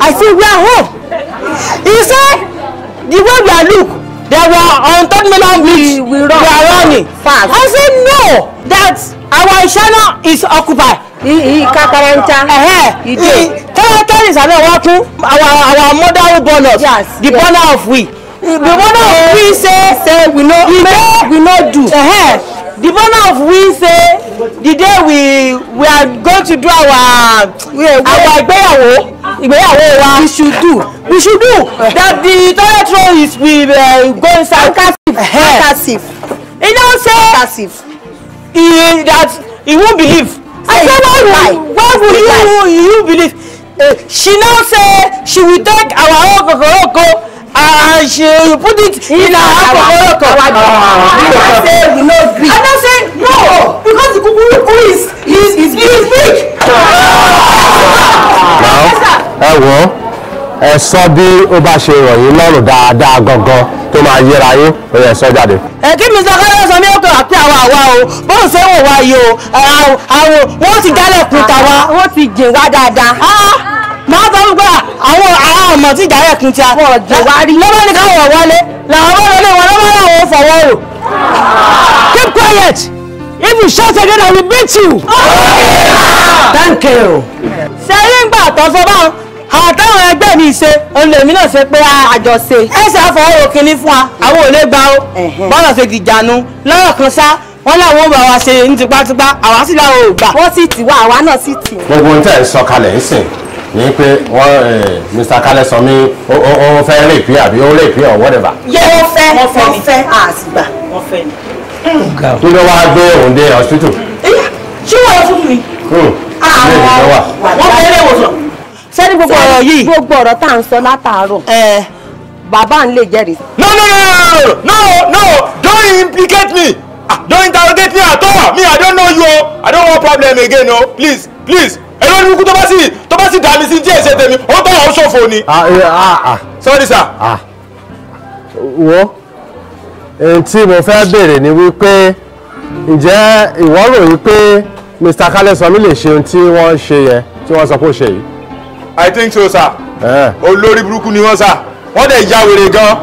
I say we are home. He say the way we are look there were on third million bridge we, we, we are running fast. I say no that our channel is occupied. He kakaranta. Uh-huh. He did. Tell tell is another working our our mother born us. Yes. The yes. born of we the burden of we say say we no the day we no do uh -huh. the burden of we say the day we we are going to do our our ìgbéyàwó ìgbéyàwó wa we should do we should do that the toilet roll is we uh, go inside. akasif akasif e don say akasif e that e won believe i say why why would you you believe uh, she know say she will take our own go go Uh, she you put it in, in our alcohol. I, ah. I say we no gree. I don say no because the kukuru who is is is is big. ẹ wọ ẹ sọ bí ó bá ṣe rọ̀ yín lọ́rùn dáadáa gangan tó máa yẹra yín ó yẹ sọ jáde. ẹ kí mi sọ káyọ̀ sọ mí ó kọ àpé àwa àwa o bóun ṣe wò wá yìí o àwọn wọn ti jálẹ̀ kùtà wa. wọ́n ti jìn wá dáadáa. Ah máa bá wípé àwọn àwọn ọmọ tí ìjà rẹ̀ ti àwọn ọ̀jẹ̀ wá rí lọ́wọ́ ní káwọn wọlé làwọn bá lọlé wọn lọ́wọ́ làwọn fọwọ́ rò. keep quiet if you shout again I will beat you. thank you. sẹ́yìn gbà tó sọ báwọn àtàwọn ẹgbẹ́ mi ṣe olèmí náà ṣe pé àjọṣe. ẹ ṣe àfọwọ́rò kínní fún wa àwọn ò lè gba o bọ́lá ṣe dìjànú lọ́rọ̀ kan sá wọ́n láwọn bá wa ṣe ní tipátipá àwa sì láwọn ò gbà. wọ́n sì tì wá àwa náà sì tì. gbogbo ohun tẹ́ ẹ sọ kalẹ̀ ń sìn ní pé wọ́n eh, Mr. Kálẹ́sànmí ó fẹ́ rèpé àbí ó rèpé or whatever. yẹ wọ́n fẹ́ wọ́n fẹ́ àsìgbà. wọ́n fẹ́ ni. kí ló wáá gbé òun dé hospital. ṣé wọ́n fún mi. Ah, àwọn wọ́n fẹ́ lè wòsàn. ṣé ní gbogbo ọ̀rọ̀ yìí gbogbo ọ̀rọ̀ tá à ń sọ látàárọ̀ eh. Eh, bàbá ń lè jẹ́rìí. no no no no no don't implicate me ah, don't interrogate me at all me i don't know you o i don't want problem again o please please ẹ̀rọ ní kú tó bá sì tó bá sì dà mí sí díẹ̀ ṣe tèmi ó tọ̀ ọ́ ṣòfò ni. Ah, eh, ah, ah. sorry sir. wọ́n ohun tí mo fẹ́ béèrè ni wípé ǹjẹ́ ìwọ rò yí pé Mr. Kálẹ́sọmí lè ṣe ohun tí wọ́n ṣe yẹn tí wọ́n sọ pé ó ṣe yìí. I think so sir. Eh. olórí burúkú ni wọ́n sà wọ́n dẹ̀ ya wèrè gan-an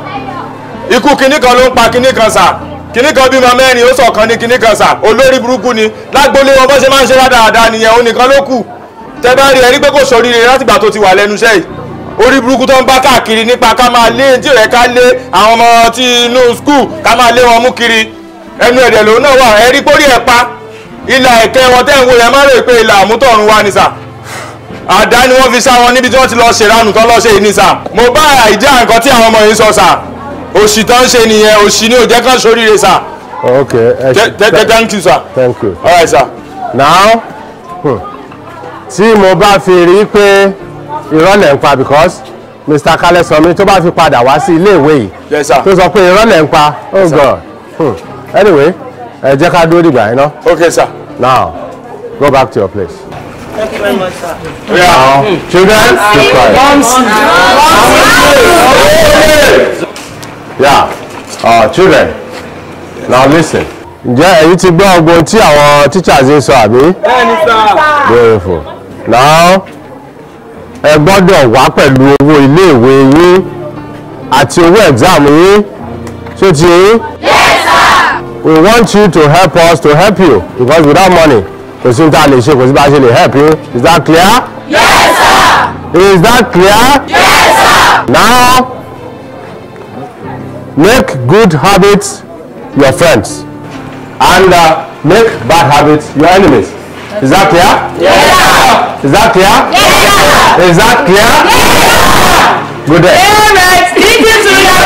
ikú kinní kan ló ń pa kinní kan sà kinní kan bímọ mẹ́rin ó sọ̀kan ní kinní kan sà olórí burúkú ni lágbólé wọn bó ṣe máa ń ṣe dáadáa nìyẹn òun nìkan ló kù tẹ bá rí ẹrí pé kò sọríire látìgbà tó ti wà lẹ́nu iṣẹ́ yìí orí burúkú tó ń bá káàkiri nípa ká máa lé tí rẹ ká lé àwọn ọmọ tí inú skul ká máa lé wọn mú kiri ẹnu ẹ̀dẹ̀ lòun náà wà ẹrí pórí ẹ̀ pa ìlà ẹ̀kẹ́ wọn tẹ́ ń wo yẹn má rè pé ìlà àmútọ̀run wa ni sà àdá ni wọ́n fi sá wọn níbi tí wọ́n ti lọ ṣèlànà tó lọ ṣe ni sà mo bá ìjà nǹkan tí àwọn ọmọ yìí sọ sà òṣì tó ṣe nìyẹn òṣì ni ò jẹ́ ṣoríire sà. ok ẹ ṣe thank you sir. thank you. all right sir. now. Hmm tí mo bá fi rí pé ìrọ̀lẹ̀ ń pa because Mr. Kale Somi tó bá fi padà wá sí ilé ìwé yìí tó sọ pé ìrọ̀lẹ̀ ń pa oh God hmm. anyway ẹ jẹ́ ká dúró dìgbà yẹn ná. okay sir. now go back to your place. Thank you very much, sir. Yeah. Now, children, keep quiet. Moms. Yeah. Uh, children, now listen. Ǹjẹ́ ẹ̀yin ti gbọ́ ọgbọ́n tí àwọn teachers ń sọ àbí? Bẹ́ẹ̀ni sá. Beautiful náà ẹ gbọ́dọ̀ wá pẹ̀lú owó iléèwé yín àti owó exam yín ṣé ti yín. yes sir. we want you to help us to help you because without money kò sí tá a lè ṣe kò sí bá ṣe lè help you is that clear. yes sir. is that clear. yes sir. now make good habits your friends and uh, make bad habits your enemies. Is that clear? Yeah. Is that clear? Yeah. Is that clear? Yeah. Good day. Parents, listen to your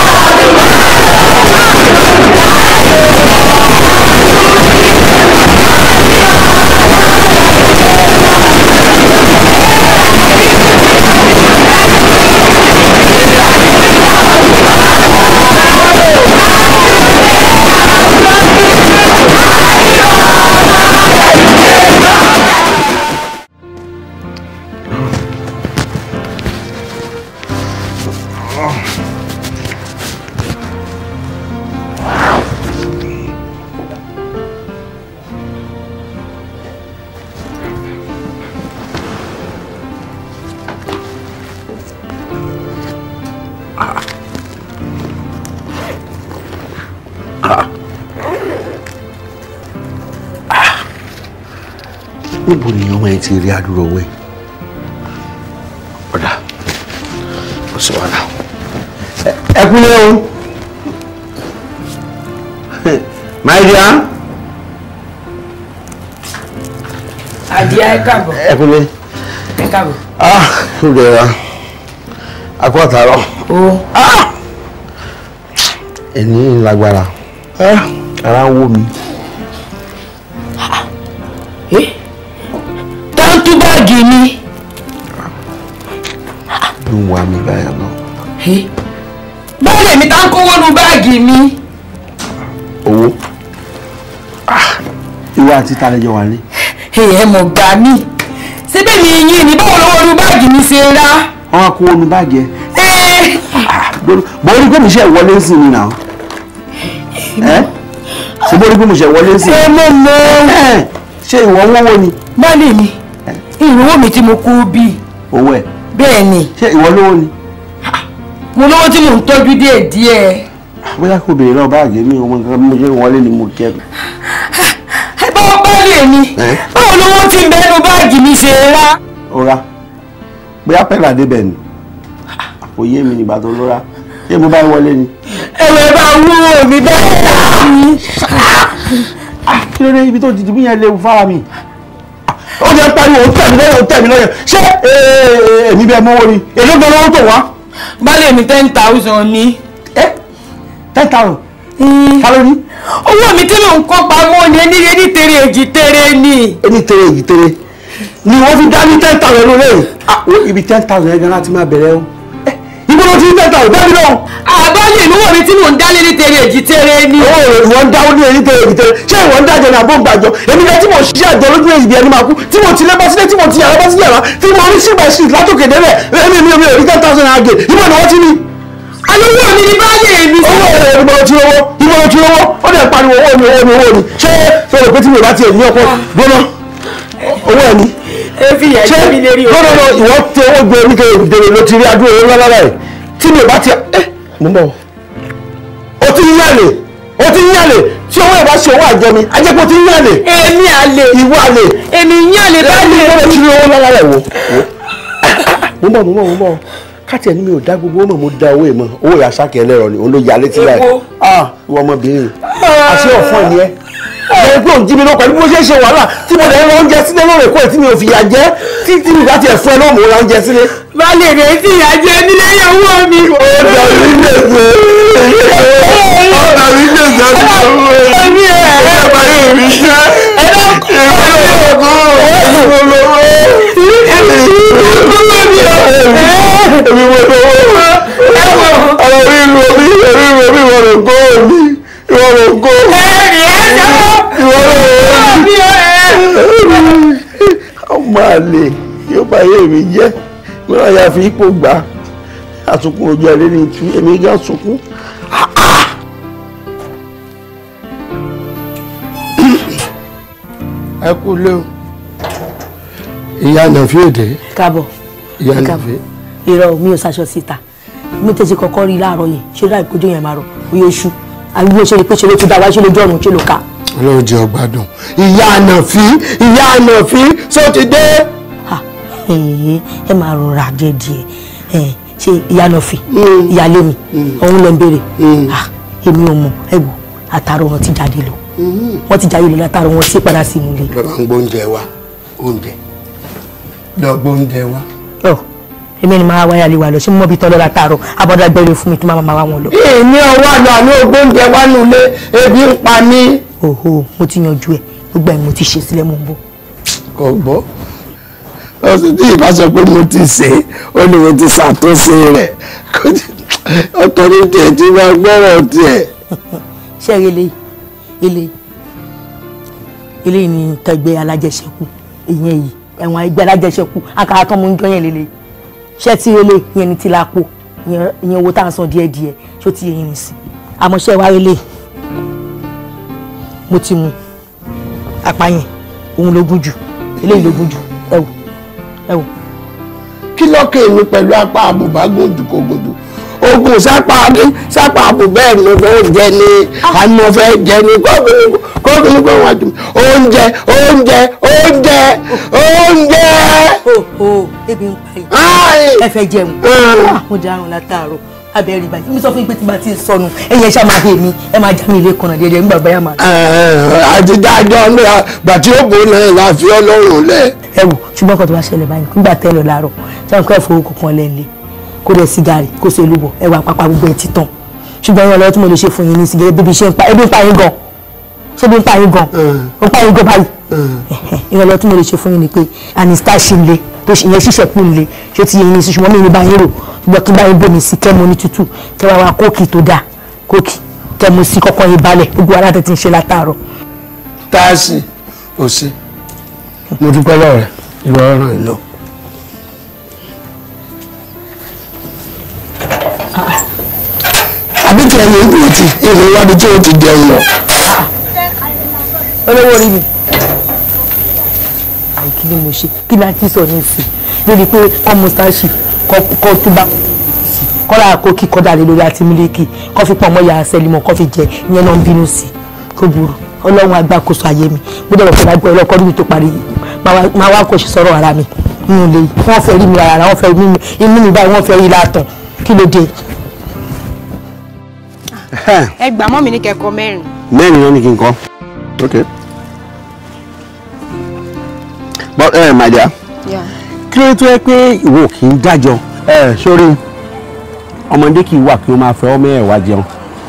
children. ṣe rí àdúrà owó yìí ọ̀dà kò sí wàhálà ẹ kúlẹ̀ o my dear. àdìyà ẹ káàbọ̀. ẹ kúlẹ̀. ẹ káàbọ̀. ah ǹjẹ́ wa a kú àtàrọ̀. o. ah ẹni lágbára ah. ara ń wó mi. ẹ. Eh? di mí. ló ń wá mi báyà náà. báyìí èmi tá ń kówó nu báàgì mi. owó ah, ìwà àti ìtàlẹ́jọ wà ní. ẹ mọ̀ gbà mí síbẹ̀ mi yín ni báwo lọ́wọ́ nu báàgì mi ṣe rá. wọn á kówó nu báàgì ẹ. borí gómìnà iṣẹ́ wọlé sí mi náà ṣe borí gómìnà iṣẹ́ wọlé sí mi. ẹ mọ̀ mọ́. ṣé ìwọ wọ́wọ́ ni. bá lè mi ìrówó mi tí mo kú bí. owó ẹ. bẹ́ẹ̀ ni. ṣé ìwọ lówó ni. mo lówó tí mò ń tọ́jú díẹ̀ díẹ̀. bóyá kò béèrè náà báàgì mi ò mọ nǹkan bí mo ṣe wọlé ni mo jẹ. báwo báàgì èmi báwo lówó tí ń bẹnu báàgì mi ṣe rá. ó rà bóyá pẹ́ẹ́lá débẹ̀ ni òye mi nìgbà tó lóra ṣé mo bá ń wọlé ni. ẹ̀wẹ̀ bá wúwo mi bẹ́ẹ̀ ni. kí ló dé ibi tó ti dìbò yẹn léwu fára mi pariwo ó tẹ̀mí lọ́yẹ̀ ó tẹ̀mí lọ́yẹ̀ ṣé eh, eh, èmi bẹ́ẹ̀ mọ́wọ́ ni èló gan lọ́wọ́ tó wá. baálé mi ten thousand ni. ẹ eh, ten thousand kálọ́ hmm. ni. owó mi tí mò ń kọ́ pamọ́ ni ẹni ẹni tèrè èjì tèrè ni. ẹni tèrè èjì tèrè ni wọ́n fi dá ní ten thousand lórí ẹ̀ ah, ibi ten thousand ẹ̀ gan láti máa bẹ̀rẹ̀ o tó ti ń tẹ̀tà ò dábí náà. àbáyé ìlú wo ni tí mò ń dálé ní tèrè èjìtere ni. owó rẹ ìwọ ń dáwó ní èyí tèrè èjìtere ṣé ìwọ ń dájọ ní àbọ̀ǹgbàjọ èmi náà tí mo ṣiṣẹ́ àjọ lójú èyí ẹni máa kú tí mo ti lé bá sílé tí mo ti yàrá bá sílé yàrá tí mo rí sígbà sí látòkè délẹ̀ èmi mi ò mi ò rí ten thousand naira gè ìmọ̀ náà ti ní. alówó mi ni báyé mi. owó rẹ ìmọ̀ ti owó ìmọ̀ ti owó ó dẹ̀ pariwo owó mi owó mi owó mi ṣé fẹ́rẹ̀ pé tí mi ò bá tiẹ̀ ní ọkọ̀ ah. gbóná owó ẹ̀ ní. ṣé lọ́dọ̀ọ́dọ̀ ìwọ ti owó gbé oníkèé ìdèrè ló ti rí adúlọ̀ owó lọ́lọ́lá yìí mi ò bá ti ẹ́ eh, mo mọ̀ o ti ń yàlè o ti ń yàlè tí owó ẹ̀ bá ṣe owó àjọ mi ajẹ́pọ̀ ti ń yàlè. èmi àlè ìwọ àlè. èmi yàlè báyìí. ẹ ẹ ti rí owó lára rẹ wò. mo mọ̀ mo mọ̀ mo mọ̀ káàtì ẹni mi ò dá gbogbo ọmọ mo da owó ìmọ̀ owó ìyá sákì ẹlẹ́rọ ni òun ló yà létí láì ah ìwọ ọmọbìnrin ah. àṣé ọ̀fọ́n ni ẹ́ lẹ́yìn pé òun jí mi náà pẹ̀lú bí mo ṣe ń ṣe wàhálà tí mo dẹ̀ ń ra oúnjẹ sílé lóòrèkóòrè tí mi ò fìyà jẹ tí tí mi bá tiẹ̀ fún ẹ náà mò ń ra oúnjẹ sílé. balẹ̀ rẹ̀ ti yà jẹ nílé ìyàwó mi. ọ̀dà mi lè gbé ọ̀dà mi lè gbé ọ̀dà mi lè gbé ọ̀dà mi lè gbé èmi mo lówó ọ̀rọ̀ mi ìlú omi ìlú omi ìwọ̀n ògo mi ìwọ̀n ògo ọmọ àlè yóò bá yé mi jẹ́ mìíràn ya fi ipò gbà àsùnkún ojú ẹ̀rí ni tí èmi gan sunkún. ẹ kú lé o ìyá nàfi èdè. káàbọ̀ ìyá nàfi. irọ́ mi ò ṣaṣọ síta mi tẹ̀sí kọ́kọ́ rí láàárọ̀ yẹn ṣé ráì kojú yẹn máa rọ̀ oyè oṣù àbí mo ṣe lè pé ṣe ló tún dá wáyé ṣe lójú ọ̀run ṣe ló kà á lóòjì ọgbádùn ìyá ànàfí ìyá ànàfí só ti dé. ẹ máa rọra jẹ díẹ̀ ṣe ìyá ànàfí mm. ìyáálé mi mm. òun lè ń béèrè mm. èmi ò mọ ẹwù àtàrà wọn ti jáde lọ mm-hmm. wọn ti jáde lọ látàrà wọn sí padà sí ilé. lọ́ba ń gbóúnjẹ wa oúnjẹ lọ gbóúnjẹ wa. ọ èmi ni màá wáyà lè wà lọ ṣé mo bí tọ́lọ́ látàárọ̀ abọ́dá gbẹ́rẹ́ fún mi tó máa máa wá wọn lọ. èmi ọwọ́ àlọ́ àlọ́ gbóúnjẹ wa nulẹ̀ ebi ń pa mí oho mo ti yanjú ẹ gbogbo ẹ mo ti ṣe sílẹ̀ mo ń bọ̀. kò gbọ́ ọsùn tí ìbá sọ pé mo ti ṣe ó ní mo ti ṣàtúnṣe rẹ̀ ọ̀tọ̀ ní tiẹ̀ tí máa gbọ́rọ̀ tiẹ̀. ṣé ilé ilé ele ni tẹgbẹ́ alájẹṣẹ́kù ìyẹn yìí ẹ̀wọ̀n ẹgbẹ́ alájẹṣẹ́kù akara tán mo ń jọyàn lélẹ̀ ṣé tí ilé yẹn ni ti la po ìyẹn owó tá à ń san díẹ̀díẹ̀ ṣó ti yẹ yín nìsín àmọ́ ṣé wáyé lè mo ti mu àpàyàn òun lógún jù eléyìí lógún jù ẹ wò kí lọ́kàn èmi pẹ̀lú apá àbùbá gòdù kò gòdù oògùn sápá ní sápá àbùbá ẹ̀ ló fẹ́ jẹ ah. ní àmọ́ fẹ́ jẹ ní kókòlù kó wà jù oúnjẹ oúnjẹ oúnjẹ oúnjẹ. o oh, o oh, ebi ń pa yìí ẹ fẹ́ jẹun ah. mo darun látàárọ̀ abẹ́rẹ́ ìbàjẹ́ mi sọ fún pé tí bá ti ń sọnù ẹ̀yẹ ṣá máa hẹ̀ mí ẹ máa já mi ilé kan náà déédéé nígbà báyà máa. àti dájọ́ ńlá gbà tí ó bò náà là fi ọlọ́run lẹ̀. ẹ wò ṣùgbọ́n kan tó bá ṣẹlẹ̀ báyìí nígbà tẹ́ lọ láàárọ̀ ṣáà kọ́ ẹ̀fọ́ kọ̀ọ̀kan lẹ́ńlẹ̀ kó dẹ̀ sigari kó so olúbọ̀ ẹ wà pápá gbogbo ẹ̀ títàn ṣùgbọ́n ìyẹn ọlọ́wọ́ tí mo lè ṣe fún yín ní sigari bíbi iṣẹ́ ebi ń pa yín gan ṣé ebi ń pa yín gan ń pa yín gan báyìí ìyẹn ọlọ́wọ́ tí mo lè ṣe fún yín ni pé anastasia ń le ìyẹn ṣíṣẹ́ pín ń le ṣé ti yẹn ní ṣùgbọ́n mi ò ní bá yín rò gbọ́ tó bá yín bómi sí kẹ́mu ní tútù kẹ́ wá wá kóòkì tó dáa kóòkì kẹ́mu sí kọ́kọ́ yín balẹ̀ gbogbo aláta ti ń ṣe látàárọ̀. táàsì ò sí mo dúpẹ́ lọ́rẹ̀ ìwọ ọ̀ràn ìlọ. àbí tí ẹyin ìlú ti èrè wábi tí ó ti di lọ. olówó rí mi kí ni mo ṣe kí ni a ti sọ ní ìsìn lórí pé ọmọ kọ́ tó bá kọ́ra kó kí kọ́dà lé lórí àti mílíkì kọ́ fi pọ̀nmọ́ ya sẹ́límọ̀ kọ́ fi jẹ ìyẹn náà ń bínú sí kó burú ọlọ́run agbákòóso ayé mi mo dẹ̀ lọ́kọ́ lágbó ọlọ́kọ́ níbi tó parí máa wá kó ṣe sọ̀rọ̀ ara mi mi ò lè wọ́n fẹ́ rí mi rárá wọ́n fẹ́ rí mi inú mi báyìí wọ́n fẹ́ rí látàn kí ló dé. ẹ gbà mọ́ mi ní kẹ́kọ̀ọ́ mẹ́rin. mẹ́rin ló ní kí n kọ́ okay but uh, my dear. Yeah kí ló tó yẹ pé ìwọ kì í dájọ́ ẹ sórí ọmọdé kì í wà kí o máa fẹ́ ọmọ ẹ̀ wá jẹun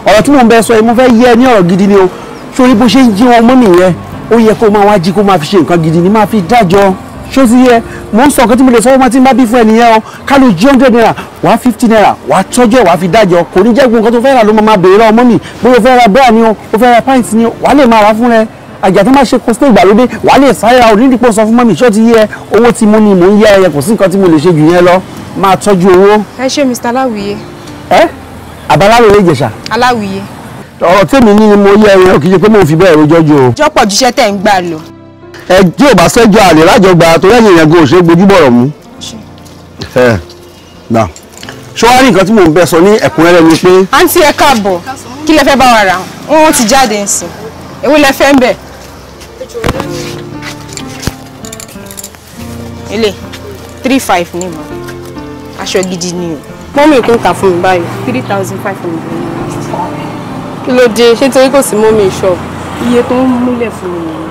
ọ̀rọ̀ tí mò ń bẹ sọ yìí mo fẹ́ yẹ ní ọ̀rọ̀ gidi ni o sórí bó ṣe ń jí wọn mọ́ nìyẹn ó yẹ kó máa wá jí kó máa fi ṣe nǹkan gidi ni máa fi dájọ́ ṣó ti yẹ mò ń sọ nǹkan tí mo lè sọ ọmọ tí n bá bí fún ẹnìyẹn o kálù jí hundred naira wá fifty naira wá tọ́jú wá fi dájọ́ kò ní jẹ́ gbogbo nǹkan tó fẹ́ rà ló máa béèrè ọmọ mi bóyá àjà tó máa ṣe kó sí ìgbàlódé wàá lè sáyà onídìpọ̀ sọ fún mọ́mí ṣọ́ọ̀tì yẹ owó tí mo ní mò ń yá ẹyẹ kò sí nǹkan tí mo lè ṣe jù yẹn lọ máa tọ́jú owó. ẹ ṣe Mr. Aláwìyé. ẹ àbáláwo lè jẹ̀ṣà. Aláwìyé. ọ̀rọ̀ tèmi ní ni mo yẹ ẹyẹ kì í ṣe pé mo fi bẹ́ẹ̀ rojọ́ ju o. jọ́pọ̀ jíṣẹ́ tẹ̀ ń gbà lọ. ẹ tí ò bá sẹ́jọ́ àlè lájọgbà tó lẹ́yìn ìyẹn gan-an ò ṣe gbojúbọ̀rọ̀ mú. ẹ náà ṣó wá rí nǹkan tí mò ń bẹ sọ ní ẹ̀kúnrẹ́rẹ́ ni pé. àǹtí ẹ káàbọ̀ kí lẹ fẹ́ bá wa rà ele three five ni ma. aṣọ gidi ni o mọ́mí kún ta fún mi báyìí three thousand five hundred kí ló dé ṣé torí kò sí mọ́mí shop iye tó ń múlẹ̀ fún mi nìyẹn.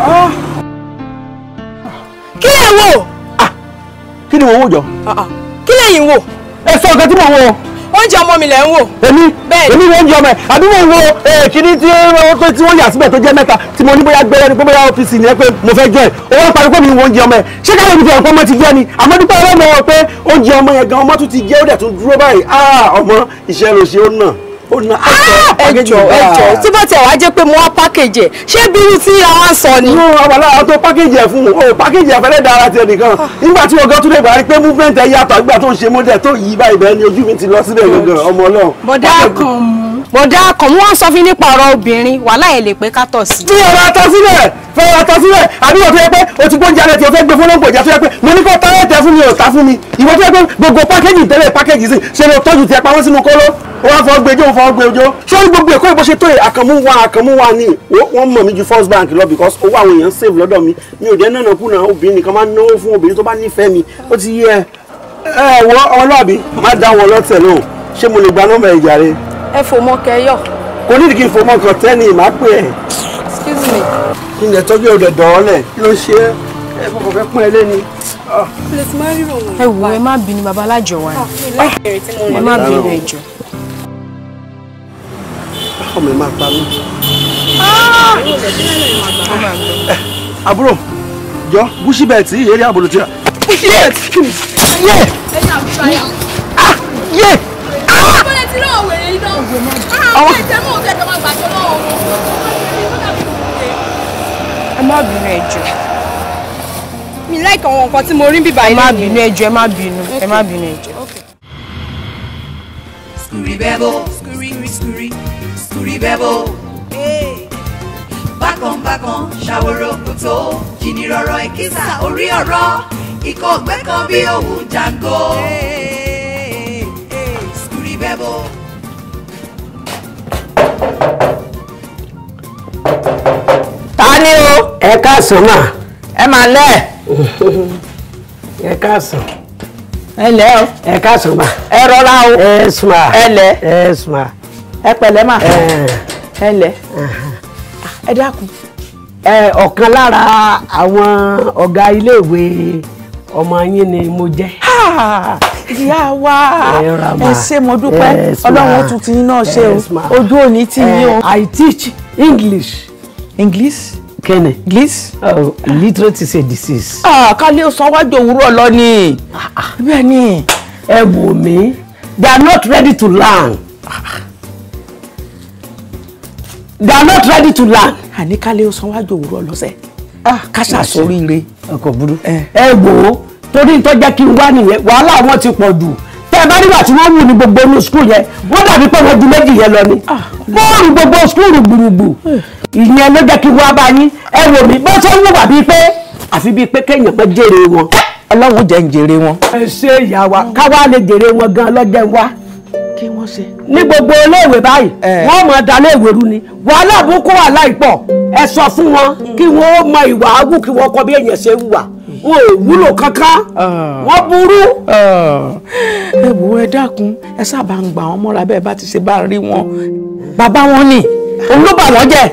Ah. kí lè wò. Ah, kí ni mo wò jọ. Ah, kí lè yín wò. ẹ sọ nǹkan tí mo wò oúnjẹ ọmọ mi lẹ̀ ń wò. èmi èmi ni oúnjẹ ọmọ ẹ àbí mo wo kìíní tí wọ́n pé tí wọ́n yà síbẹ̀ tó jẹ́ mẹ́ta tí mo ní bóyá gbẹ́rẹ́ ni bóyá ọ́fíìsì ni ẹ pé mo fẹ́ jọ ẹ̀ ó wá parí pé mi wo oúnjẹ ọmọ ẹ ṣé káwọn ibi fẹ̀rẹ̀ pọ́nmọ́ ti jẹ́ ni àmọ́ dúpẹ́ ọlọ́mọ pé oúnjẹ ọmọ yẹn gan ọmọ tún ti jẹ́ ó dẹ̀ tún dúró báyìí ah ọmọ ìṣẹ́ ló ṣe ó náà ẹjọ ẹjọ tó bá ti àwa jẹ́ pé mo wá pákéjì ẹ ṣé bírú tí àwọn sọ ni. yóò àwọn alára tó pákéjì ẹ fún o pákéjì ẹfẹlẹ dára tiẹ nìkan ah. nígbà tí ọgá tún lè bá rí pé movement ẹ yàtọ̀ àgbà tó ń ṣe mọdẹ tó yí báyìí bẹ́ẹ̀ ni ojú mi ti lọ síbẹ̀ gangan ọmọ Ọlọ́run. bọ̀dá kan mu bọ̀dá kàn wọ́n sọ fún nípa ọ̀rọ̀ obìnrin wàhálà ẹ̀ lè pé ká tọ̀ sí. tí ọ̀rọ̀ atọ́ sílẹ̀ fẹ́ẹ́ atọ́ sílẹ̀ àbí òfin ẹ pé o ti gbóúnjẹ alẹ́ tí o fẹ́ gbé fọlọ́ǹpọ̀ ìjà tó yẹ pé mo ní kó tá ẹ̀ tẹ́ fún mi ò tá fún mi ìwọ tó yẹ pé gbogbo pákéjì tẹ́lẹ̀ pákéjì sí ṣe ni o tọ́jú tiẹ̀ pamọ́ sínú kóló wọ́n fọ́ gbẹjọ́ wọ́n fọ́ gbẹjọ́ sórí gbogbo ẹ̀kọ́ ìbọn tó yẹ àkànmú wa àkànmú wa ni wọ́n mọ̀ mí ju first bank lọ because owó àwọn èèyàn save lọ́dọ̀ mi mi ò jẹ́ nànà kùnà obìnrin nìkan máa ń náwó fún obìnrin tó bá nífẹ̀ẹ́ mi ó ti yẹ ẹ wọ ọmọlúwàbí má dá wọn lọ́tẹ̀ náà ṣé mo lè gba nọ́mbà ìjà rẹ ẹ fòmọ kẹyọ. kò ní kí n fòmọ kàn tẹ́ni ìmá pè ẹ́. excuse me. kí ni ẹ̀tọ́jú ọ̀dẹ̀ dọ̀ọ́lẹ̀ kí ló ṣe é ẹ kò fẹ́ pọ́n ẹ lẹ́ni. Ah. ẹ wò ẹ má bínú baba alájọ wa ah, ah, ẹ má bínú ẹjọ. ọmọ ẹ máa pa mí. Eh, àbúrò jọ búṣí bẹ́ẹ̀ tí ìyẹrí àbòlò ti rà búṣí bẹ́ẹ̀ tí yẹ yẹ ti lọ́wọ́ wèrè yìí dán. àwọn ẹ̀jẹ̀ mọ̀ ọ́n tẹ̀jọ́ máa gbàgbọ́ lọ́wọ́ wọn. ẹ má bínú ẹ jọ̀ọ́. mi láìka àwọn nǹkan tí mo rí bíbá ẹ má bínú ẹ jọ̀ọ́ ẹ má bínú ẹ má bínú ẹ jọ̀ọ́. skuri bẹ́bò skuri skuri skuri bẹ́bò. bákan bákan ṣàwòrò kòtò jìnnìrọ̀rọ̀ ìkísà orí ọ̀rọ̀ ikọ̀ ọ̀gbẹ́ kan bí òun jàǹgó. level. Tani o. Ẹ káàsán ma Ẹ ma lẹ̀. Ẹ káàsán. Ẹ lẹ̀ o. Ẹ káàsán mà. Ẹ rọra o. Ẹ sùnmà. Ẹ lẹ̀. ma sùnmà. Ẹ pẹ̀lẹ́ àwọn ọ̀gá iléèwé ọmọ ni mo ìyá wa ẹ ṣé mo dúpẹ́ ọlọ́run tún ti yín náà ṣe o ojú òní ti yín o. Eh, I teach English. English. kẹ́nẹ̀. English. Uh, oh, illiteracy is a disease. Ah, kálí ó sanwájú òwúrọ̀ lọ ni. Ah, ah. bẹ́ẹ̀ ni. ẹ wò mí they are not ready to learn. they are not ready to learn. àní kálí ó sanwájú òwúrọ̀ lọ́sẹ̀. ká ṣàṣoríire. ọkọ̀ burú. Eh. ẹ wò ó torí ń tọ́jà kí n wá nìyẹn wàhálà wọn ti pọ̀ jù tẹ́ ẹ bá nígbà tí wọ́n wù ní gbogbo inú skul yẹn wọ́n dàbí pé wọ́n ju méjì yẹn lọ ni bóòlù ah. gbogbo skul gbùrùgbù ìyẹn ló jẹ́ kí n wá bá yín ẹ wò mí bó ṣe ń wù wà bíi pé àfi bíi pé kéèyàn pé jèrè wọn ọlọ́run jẹ́ ń jèrè wọn. ẹ ṣe ìyá wa káwá lè jèrè wọn gan lọ́jọ́ wa ní gbogbo iléèwé báyìí wọ́n mọ̀ dalé ìwé ni wàhálà bukú wà láìpọ̀ ẹ sọ fún wọn kí wọ́n mọ ìwà ágùn kí wọ́n kọ́ bí èèyàn ṣe ń wà wọn ò wúlò hmm. kankan ah. wọn burú. Ah. ẹ wò ẹ dákun ẹ sábà ń gbà wọn mọ́ra bẹ́ẹ̀ bá ti ṣe bá rí wọn bàbá wọn ni òun ló bà wọ́n jẹ́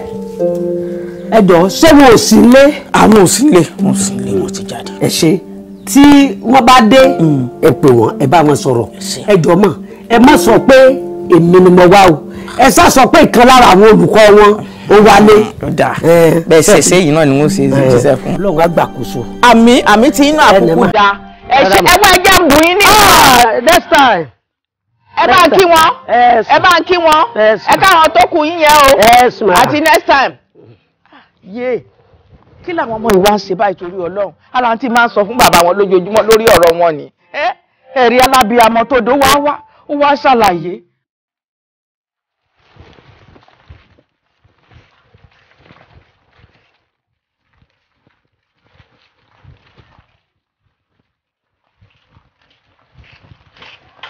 ẹ jọ ṣé wọn ò sí lé. àwọn ò sí lé wọn ò sí lé wọn ti jáde. ẹ ṣe tí wọ́n bá dé hmm. ẹ pè wọ́n ẹ bá wọn sọ̀rọ̀ ẹ jọ mọ̀ ẹ má sọ pé èmi ni mo wá o ẹ sá sọ pé ìkan lára àwọn olùkọ́ wọn ó wálé. lọ́dà bẹ́ẹ̀ ṣẹ̀ṣẹ̀ yìí náà ni wọ́n ṣe ṣiṣẹ́ fún. ọlọ́run á gbàkóso. àmì àmì tí inú àkókò da ẹ ṣe ẹ bá jẹ́ bù í ní. Ah! next time. ẹ bá ń kí wọn ẹ bá ń kí wọn ẹ káwọn tó kù yín yẹn o àti next time. yé kí làwọn ọmọ ìwà ń ṣe báyìí torí ọlọ́run ara ti máa ń sọ fún bàbá wọn lójoojúmọ́ lórí ọ̀rọ̀ wọn ni. ẹ̀rí alábìàmọ́ tó dó wá wá ó wá ṣàlàyé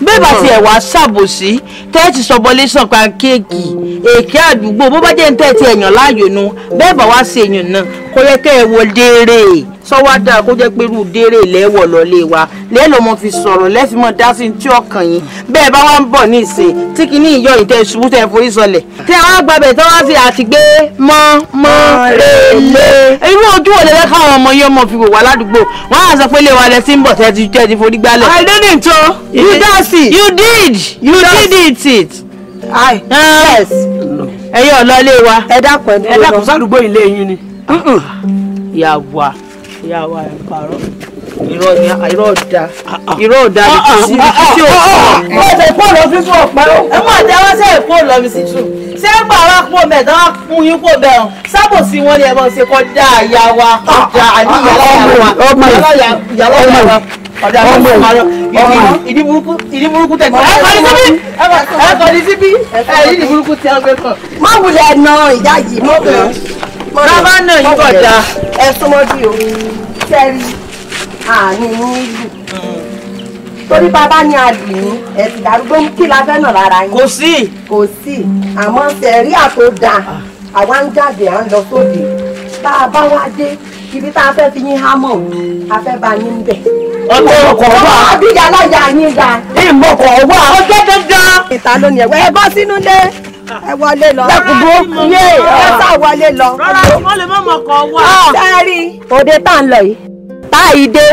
bẹ́ẹ̀ bá tiẹ̀ wá ṣàbòsí tẹ́ẹ̀tì sọ̀bọ̀lé sàn pa kéèkì èké àdúgbò bó bá jẹ́ ní tẹ́ẹ̀tì ẹ̀yàn láàyò nu bẹ́ẹ̀ bá wá sí èèyàn náà kò yẹ kẹ́ ẹ wo déere sọ́wọ́ dáa kó jẹ́ pé rúdérè lẹ́wọ̀ lọ́lé wa lẹ́lọ́ mo fi sọ̀rọ̀ lẹ́fi mọ́ dá sí tí ọkàn yín bẹ́ẹ̀ bá wá ń bọ̀ ní ìsìn tí kìíní ìyọ ìtẹ́ ṣubú tẹ́ forí sọlẹ̀ tẹ́ wá gbàbẹ̀ tẹ́ wá fi àtìgbé mọ́ mọ́ rèlé èyí wọ́n ojú òde lẹ́ka àwọn ọmọ yẹn mọ̀ fi wò wá ládùúgbò wọ́n á sọ pé lè wà lẹ tí ń bọ̀ ti jẹ́ ti forí gbálẹ̀. I didn't to you dance you did you did it. I yes. ẹ̀yin ọ̀lọ́lé wa. ẹ dákun ẹ dúró lọ ẹ dákun sádùúgbò ilé yín ni. yàwá ìyá wa ẹ̀ parọ́ irọ́ ni irọ́ ọ̀dà irọ́ ọ̀dà ibi tí tí ò sí. ẹ ṣe fóònù fi fún ọ̀pẹ́ o ẹ mọ̀ tẹ́wọ́ sẹ́ ẹ̀ fóònù lọ́mí sí tù ṣé ń gbà wá pò mẹ́ta wá fún yín pò bẹ́ẹ̀ o wọn ni ẹ bọ́ ṣe kọjá àyà wa kọjá àní ìyàlá ìyàwó wa ìyàlá ìyàwó wa ọ̀dà ọmọ ìdí burúkú ìdí burúkú tẹ̀ gbọ́dọ̀ ẹ kọ́ni síbí ẹ yí ìdí burúkú tẹ̀ bàbá náà yìí kọ̀ da. ẹ súnmọ́ bí o sẹ́rí àní nílù torí bàbá ni a lì ní ẹ̀sìn kí la fẹ́ lára yín. kò sí. kò sí àmọ́ sẹ̀rí àtò da àwa ń jáde à ń lọ sóde bá a bá wá dé ibi tá a fẹ́ fi yín hámọ̀ a fẹ́ bá yín bẹ̀. ọjọ́ ọkọ̀ wà. ọmọ abíyá lọ́jà yín ga. ìmọ̀kọ̀ wà. ọjọ́ tó ga. ìta ló ní ẹ̀wẹ́ ẹ bọ́ sínú lé ẹ wọlé lọ lẹkùnbó yé ẹsà wọlé lọ. rárá wọn lè má mọ ọkọ wa. sẹ́ẹ̀rì òde tá à ń lọ yìí tá à yìí dé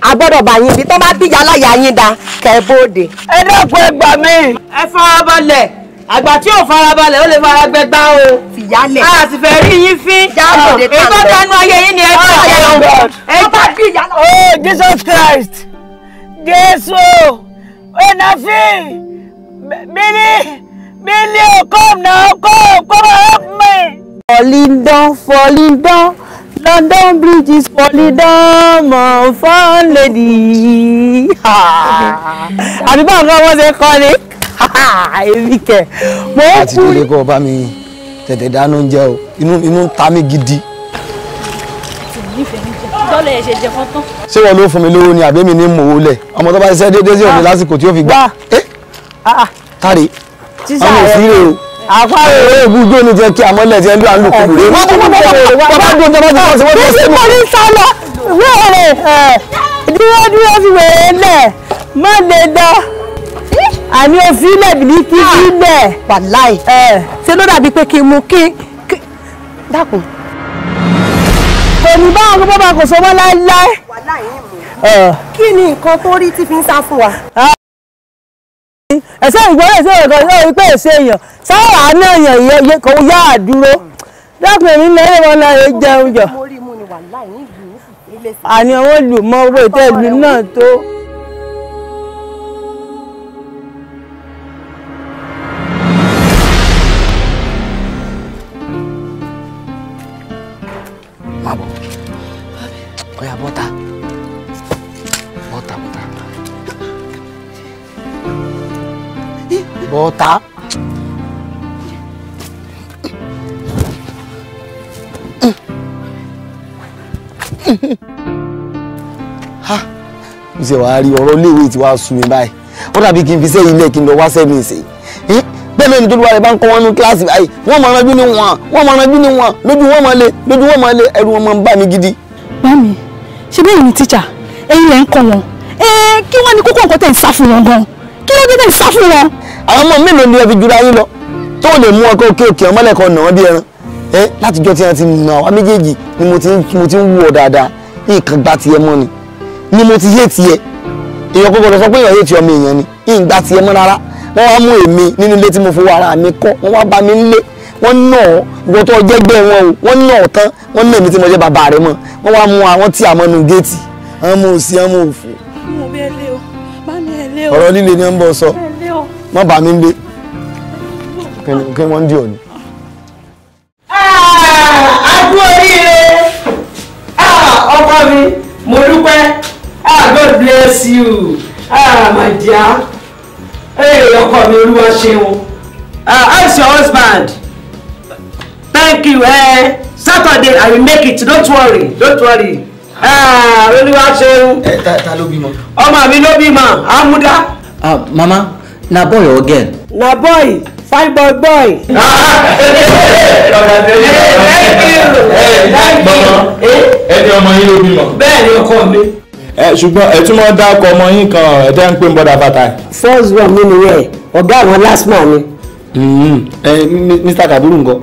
a gbọ́dọ̀ bá yín bí tó bá bíjà láyà yín da kẹ́bóde. ẹ dẹ́kun ẹgbà mi. ẹ farabalẹ̀ àgbà tí ò farabalẹ̀ ó lè fara gbẹgbá o. fìyálẹ̀. a sì fẹ́ rí yín fín. jáwèé tán lọ ètò ìdánú ayé yín ni ẹ gbà oh yẹn. ẹ bá bíjà lọ. oh Jesus Christ Jésù onafi bíbí. Million, come now, come, come help me. Falling down, falling down. London Bridge is falling down, my fun lady. Àbí báwo ni wọ́n ṣe kọ́ ni? Èmi kẹ̀, mo ń kú. Láti délé kọ́ bá mi tètè dáná oúnjẹ o, inú inú ń ta mí gidi. Ṣé wọ́n ló fún mi lówó ni àbí mi ní mòwó lẹ̀? Ọmọ tó bá ṣiṣẹ́ déédéé sí òní lásìkò tí ó fi gbà. Eh? Ah, ah. Tari ọmọ ìsírè o àpárò èrè ìbújó ni jẹ́ kí àmọ́lẹ̀ jẹ́ ló à ń lò kúrò rẹ̀ wọ́n tó wọ́n tó wọ́n tó wọ́n tó wọ́n tó wọ́n tó wọ́n tó dúró dúró fi wèrè lẹ̀ má lè dán àní òfin ilẹ̀ bìlí kí ilẹ̀ wàláì ṣe ló dàbí pé kí n mú kí dákun kò ní bá àwọn bọ́bá kò sọ mọ́ láéláé kí ni nǹkan tó rí tí fi ń sá fún wa ẹsẹ ìgbọràn ẹsẹ ìgbọràn yóò rí pé èsè èèyàn sáwà náà èèyàn ìyẹ kò yá àdúró dákun èmi náà yóò wọn náà yóò jẹun jọ àní àwọn olùmọ owó ìtẹ́lu náà tó. ọ̀tá. mo ṣe wàá rí ọ̀rọ̀ iléèwé tí wàá sun mi báyìí wọ́n dàbí kí n fi sẹ́yìn ilé kí n lọ wá sẹ́mi ìsìn bẹ́ẹ̀ lẹ́nu me lùwà rẹ̀ bá ń kọ́ wọn nínú kíláàsì báyìí wọ́n máa ranjú ní wọn wọ́n máa ranjú ní wọn lójú wọn máa le lójú wọn máa le ẹ̀rù wọn máa ń bà mí gidi. mami ṣe bẹ́ẹ̀ ni tíjà ẹ̀yin lẹ́ ń kọ́ wọn kí wọ́n ní kókó nǹkan tẹ̀ ń sá fún wọn gan kí ló dé tẹ̀ ń sá fún àwọn ọmọ mélòó ni ẹ fi jura yín lọ tó lè mú ọkọ òkè òkè ọmọlẹ̀ kan nà án bí ẹran ẹ látijọ́ tí wọ́n ti nà wá méjèèjì ni mo ti mo ti ń wù ọ dáadáa nǹkan gba tiẹ̀ mọ́ ni ni mo ti yé tiẹ̀ èèyàn kókó lọ sọ pé èèyàn yé ti ọmọ èèyàn ni ìgbà tiẹ̀ mọ́ rárá wọ́n wá mú èmi nínú ilé tí mo fowó ara mi kọ́ wọ́n wá bá mi nílé wọ́n nà ọ́ ìwọ tó jẹ́gbẹ́ wọn o wọ́n nà ọ́ tán wọ́n nà èmi tí mo jẹ́ bàbá rẹ̀ mọ́ wọ́n wá mú àwọn tí àmọ́ nu géètì àwọn ọmọ òsì àwọn ọmọ òfò. ọ̀rọ̀ líle ni wọ́n ń bọ̀ sọ má bà mí lé kí wọ́n dì ọ́ ni. oríire ah, ọkọ mi mo dúpẹ́ ah, God bless you ah, my dear ọkọ mi olúwa ṣeun how how's your husband thank you eh? Saturday I will make it don't worry don't worry olúwa ṣeun. ẹ eh, ta ló bímọ. ọmọ mi ló bímọ Amuda. mama na boy or girl. na boy fine boy boy. ẹni ọmọ yín ló bímọ. bẹ́ẹ̀ni ọkọ mi. ẹ ṣùgbọ́n ẹ tún máa dá ọkọ ọmọ yín kan ẹ tẹ́ ń pè ń bọ́dà bàtà. first born mi nìyẹn ọ̀gá àwọn last man mi. Mr. Kabiru ńkọ́.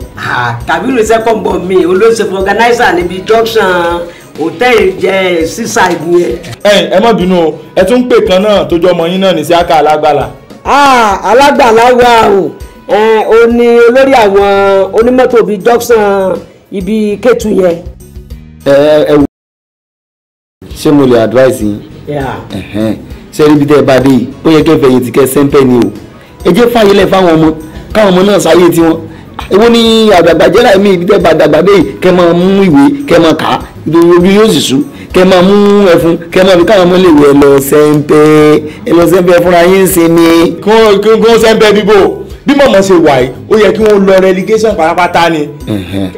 Kabiru second born mi olóṣèlú organizer níbi junction hòtẹ́ẹ̀lì jẹ́ sísá ìgbìyẹn. ẹ ẹ má bínú o ẹ tún ń pè kan náà tó jọ ọmọ yín náà ní sí àkà alágbàlà alágbàlá wa o ó ní olórí àwọn onímọ́tò bíi junction ibi kẹ́tù yẹn. ẹ ẹ wò ṣé mo lè advise yín ṣé ibi tẹ́ ẹ bá dé yìí ó yẹ kẹ́ fẹ̀yìntì kẹ́ sẹ́ńpẹ́ ni o ẹ jẹ́ fàyè lẹ̀ fáwọn ọmọ káwọn ọmọ náà sáyé tiwọn èwo ni àgbàgbà jẹ́ra mi ibi tẹ́ bá dàgbà dé yìí kẹ́ máa mú ìwé kẹ́ máa kà á ìdòwò yóò sì sùn kẹ máa mú ẹfun kẹ máa fi káwọn ọmọ iléèwé ẹ lọ sẹ́ńpẹ́ ẹ lọ sẹ́ńpẹ́ fúnra yín sí ni. kí wọ́n sẹ́ńpẹ́ bíbò bí mọ̀mọ́ ṣe wà yìí ó yẹ kí wọ́n lọ relegation pátápátá ni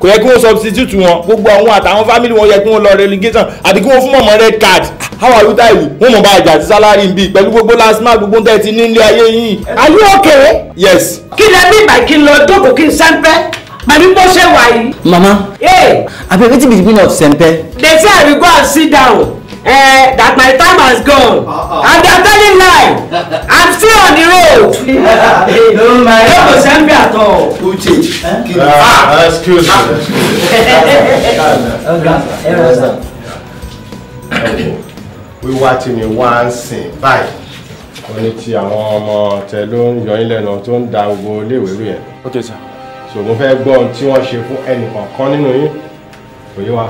kò yẹ kí wọ́n substitute wọn gbogbo àwọn àtàwọn family wọn yẹ kí wọ́n lọ relegation àti kí wọ́n fún mọ̀mọ́ red card how are you táìwì wọ́n mọ̀ bá àjà àti salary bíi pẹ̀lú gbogbo last mark gbogbo tẹ̀ ti ní ilé ayé yìí. are you okay? yes. kí lẹ bí ìgbà kí n lọ dókòó kí n sẹ́ńpẹ́ àbí bó ṣe wà yìí. mama hey. abeg wetin be the meaning of sempe. they say i will go and sit down uh, that my time has gone uh -uh. and they are telling lie i'm still on the road. no my no go sempe at all. uche ah excuse me. wíwá tí mi wá ń sìn báyìí ó ní ti àwọn ọmọ tẹ ló ń yọ ilẹ̀ náà tó ń da gbogbo iléèwé rú yẹn. okay sir so mo fẹ́ gbọ́ ohun tí wọ́n ṣe fún ẹnì kọ̀ọ̀kan nínú yín kò yé wa.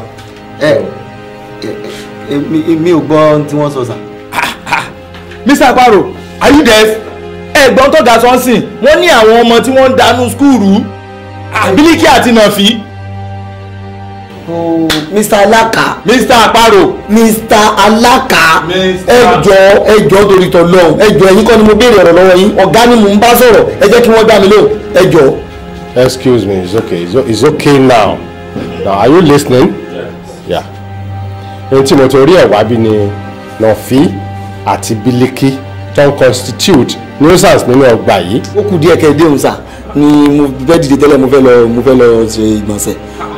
ẹ mi ò gbọ́ ohun tí wọ́n sọ sà. Mr. Paro are you deaf? ẹ̀gbọ́n tó ga sọ́nsìn wọ́n ní àwọn ọmọ tí wọ́n ń dànù skúùrù Bílíkì àti Nàfí. Oh, Mr. Alaka. Mr. Aparo. Mr. Alaka. ẹjọ ẹjọ torítọ lọ ẹjọ ẹ̀yin kọ́ ni mo béèrè ọ̀rọ̀ lọ́wọ́ yín ọ̀gá ni mò ń bá sọ̀rọ̀ ẹ jẹ́ kí wọ́n dá mi lóhùn ẹjọ. Excuse me, it's okay. It's, it's okay now. Now, are you listening? Yes. Yeah. Ohun tí mo torí ẹ̀ wá bí ni Nọ̀fí constitute nuisance nínú ọgbà yìí. Ó kù díẹ̀ kẹ́ ẹ dé ni mo fẹ́ dìde tẹ́lẹ̀ mo fẹ́ lọ mo fẹ́ lọ ṣe ìgbọ̀nsẹ̀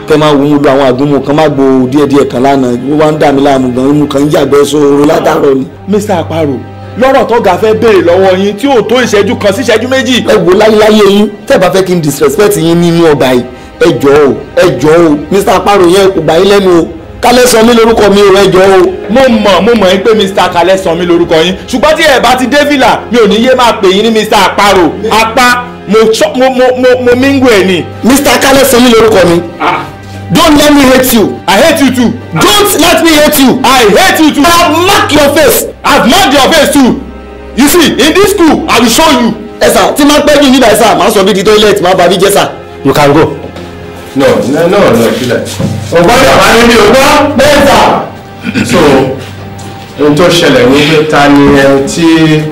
kẹ́ máa wo mo lo àwọn àgúnmu kan máa gbo díẹ̀díẹ̀ kan lánàá wọ́n wá ń dà mí láàmú gan-an mo kàn ń yàgbẹ́ sóró látàárọ̀ ni. Mr. Aparo lọ́rọ̀ tọ́gà fẹ́ béèrè lọ́wọ́ yín tí ò tó ìṣẹ́jú kan sí ìṣẹ́jú méjì. ẹ wo láyéláyé yín tẹ́ bá fẹ́ kí n disrespect yín nínú ọgbà yìí ẹ jọ̀ọ́ o ẹ jọ̀ọ́ o Mr. Aparo yẹn kò gbà yín lẹ́nu o kálẹ́sàn mi lórúkọ mi ò ẹjọ́ o. mo mọ̀ mo mọ̀ yín pé mr kálẹ́sàn mi lórúkọ yín ṣùgbọ́n tí ẹ bá ti dé villa mi ò ní yé máa pè yín ní mr àparò apá mo mo mo mo mingu ẹ̀ ni. mr kálẹ́sàn mi lórúkọ mi. Ah don't let me hate you i hate you too don't let me hate you i hate you too i have marked your face i have marked your face too you see in this school i will show you. ẹ sà tí máa ń pẹ́ jù nígbà ẹ sà máa sọ bí di toilet máa bá bí jẹ́ sà. you can go. no no no no kílẹ̀. ọgbọ́n yàrá ni mi ò gbọ́ bẹ́ẹ̀ sà. so ohun tó ṣẹlẹ̀ ní pé ta ni ẹni tí.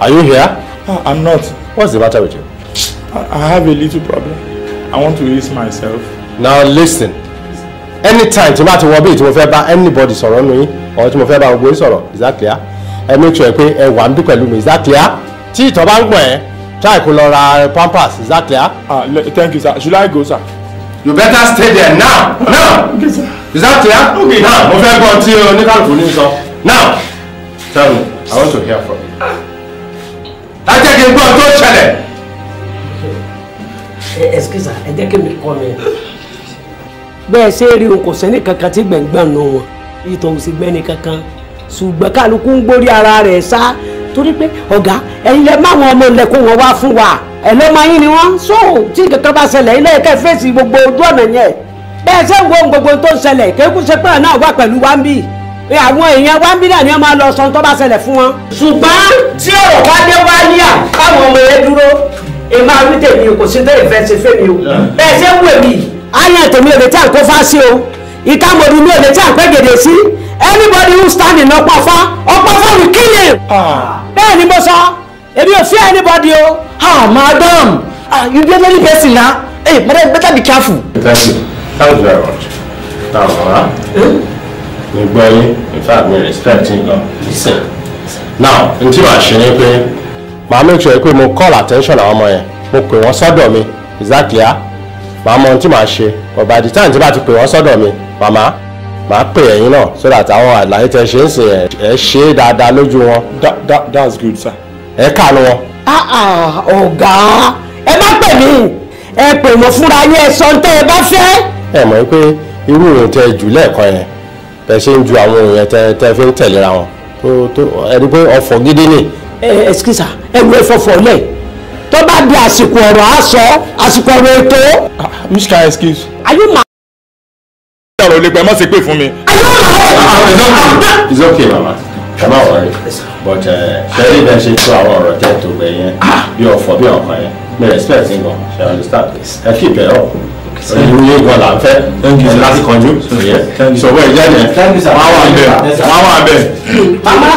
are you here. Oh, i'm not. what's the matter with you. I, i have a little problem. i want to release myself now listen anytime tí mo bá ti wọ bíi tí mo fẹ́ bá anybody sọ̀rọ̀ nù yín ọ̀rọ̀ tí mo fẹ́ bá gbogbo yín sọ̀rọ̀ is that clear ẹ make sure pé ẹ wà ń bí pẹ̀lú mi is that clear tí ìtọ̀ bá ń gbọ̀n ẹ́ try kó lọ ra pampers is that clear. ah thank you sir should I go sir. you better stay there now now okay, is that clear okay. now mo fẹ́ gbọ́ tí oníkàlùkù ní sọ now tell me i want to hear from you. lájẹ́ kí n gbọ́ tó ṣẹlẹ̀. excuse me ẹ jẹ́ kí mi kọ́ mi bẹ́ẹ̀ ṣe rí òun kò sẹ́ni kankan tí gbẹ̀ngbọ̀n nù wọn ìtọ̀ òsì gbẹ́ni kankan ṣùgbọ́n kálukú ń gbórí ara rẹ̀ sá torí pé ọ̀gá ẹ̀yin lẹ máwọn ọmọ ìlẹ̀kùn wọn wá fún wa ẹ̀ lọ́mọ yín ni wọ́n so tí kankan bá ṣẹlẹ̀ ilé ẹ̀kẹ́ fèsì gbogbo ojú ọ̀nà yẹn bẹ́ẹ̀ ṣe ń wo gbogbo tó ń ṣẹlẹ̀ kéékù ṣe pé náà wà pẹ̀lú wa ń bì àwọn èèyàn wa ń bí náà ni wọ́n máa lọ sọ tó bá ṣẹlẹ̀ fún wọn. ṣùgbọ́n tí ọ̀rọ̀ bá dé wá yíyà káwọn ọmọ yẹn dúró èmi àwọn tèmi kò sí tó ìfẹ́ ṣe fẹ́ mi o bẹ́ẹ̀ ṣe ń wèmí àyàn tèmi ò tí à kó fá sí o ìka mòdù mi ò tí à ń gèdè sí anybody who stand in ọ̀pá fá ọ̀pá fá we kill him. Ah. bẹ́ẹ̀ ni mo sọ èmi ò fear anybody o. ah madam ah you dey very person na hey madam better be careful. thank you thank you very much. now mama mi hmm? gbọ́ yín in fact mi respect yín gan listen now n tí wàá ṣe ni pé. màá make sure pé mo call attention àwọn ọmọ yẹn mo pè wọ́n sọ́dọ̀ mi is that clear màá mọ ohun tí màá ṣe ọ̀bà ìdí táyà tí bá ti pè wọ́n sọ́dọ̀ mi màmá màá pè ẹ̀yin náà so that àwọn àlàyé tẹ ṣe ń sìn ẹ ṣe é dáadáa lójú wọn. that that that's good sir. ẹ kànú wọn. Ah, ah, ọ̀gá ẹ má pè mí ẹ pè wọ́n fúnra yín ẹ sọ tẹ́ ẹ bá fẹ́. ẹ mọ̀ pé irú ìròyìn tẹ jù lẹ́ẹ̀kan yẹn tẹ ṣe ń ju àwọn ìròyìn tẹ tẹ fi ń tẹ̀léra wọn tó tó ẹni pé ọ̀fọ̀ gidi ni. ẹ eh, ẹ excuse sir ẹ wo ẹ fọfọ lẹ́ẹ̀ tó bá di àsìkò ọ̀rọ̀ á sọ àsìkò ọ̀rọ̀ ètò. which kind excuse. are you ṣé ọ̀rọ̀ olè pẹ́ má ṣe pè fún mi. are you it's okay mama uh, ẹ má wọrí but ṣẹ́rí bẹ́ẹ̀ ṣe tó àwọn ọ̀rọ̀ tẹ̀ tó gbẹ̀yẹn ah! bí ọ̀fọ̀ bí ọ̀kan yẹn mi respect nǹkan ṣe understand ẹ keep it up ìlú yóò là ń fẹ́ láti kanjú ìṣòwò ẹ̀jẹ̀ yẹn wọ́n wà bẹ̀ wọ́n wà bẹ̀. mama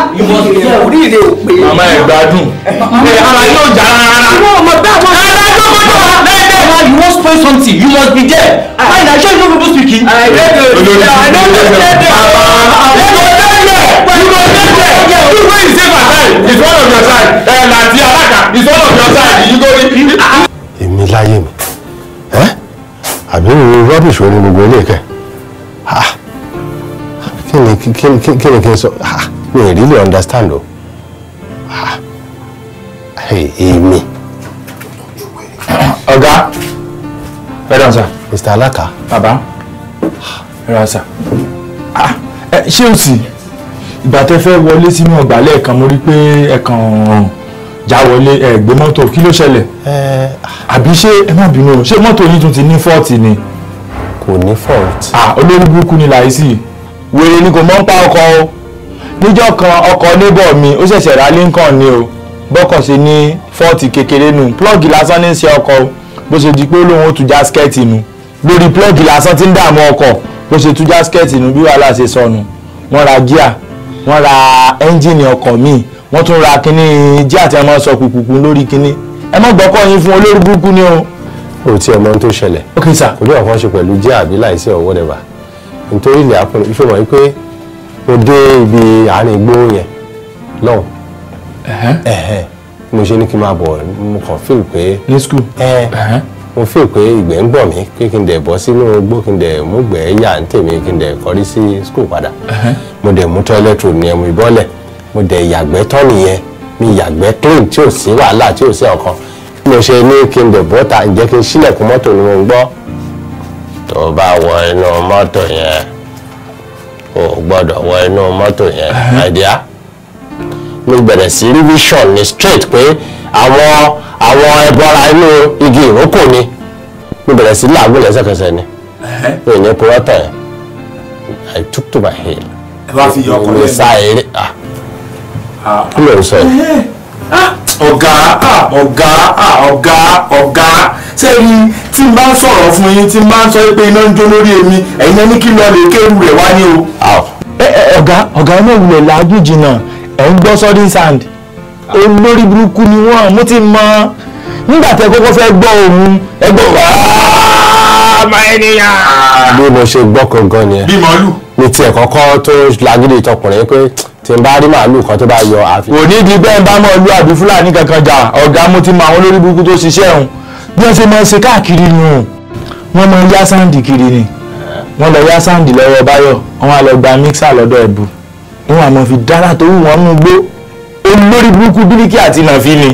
orí rẹ ò pé. mama ẹ gbádùn. ara yóò jà rárá. ara yóò mọ bẹ́ẹ̀ mọ. ara yóò mọ bẹ́ẹ̀ mọ. you wan spoil something you must be there. ayi na sure you no go go speaking. i dey there i don dey there. mama you go dey there you go you. there. you wey you save my time is one of your you. ẹ̀ na ti alaka is one of your time you go. Ah, ah. èmi láyé mi. Eh? àbí rubbish wo ni gbogbo ilé kẹ kí ni kí ni kí n sọ mi ì really understand o èmi. ọ̀gá pẹ̀lú ọ̀sán. Mr. Alaka. bàbá ẹ̀rọ ọ̀sán. ṣé o sì ìgbà tẹ́ fẹ́ wọlé sínú ọgbà lẹ́ẹ̀kan mo rí pé ẹ̀kan ọ̀run já wọlé ẹ gbé mọ́tò kí ló ṣẹlẹ̀ àbí ṣé ẹ má bínú ṣé mọ́tò yìí tún ti ní fọ́ọ̀tì ni. kò ní fọ́ọ̀tì. ah olórí burúkú ni láìsí wèrè ni kò mọ́ ń pa ọkọ̀ o níjọ́ kan ọkọ̀ níbọ̀ mi ó ṣẹ̀ṣẹ̀ rà lincoln ni o bọ́kàn ṣe ní fọ́ọ̀tì kékeré nù plọ́ọ̀gì lásán ní í ṣe ọkọ̀ bó ṣe di pé lóun ó tún já skẹ́ẹ̀tì nù lórí plọ́ọ̀gì lásán ti ń dààmú ọkọ̀ bó ṣe tún já skẹ́ẹ̀tì nù bí wàhálà ṣe sọnù wọ́n ra gíà wọ́n ra ẹ́ńjìnì ọkọ̀ míì wọ́n tún ra kínní jẹ́ àti àwọn sọ kùkùkù lórí kínní ẹ má gbọ́kọ́ yín fún olórí burúkú ni o. o ti ọmọ tó ṣẹlẹ̀ ok sir kò ní ọ̀kan ṣe pẹ̀lú jẹ́ àbí láìsí or whatever nítorí ilẹ̀ àpọ̀lọ̀ ìfẹ́ mọ̀ pé mo dé ibi àárín igbó yẹn lọ́hùn mo ṣe ní kí n máa bọ̀ mo kàn fíìl pé ní skul mo fíìl pé ìgbẹ́ ń gbọ̀n mi pé kí n dẹ̀ bọ́ sínú igbó kí n dẹ̀ mú gbẹ́ yà ń tèmi kí n dẹ̀ kọrí sí skul padà mo dẹ̀ mú toilet roll ní ìbọ́lẹ̀ mo dẹ̀ ìyàgbẹ́ tọ́ nìyẹn mi ìyàgbẹ́ clean tí ò sí wàhálà tí ò sí ọ̀kan mo ṣe ní kí n dẹ̀ bọ́ta ǹjẹ́ kí n sílẹ̀kùn mọ́tò ni mo ń gbọ́. tó o bá wọ inú mọ́tò yẹn o gbọ́dọ̀ wọ inú mọ́tò yẹn àìdíá mo bẹ̀rẹ̀ sí revision ní straight pé àwọn àwọn ẹbọra inú igi ìrókò ni mo bẹ̀rẹ̀ sí làágùn lẹ́sẹ̀kẹsẹ̀ ni mi ò ní kúrọ́tà yẹn I took to my head. ẹ bá fi yọ ọkọ lẹ́nu. Ah, kí ló ń sọ yìí. Eh, eh. ah. ah, ọ̀gá ọ̀gá ọ̀gá ọ̀gá tí n bá ń sọ̀rọ̀ fún yín tí n bá ń sọ pé iná ń jó lórí èmi ẹ̀yin ẹni kí lọ lè wá o. Eh, ọ̀gá ọ̀gá náà wulẹ̀ làágùn jìnnà ẹ̀ ń gbọ́ sand olórí burúkú ni wọ́n mo ti mọ nígbà tẹ́ kọ́kọ́ fẹ́ gbọ́ òun ẹ gbọ́ ọmọ ènìyàn. bí mo ṣe gbọ́ kankan bí màálù. tí n bá rí màálù kan tó bá yọ àfi. kò ní di bẹ́ẹ̀ bá mọ̀ lu àbí fúlàní kankan jà ọ̀gá mo ti mọ àwọn olórí burúkú tó ṣiṣẹ́ ọ̀hún bí wọ́n ṣe máa ń ṣe káàkiri nù wọ́n máa ń yá sáǹdì kiri ni wọ́n lọ yá sáǹdì lọ́wọ́ báyọ̀ wọ́n á lọ gba mixà lọ́dọ̀ ẹ̀bù wọ́n àmọ́ fi dára tó wù wọ́n nú gbó olórí burúkú bíríkì àti nàfi ni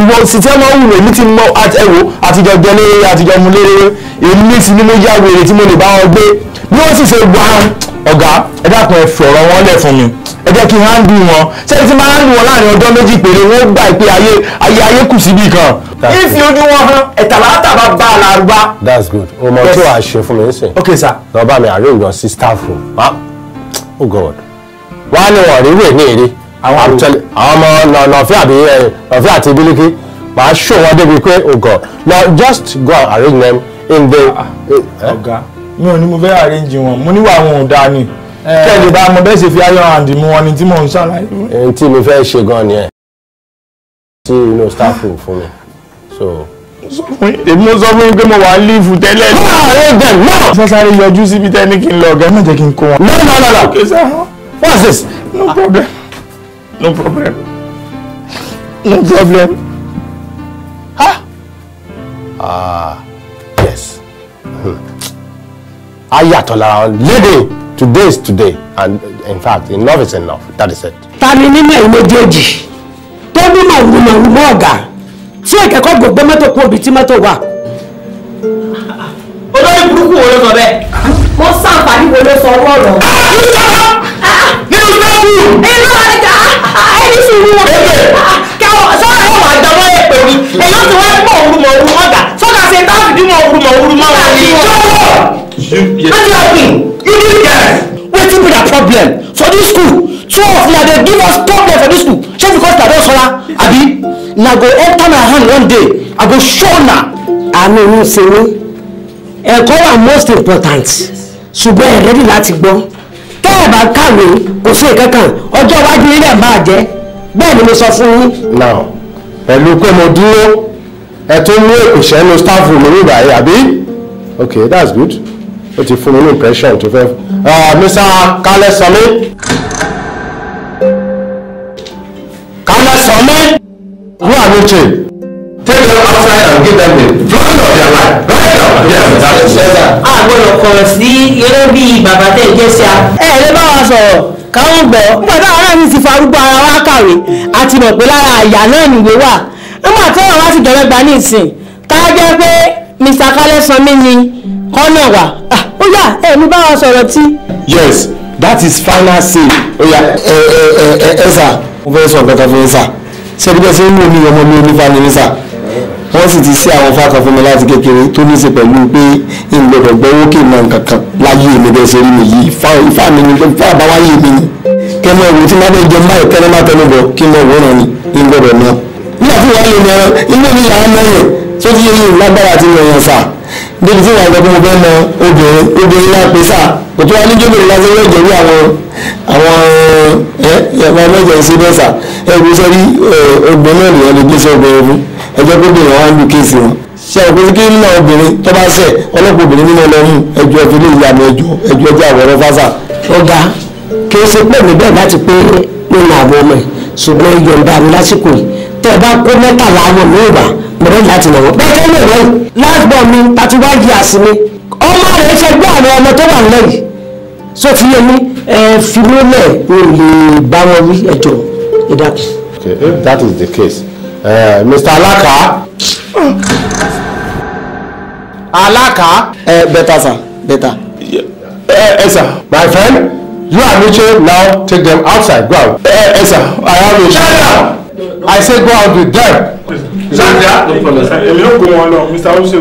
ìwọ sì tẹ́ máa wù lèmi ti mọ ẹ̀wò àtijọ́ jẹ lérè àtijọ́ mu lérè èmi sì ni mo yá wèrè tí mo lè bá wọn gbé bí wọ́n sì ṣe wà á ọ̀gá ẹ dákun ẹ fọ̀rọ̀ wọn lẹ̀ fún mi ẹ jẹ́ kí n hándù wọn sẹ́yìn tí máa hándù wọn láàrin ọjọ́ méjì péré wọ́n gbà pé ayé ayé ayé kù síbi kan. ìfi ojú wọn hàn ẹ̀tàlátà bá bá alárúbá. that's good ọmọ tí wàá ṣe fún mi ń sìn. ok sir. lọ bá mi arrange ọ sí staff room. oh god. wàá ní wọn rí rè ní èrè. àwọn ọmọ nọfẹ àbí nọfẹ àti bílíkì màá ṣó wọn débi pé oh god now just go and arrange them in the. Ah, eh? ọ̀gá. Uh, uh, mi ò ní mo fẹ́ arrange wọn mo níwà wọn ò dáa ni eh. kẹ́lẹ̀ bá mo bẹ́ẹ̀ ṣe fi iron hand mu wọn ni tí mò ń ṣàlàyé. èyí tí mo fẹ́ ṣe gan ni ẹ̀ tí inú staff fún mi so. èmi mo sọ fún yín pé mo wà á lífù tẹ́lẹ̀ ní. ààrẹ dẹ̀ náà. sọ́sáré yọjú síbi tẹ́ni kí n lọ ọ̀gá ẹ̀ má jẹ́ kí n kó wọn. no no no no okay sir what's this. no problem no problem no problem. ah ah yes. Hmm á yàtọ̀ lára living today is today and in fact enough is enough that is it. ta ni nínú ẹ̀yin méjèèjì tó ní màrúmàrú mọ́ ọ̀gá tí ìkẹ́kọ̀ọ́ gbogbo mọ́tò kú òbí tí mọ́tò wà. olórí burúkú wo ló sọ bẹ́ẹ̀. mo sàǹfààní wo ló sọ ọwọ́ rọ. Ah, ah, ah, nínú sọ́ọ̀bù. inú ọjà ẹni sùúrù. kẹwàá sọ́ọ̀rọ̀ ẹ̀wọ̀n àjọwọ́ ẹ̀pẹ̀ mi èyí ó ti wá pọ̀ òru mọ̀ òru ọ̀gá sọ ṣe bá fìdí mọ òru mọ òru mọ òru ni. ìjọwọ́ you need girls. wetin be the problem for this school two of una dey give us problem for this school Just because na don sola abi na go enter my hand one day i go show una. àmì inú ṣe ní ẹ̀kọ́ wà most important ṣùgbọ́n ẹ̀ rẹ́dí láti gbọ́ tẹ́ ẹ̀ bá kàwé kò sí ìkankan ọjọ́ iwájú ilé ẹ̀ máa jẹ́ bẹ́ẹ̀ ni mo sọ fún yín. now pẹ̀lú pé mo dúró ẹ tó mú èkó sẹ́nu staff room ní ìgbà yìí àbí okay that's good ó ti fún mi ní impression tó fẹ́ Mr. kálẹ̀ sọmi. kálẹ̀ sọmi. who are you chain. take them outside and give them the flood of their life right now yes that is better. a gbọ́dọ̀ kọ̀rọ̀ sí eré bíi bàbá tẹ̀ jẹ́ sí a. ẹ ẹ lè bá wa sọ̀rọ̀ káwọn gbọ́ nígbà táwọn ará mi ti farúgbó ara wa kàwé àti mọ̀ pé lára àyà náà nìwé wà nígbà tí ọ̀rọ̀ wá sì dọ̀rẹ́ gba ní ìsìn ká jẹ́ pé Mr. Kálẹ́sànmí ni kọ́nà wà ah, ó yà ẹ̀mí bá wa sọ̀rọ̀ tí. yes that is final say oya ẹ ẹ ẹ ẹ sà mo fẹ́ sọ nǹkan kan fún yín sà ṣé ẹni bẹ́ẹ̀ ṣe ń lò ní ọmọ mi onífà ni mí sà wọ́n sì ti sí àwọn fákan fún mi láti kékeré tó ní í ṣe pẹ̀lú pé ìgbọ̀dọ̀ gbọ́wọ́ kì í mọ nǹkan kan láyé mi bẹ́ẹ̀ ṣe rí mi yìí ìfá mi ni ìfá àbáwáyé mi ni kẹ́mọ̀ ìwé tí má bẹ́ẹ̀ jẹun báyìí kẹ́mọ̀ má tẹnu bọ̀ kí n mọ̀ wọ́n rán ni ìgbọ̀dọ̀ náà wàá lè mọ inú mi là á mọyàn tó fi yẹ lágbára àti mọyàn fà débi tí wàá gbọ́ pé mo fẹ́ mọ obìnrin obìnrin náà pé sà kò tó wá ní jókòó láti ẹgbẹ́ ìjẹ́bí àwọn àwọn ẹ ẹ̀fọn ẹgbẹ́ ìṣe bẹ́ẹ̀ sà ẹ kò sọ rí ọgbọ́n náà nìyẹn lè gbéṣẹ́ obìnrin fún ẹjọ́ pé obìnrin wọn á lu kéèsì wọn ṣe àpò kí nínú obìnrin tó bá ṣẹ̀ ọlọ́pàá obìnrin nínú ọlọ́run ẹjọ́ ìfìlẹ ìyàmẹ ẹjọ́ ẹjọ́ ẹjọ́ àwọrọ fásà. ọ̀gá kì í ṣe pé bẹ́ẹ̀ láti pé nínú àwọn ọmọ ẹ̀ ṣùgbọ́n ìyọ̀ǹda mi lásìkò yìí tẹ bá kó mẹ́tàlá wọn ní ìgbà mọ̀rẹ́ láti lọ wọ́n. bẹ́ẹ̀ tẹ́lẹ̀ rẹ̀ lágbọ̀n mi àti wá yí àsì ọmọ rẹ̀ fẹ́ gbọ́ àwọn ọmọ tó wà lẹ́yìn so fi yẹn ẹ fi mí lẹ̀ mi lè bá wọn wí ẹjọ́ ìdákun. okay if that is the case uh, Mr. Alaka. Alaka. ẹ better sir better. ẹ ẹ uh, sir my friend you and me Uche now take them outside go out. ẹ uh, ẹ sir I have a. shut up. I say go out with them. Zambia, there. ò gún wọn lọ, Mr. Ose o.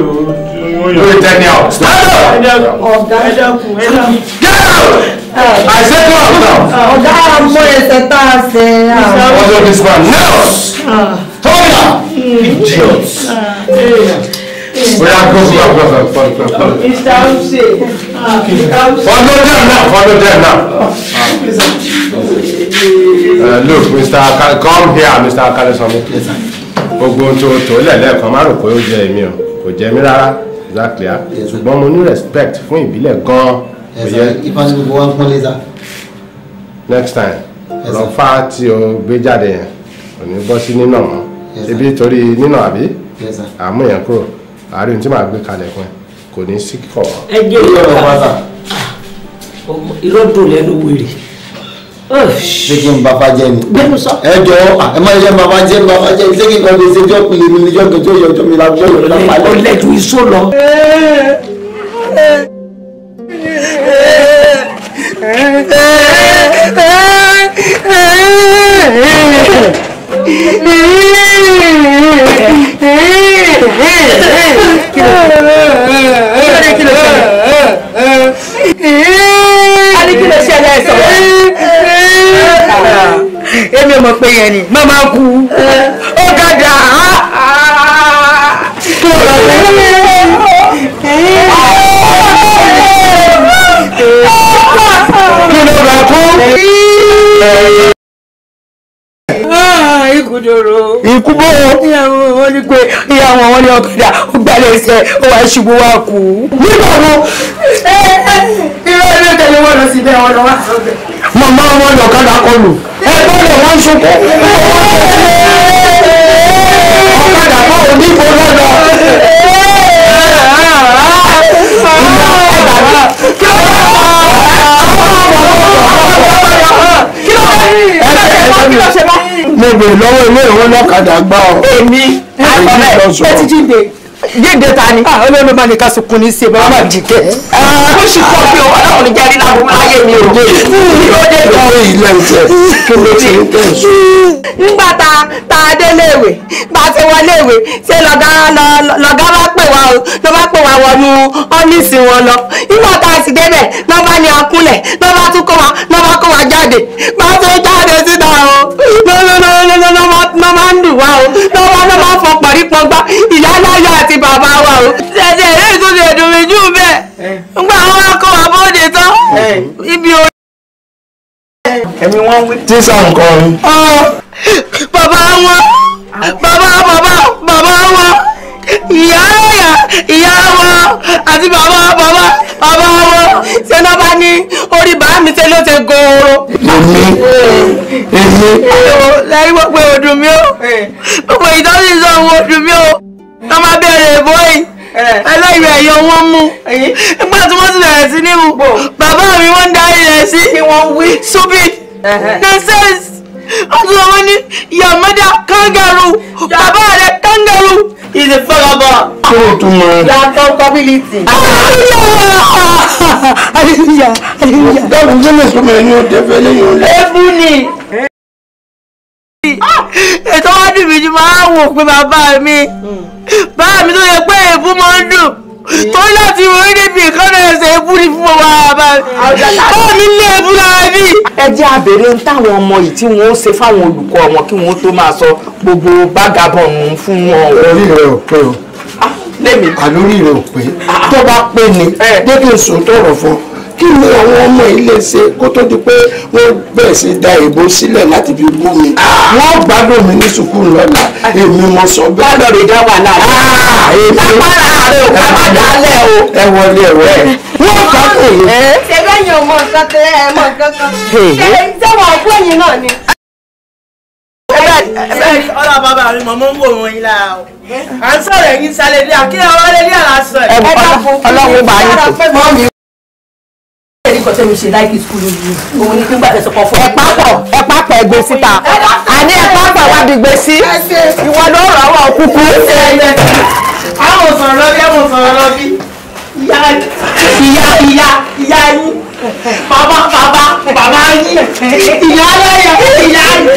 Wait, Daniel. Stand up! Get out! I say go out now. Ọ̀gá àmọ́ ẹsẹ̀ tá a ṣe. Ọjọ́ this man No. Hold on! Idiots! Oya go go go go go go go. Mr. Ose. Follow them now, follow them now. Uh, look, Mr. Akale, come here, Mr. Akale Sọmi. Gbogbo ohun tó tó lẹ́lẹ́kan má rò pé ó jẹ èmi o, kò jẹ mí rárá, exactly. Ṣùgbọ́n mo ní respect fún ìbílẹ̀ gan-an. Ìfọ̀n ni gbogbo wa ń pọ́n lézà. Next time, lọ fá tí o gbé jáde yẹn, ò ní bọ́ sí nínà mọ́. Ebi torí nínà àbí? Àmú yẹn kúrò àárín tí màá gbé kalẹ̀ fún ẹ kò ní sí kíkọ̀ wá. ẹ jẹ́ ìlú ọ̀rọ̀ pátá. irọ́ dùn lẹ́nu wèrè. ṣé kí n bá fa jẹ́ ni. gbẹ́nu sọ. ẹ jọ ẹ má ṣe bàbá jẹ́ bàbá jẹ́ ṣé kí n kọ́ lè ṣe jọ́ pinnu mi níjọ́ kẹjọ́ yọ ọjọ́ mi la gbọ́ yọ lápá lọ. ọlẹ́jú iṣó lọ. Yeah. kílódé kí ló yẹn ni màmá kú ó gàdà kí ló bá kú kúdòrò. ikú bó. ìyàwó wọn ni pé ìyàwó wọn ni ọ̀kadà ó gbalẹ̀ ẹsẹ̀ ó wá ṣubú wá kú. nígbà wo. irọ́ ilé tẹ̀lé wọn lọ sí bẹ́ẹ̀ wọn lọ wá sọ bẹ́ẹ̀. màmá wọn ni ọ̀kadà kọlù ẹ gbọ́dọ̀ wọn ṣokó. ọ̀kadà náà ò ní ìbò lọ́dọ̀. ìyá ọ̀kadà náà mo bèrè lọ́wọ́ ilé ìwé lọ́kadà gbá ọ. èmi àkọ́bẹ̀ ètí jíde yéde ta ni. olóòlù ah, máa ní ká sunkún ní sí ẹbẹ wọn jìkẹ. ó sì kọ́ pé ọmọ náà ní jáde láàbù láyé mi ò dé ìrọ̀lẹ́ lọ. ó yìí lẹ́nu tẹ kí ló ti ń tẹ̀. nígbà tá a dé léèwé bá a ti wọ léèwé ṣé lọ́gá lọ́gá pè wá o ló bá pè wá wọnú ọ́nísì wọn lọ. nígbà tá a sì débẹ̀ náà bá ní akúnlẹ̀ náà bá tún kó wa náà bá kó wa jáde bá a tún jáde síta o lọ́ọ́ wà o tẹ̀sí ẹ̀rí ìtúndì ẹ̀dùn mi jù bẹ́ẹ̀ nígbà wọn wá kọ́ wa bóde tán ibi o. ẹ̀mí wọn wí. tíṣà nǹkan ni. bàbá wọn bàbá bàbá bàbá wọn ìyá ẹ̀yà ìyá wọn àti bàbá bàbá bàbá wọn ṣe náà bá ní orí bàá mi ṣe ló ṣe gòòrò. èmi èmi. lẹ́yìn gbogbo odùn mi o gbogbo ìtọ́jú ìṣòwò odùn mi o wọ́n máa bẹ̀rẹ̀ bóyì ẹlẹ́yìn ẹ̀yọ wọn mú nígbà tí wọ́n ti bẹ̀rẹ̀ sí ní mu bàbá mi wọ́n ń darí rẹ̀ sí stupid nonsense wọ́n tún wọ́n ní your mother kangaroo bàbá rẹ̀ kangaroo is a vagabond. kó o tún mọ. the accountability. hallelujah hallelujah. dábìlì jẹ́nà sọ́mọ ẹni o tẹ́ fẹ́ lẹ́yìn o lẹ́. ebu ni ètò wájú mi ti máa ń wò pé bàbá mi. Hmm báà mi tó yẹ pé èébú máa ń dùn tó láti wọ ní ìkọ́nà ẹsẹ̀ èébú ni fún wa báà mi ní èébú lára ní. ẹ jẹ́ àbẹ̀rẹ̀ ń táwọn ọmọ yìí tí wọ́n ó ṣe fáwọn olùkọ́ wọn kí wọ́n tó máa sọ gbogbo bágàbọ̀nù fún wọn. orí rẹ ò pé o ah, àlórí rẹ ò pé ah, ah. tó bá pé ni dé eh. kí tó rọ̀ fún ọ kí ni àwọn ọmọ yìí lè ṣe kó tó di pé wọ́n bẹ̀rẹ̀ sí da ìbò sílẹ̀ láti fi bú mi wọ́n gbádùn mi ní sùkúù lọ́la èmi mo sọ bẹ́ẹ̀. bá lọ́ọ̀rì dá wà láàyè. lápára rẹ ò ká má dálẹ̀ o. ẹ wọlé ẹ wọlé. wọ́n kà kò ní. ṣe bẹ́ẹ̀ ni ọmọ nǹkan tẹ ẹ mọ nǹkan kan. ṣe sẹ́wọ̀n ọ̀gbọ́n yìí náà ni. ọlọ́ bàbá mi mọ̀ mọ́ ń wò wọ́n yín lára o à ń sọ̀rọ̀ ẹ̀yin sálẹ̀ dé àkíyàn wọlé ní àlàsọ̀ ẹ̀. ẹ dákun ọlọ́run bá yín tó mọ́ mi ní kọ́tẹ́ mi ṣe láìkí skul yìí òun ni nígbà tẹ̀sán kan fún mi. ẹ̀pápọ̀ ẹ̀pápọ̀ ẹ̀gbẹ́ síta àní ẹ̀pápọ̀ wà dìgbẹ́ sí ìwọ ló rọ̀ wọ̀ kúkú. àwọn sọ̀rọ̀ lọ́bí àwọn sọ̀rọ̀ lọ́bí ìyá ìyá ìyá yín bàbá bàbá bàbá yín ìyá lẹ́yìn ìyá yín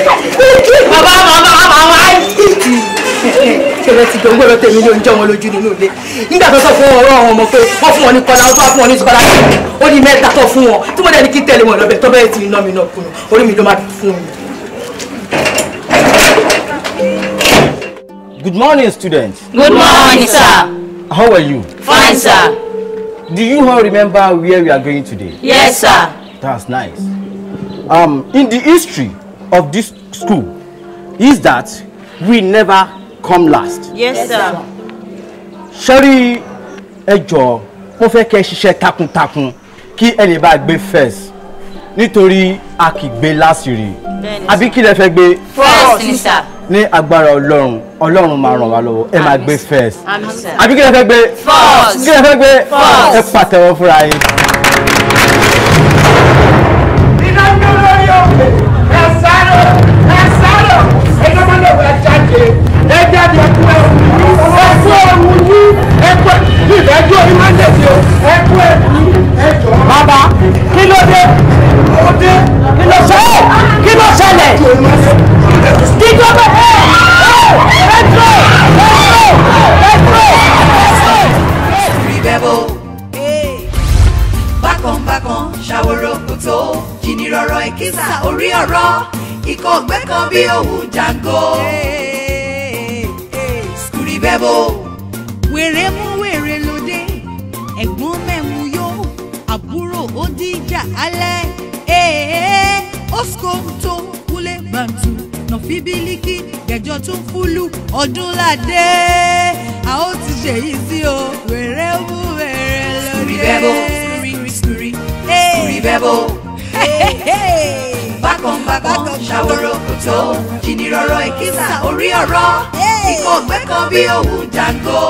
bàbá bàbá bàbá yín ṣẹlẹ̀ ti gbogbo ọ̀rọ̀ tèmi ló ń wọn lójú nínú ilé nígbà tó sọ fún ọ̀rọ̀ àwọn ọmọ pé wọ́n fún wọn ní kọ́lá wọ́n fún wọn ní sọ́kọ́lá ó ní mẹ́ta tó fún wọn tí wọ́n dẹ̀ kí tẹ̀lé wọn lọ́bẹ̀ tó bẹ́ẹ̀ ti iná mi náà kùnà orí mi ló máa fún mi. Good morning, students. Good morning, sir. How are you? Fine, sir. Do you all remember where we are going today? Yes, sir. That's nice. Um, in the history of this school is that we never come last. yes sir. sẹ́rí ẹjọ́ mo fẹ́ kẹ́ ṣiṣẹ́ takuntakun kí ẹ lè bá gbé first nítorí a kì gbé láṣìírí àbí kí lẹ fẹ́ gbé. first ni sir. ní agbára ọlọ́run ọlọ́run máa ràn wá lọ́wọ́ ẹ máa gbé first àbí kí lẹ fẹ́ gbé. first kí lẹ fẹ́ gbé. first ẹ pàtẹ́wọ́ fúnra yín. ojú orí máa ń dẹ̀sí o ẹ kú ẹ kú ẹ jọ. bàbá kí ló dé kí ló ṣẹlẹ̀ kí ló ṣẹlẹ̀ kíjọ bẹ ẹ ẹ ẹ tó ẹ tó ẹ tó. rìbẹ́bò bákanbákan ṣàwòrò kò jìnnìrọ̀rọ̀ ìkísà orí ọ̀rọ̀ ikọ̀ ọ̀gbẹ́ kan bí òun jàǹgó. Skuribẹ́bò wèrè mú wèrè ẹ̀gbọ́n mẹ́mu yó àbúrò ó dìjà alẹ́ èèyàn ó skóńtó kúlé bàǹtù nàfi bílíkì gẹ̀jọ́ tún fúlù ọdún ládé a ó ti ṣèyí sí o wèrè mú wèrè lórí ẹ̀. skuri bẹ́bọ̀ bákan bákan ṣàwòrò kòtò jìnnìrọ̀rọ̀ ìkísà orí ọ̀rọ̀ ikọ̀ ọ̀gbẹ́ kan bí òun jàǹgó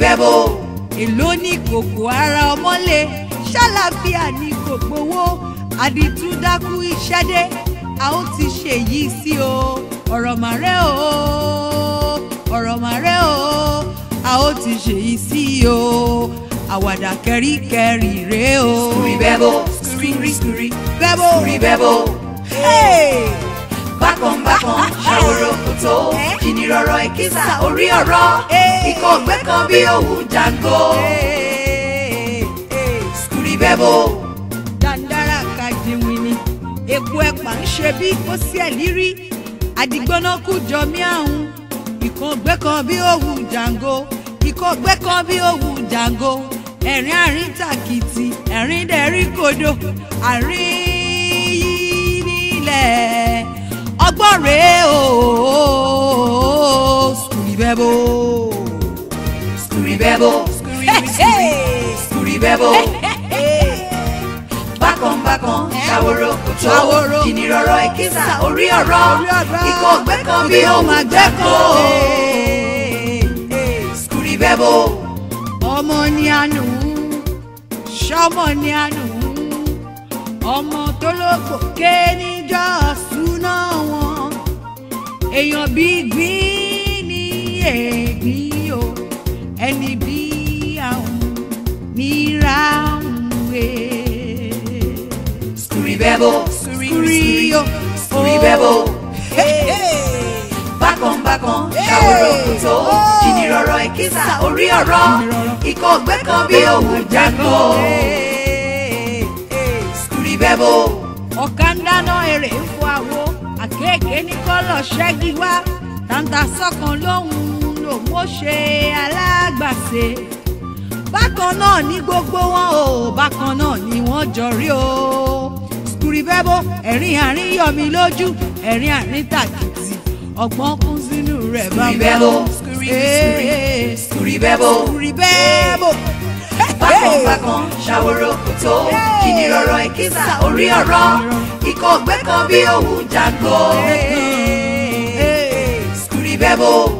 ibẹ̀ bò. èló ní kòkò ara ọmọlé ṣàlàfíà ní gbogbo owó àdìtúndákú ìṣẹ́dé a ó ti ṣe yìí sí o ọ̀rọ̀ màrẹ́ o ọ̀rọ̀ màrẹ́ o a ó ti ṣe yìí sí o àwàdà kẹríkẹrí rèé o. skuri bẹ́bọ̀ skuri skuri bẹ́bọ̀ skuri bẹ́bọ̀. Hey! bákanbákan ṣàwòrò kòtò ìnirọ̀rọ̀ ìkísà orí ọ̀rọ̀ ikọ̀ ògbẹ́ kan bí òwú jango skuribebo. dandara ka diwìn ni epo ẹ̀pà ń ṣe bí kò sí ẹ̀ lírí àdìgbọ́nà kù jọ mí àhún ikọ̀ ògbẹ́ kan bí òwú jango ikọ̀ ògbẹ́ kan bí òwú jango ẹ̀rín àrín tàkìtì ẹ̀rín dẹ̀rín kodò àrín yìí nílẹ̀ agbọ́nrẹ́ o skuribẹ́bò. skuribẹ́bò skuribẹ́bò bákan bákan ṣàwòrò kò tó kìnìrọ̀rọ̀ ìkísà orí ọ̀rọ̀ ikọ̀ ọ̀gbẹ́ kan bí ó máa gbẹ́ kó skuribẹ́bò. ọmọ ni àánú ṣọmọ ni àánú ọmọ tó lóko ké níjọ́ ṣúná èèyàn bí gbín ní ẹ̀gbín o ẹni bí àwọn níra òwe. skuribẹ́bọ̀ skuriyo skuribẹ́bọ̀ bákanbákan ṣàwòrán òkútó oh. jìnnìrọ̀rọ̀ ìkísà orí ọ̀rọ̀ ikọ̀ ọ̀gbẹ́ kan bí òwò jágbó. skuribẹ́bọ̀ ọ̀kan dáná èrè ń fọ àwo adeleke ní kọ́lọ̀ ṣẹ́gi wá tàǹtà sọ́kàn lóhùn lòun ó ṣe alágbàṣe bákan náà ní gbogbo wọn o bákan náà ni wọ́n jọ rí o skuribẹ́bó ẹ̀rín àárín yọ lójú ẹ̀rín àárín tàkìtì ọgbọ́n kún sínú rẹ̀ bá bá o skuribẹ́bó eh, skuribẹ́bó skuribẹ́bó fákanfà kan ṣàwòrò kò tó kìnnì rọrọ ìkísà orí ọ̀rọ̀ ikọ̀ ọ̀gbẹ́ kan bí òun jàgbó. skúrì bẹ́bọ̀.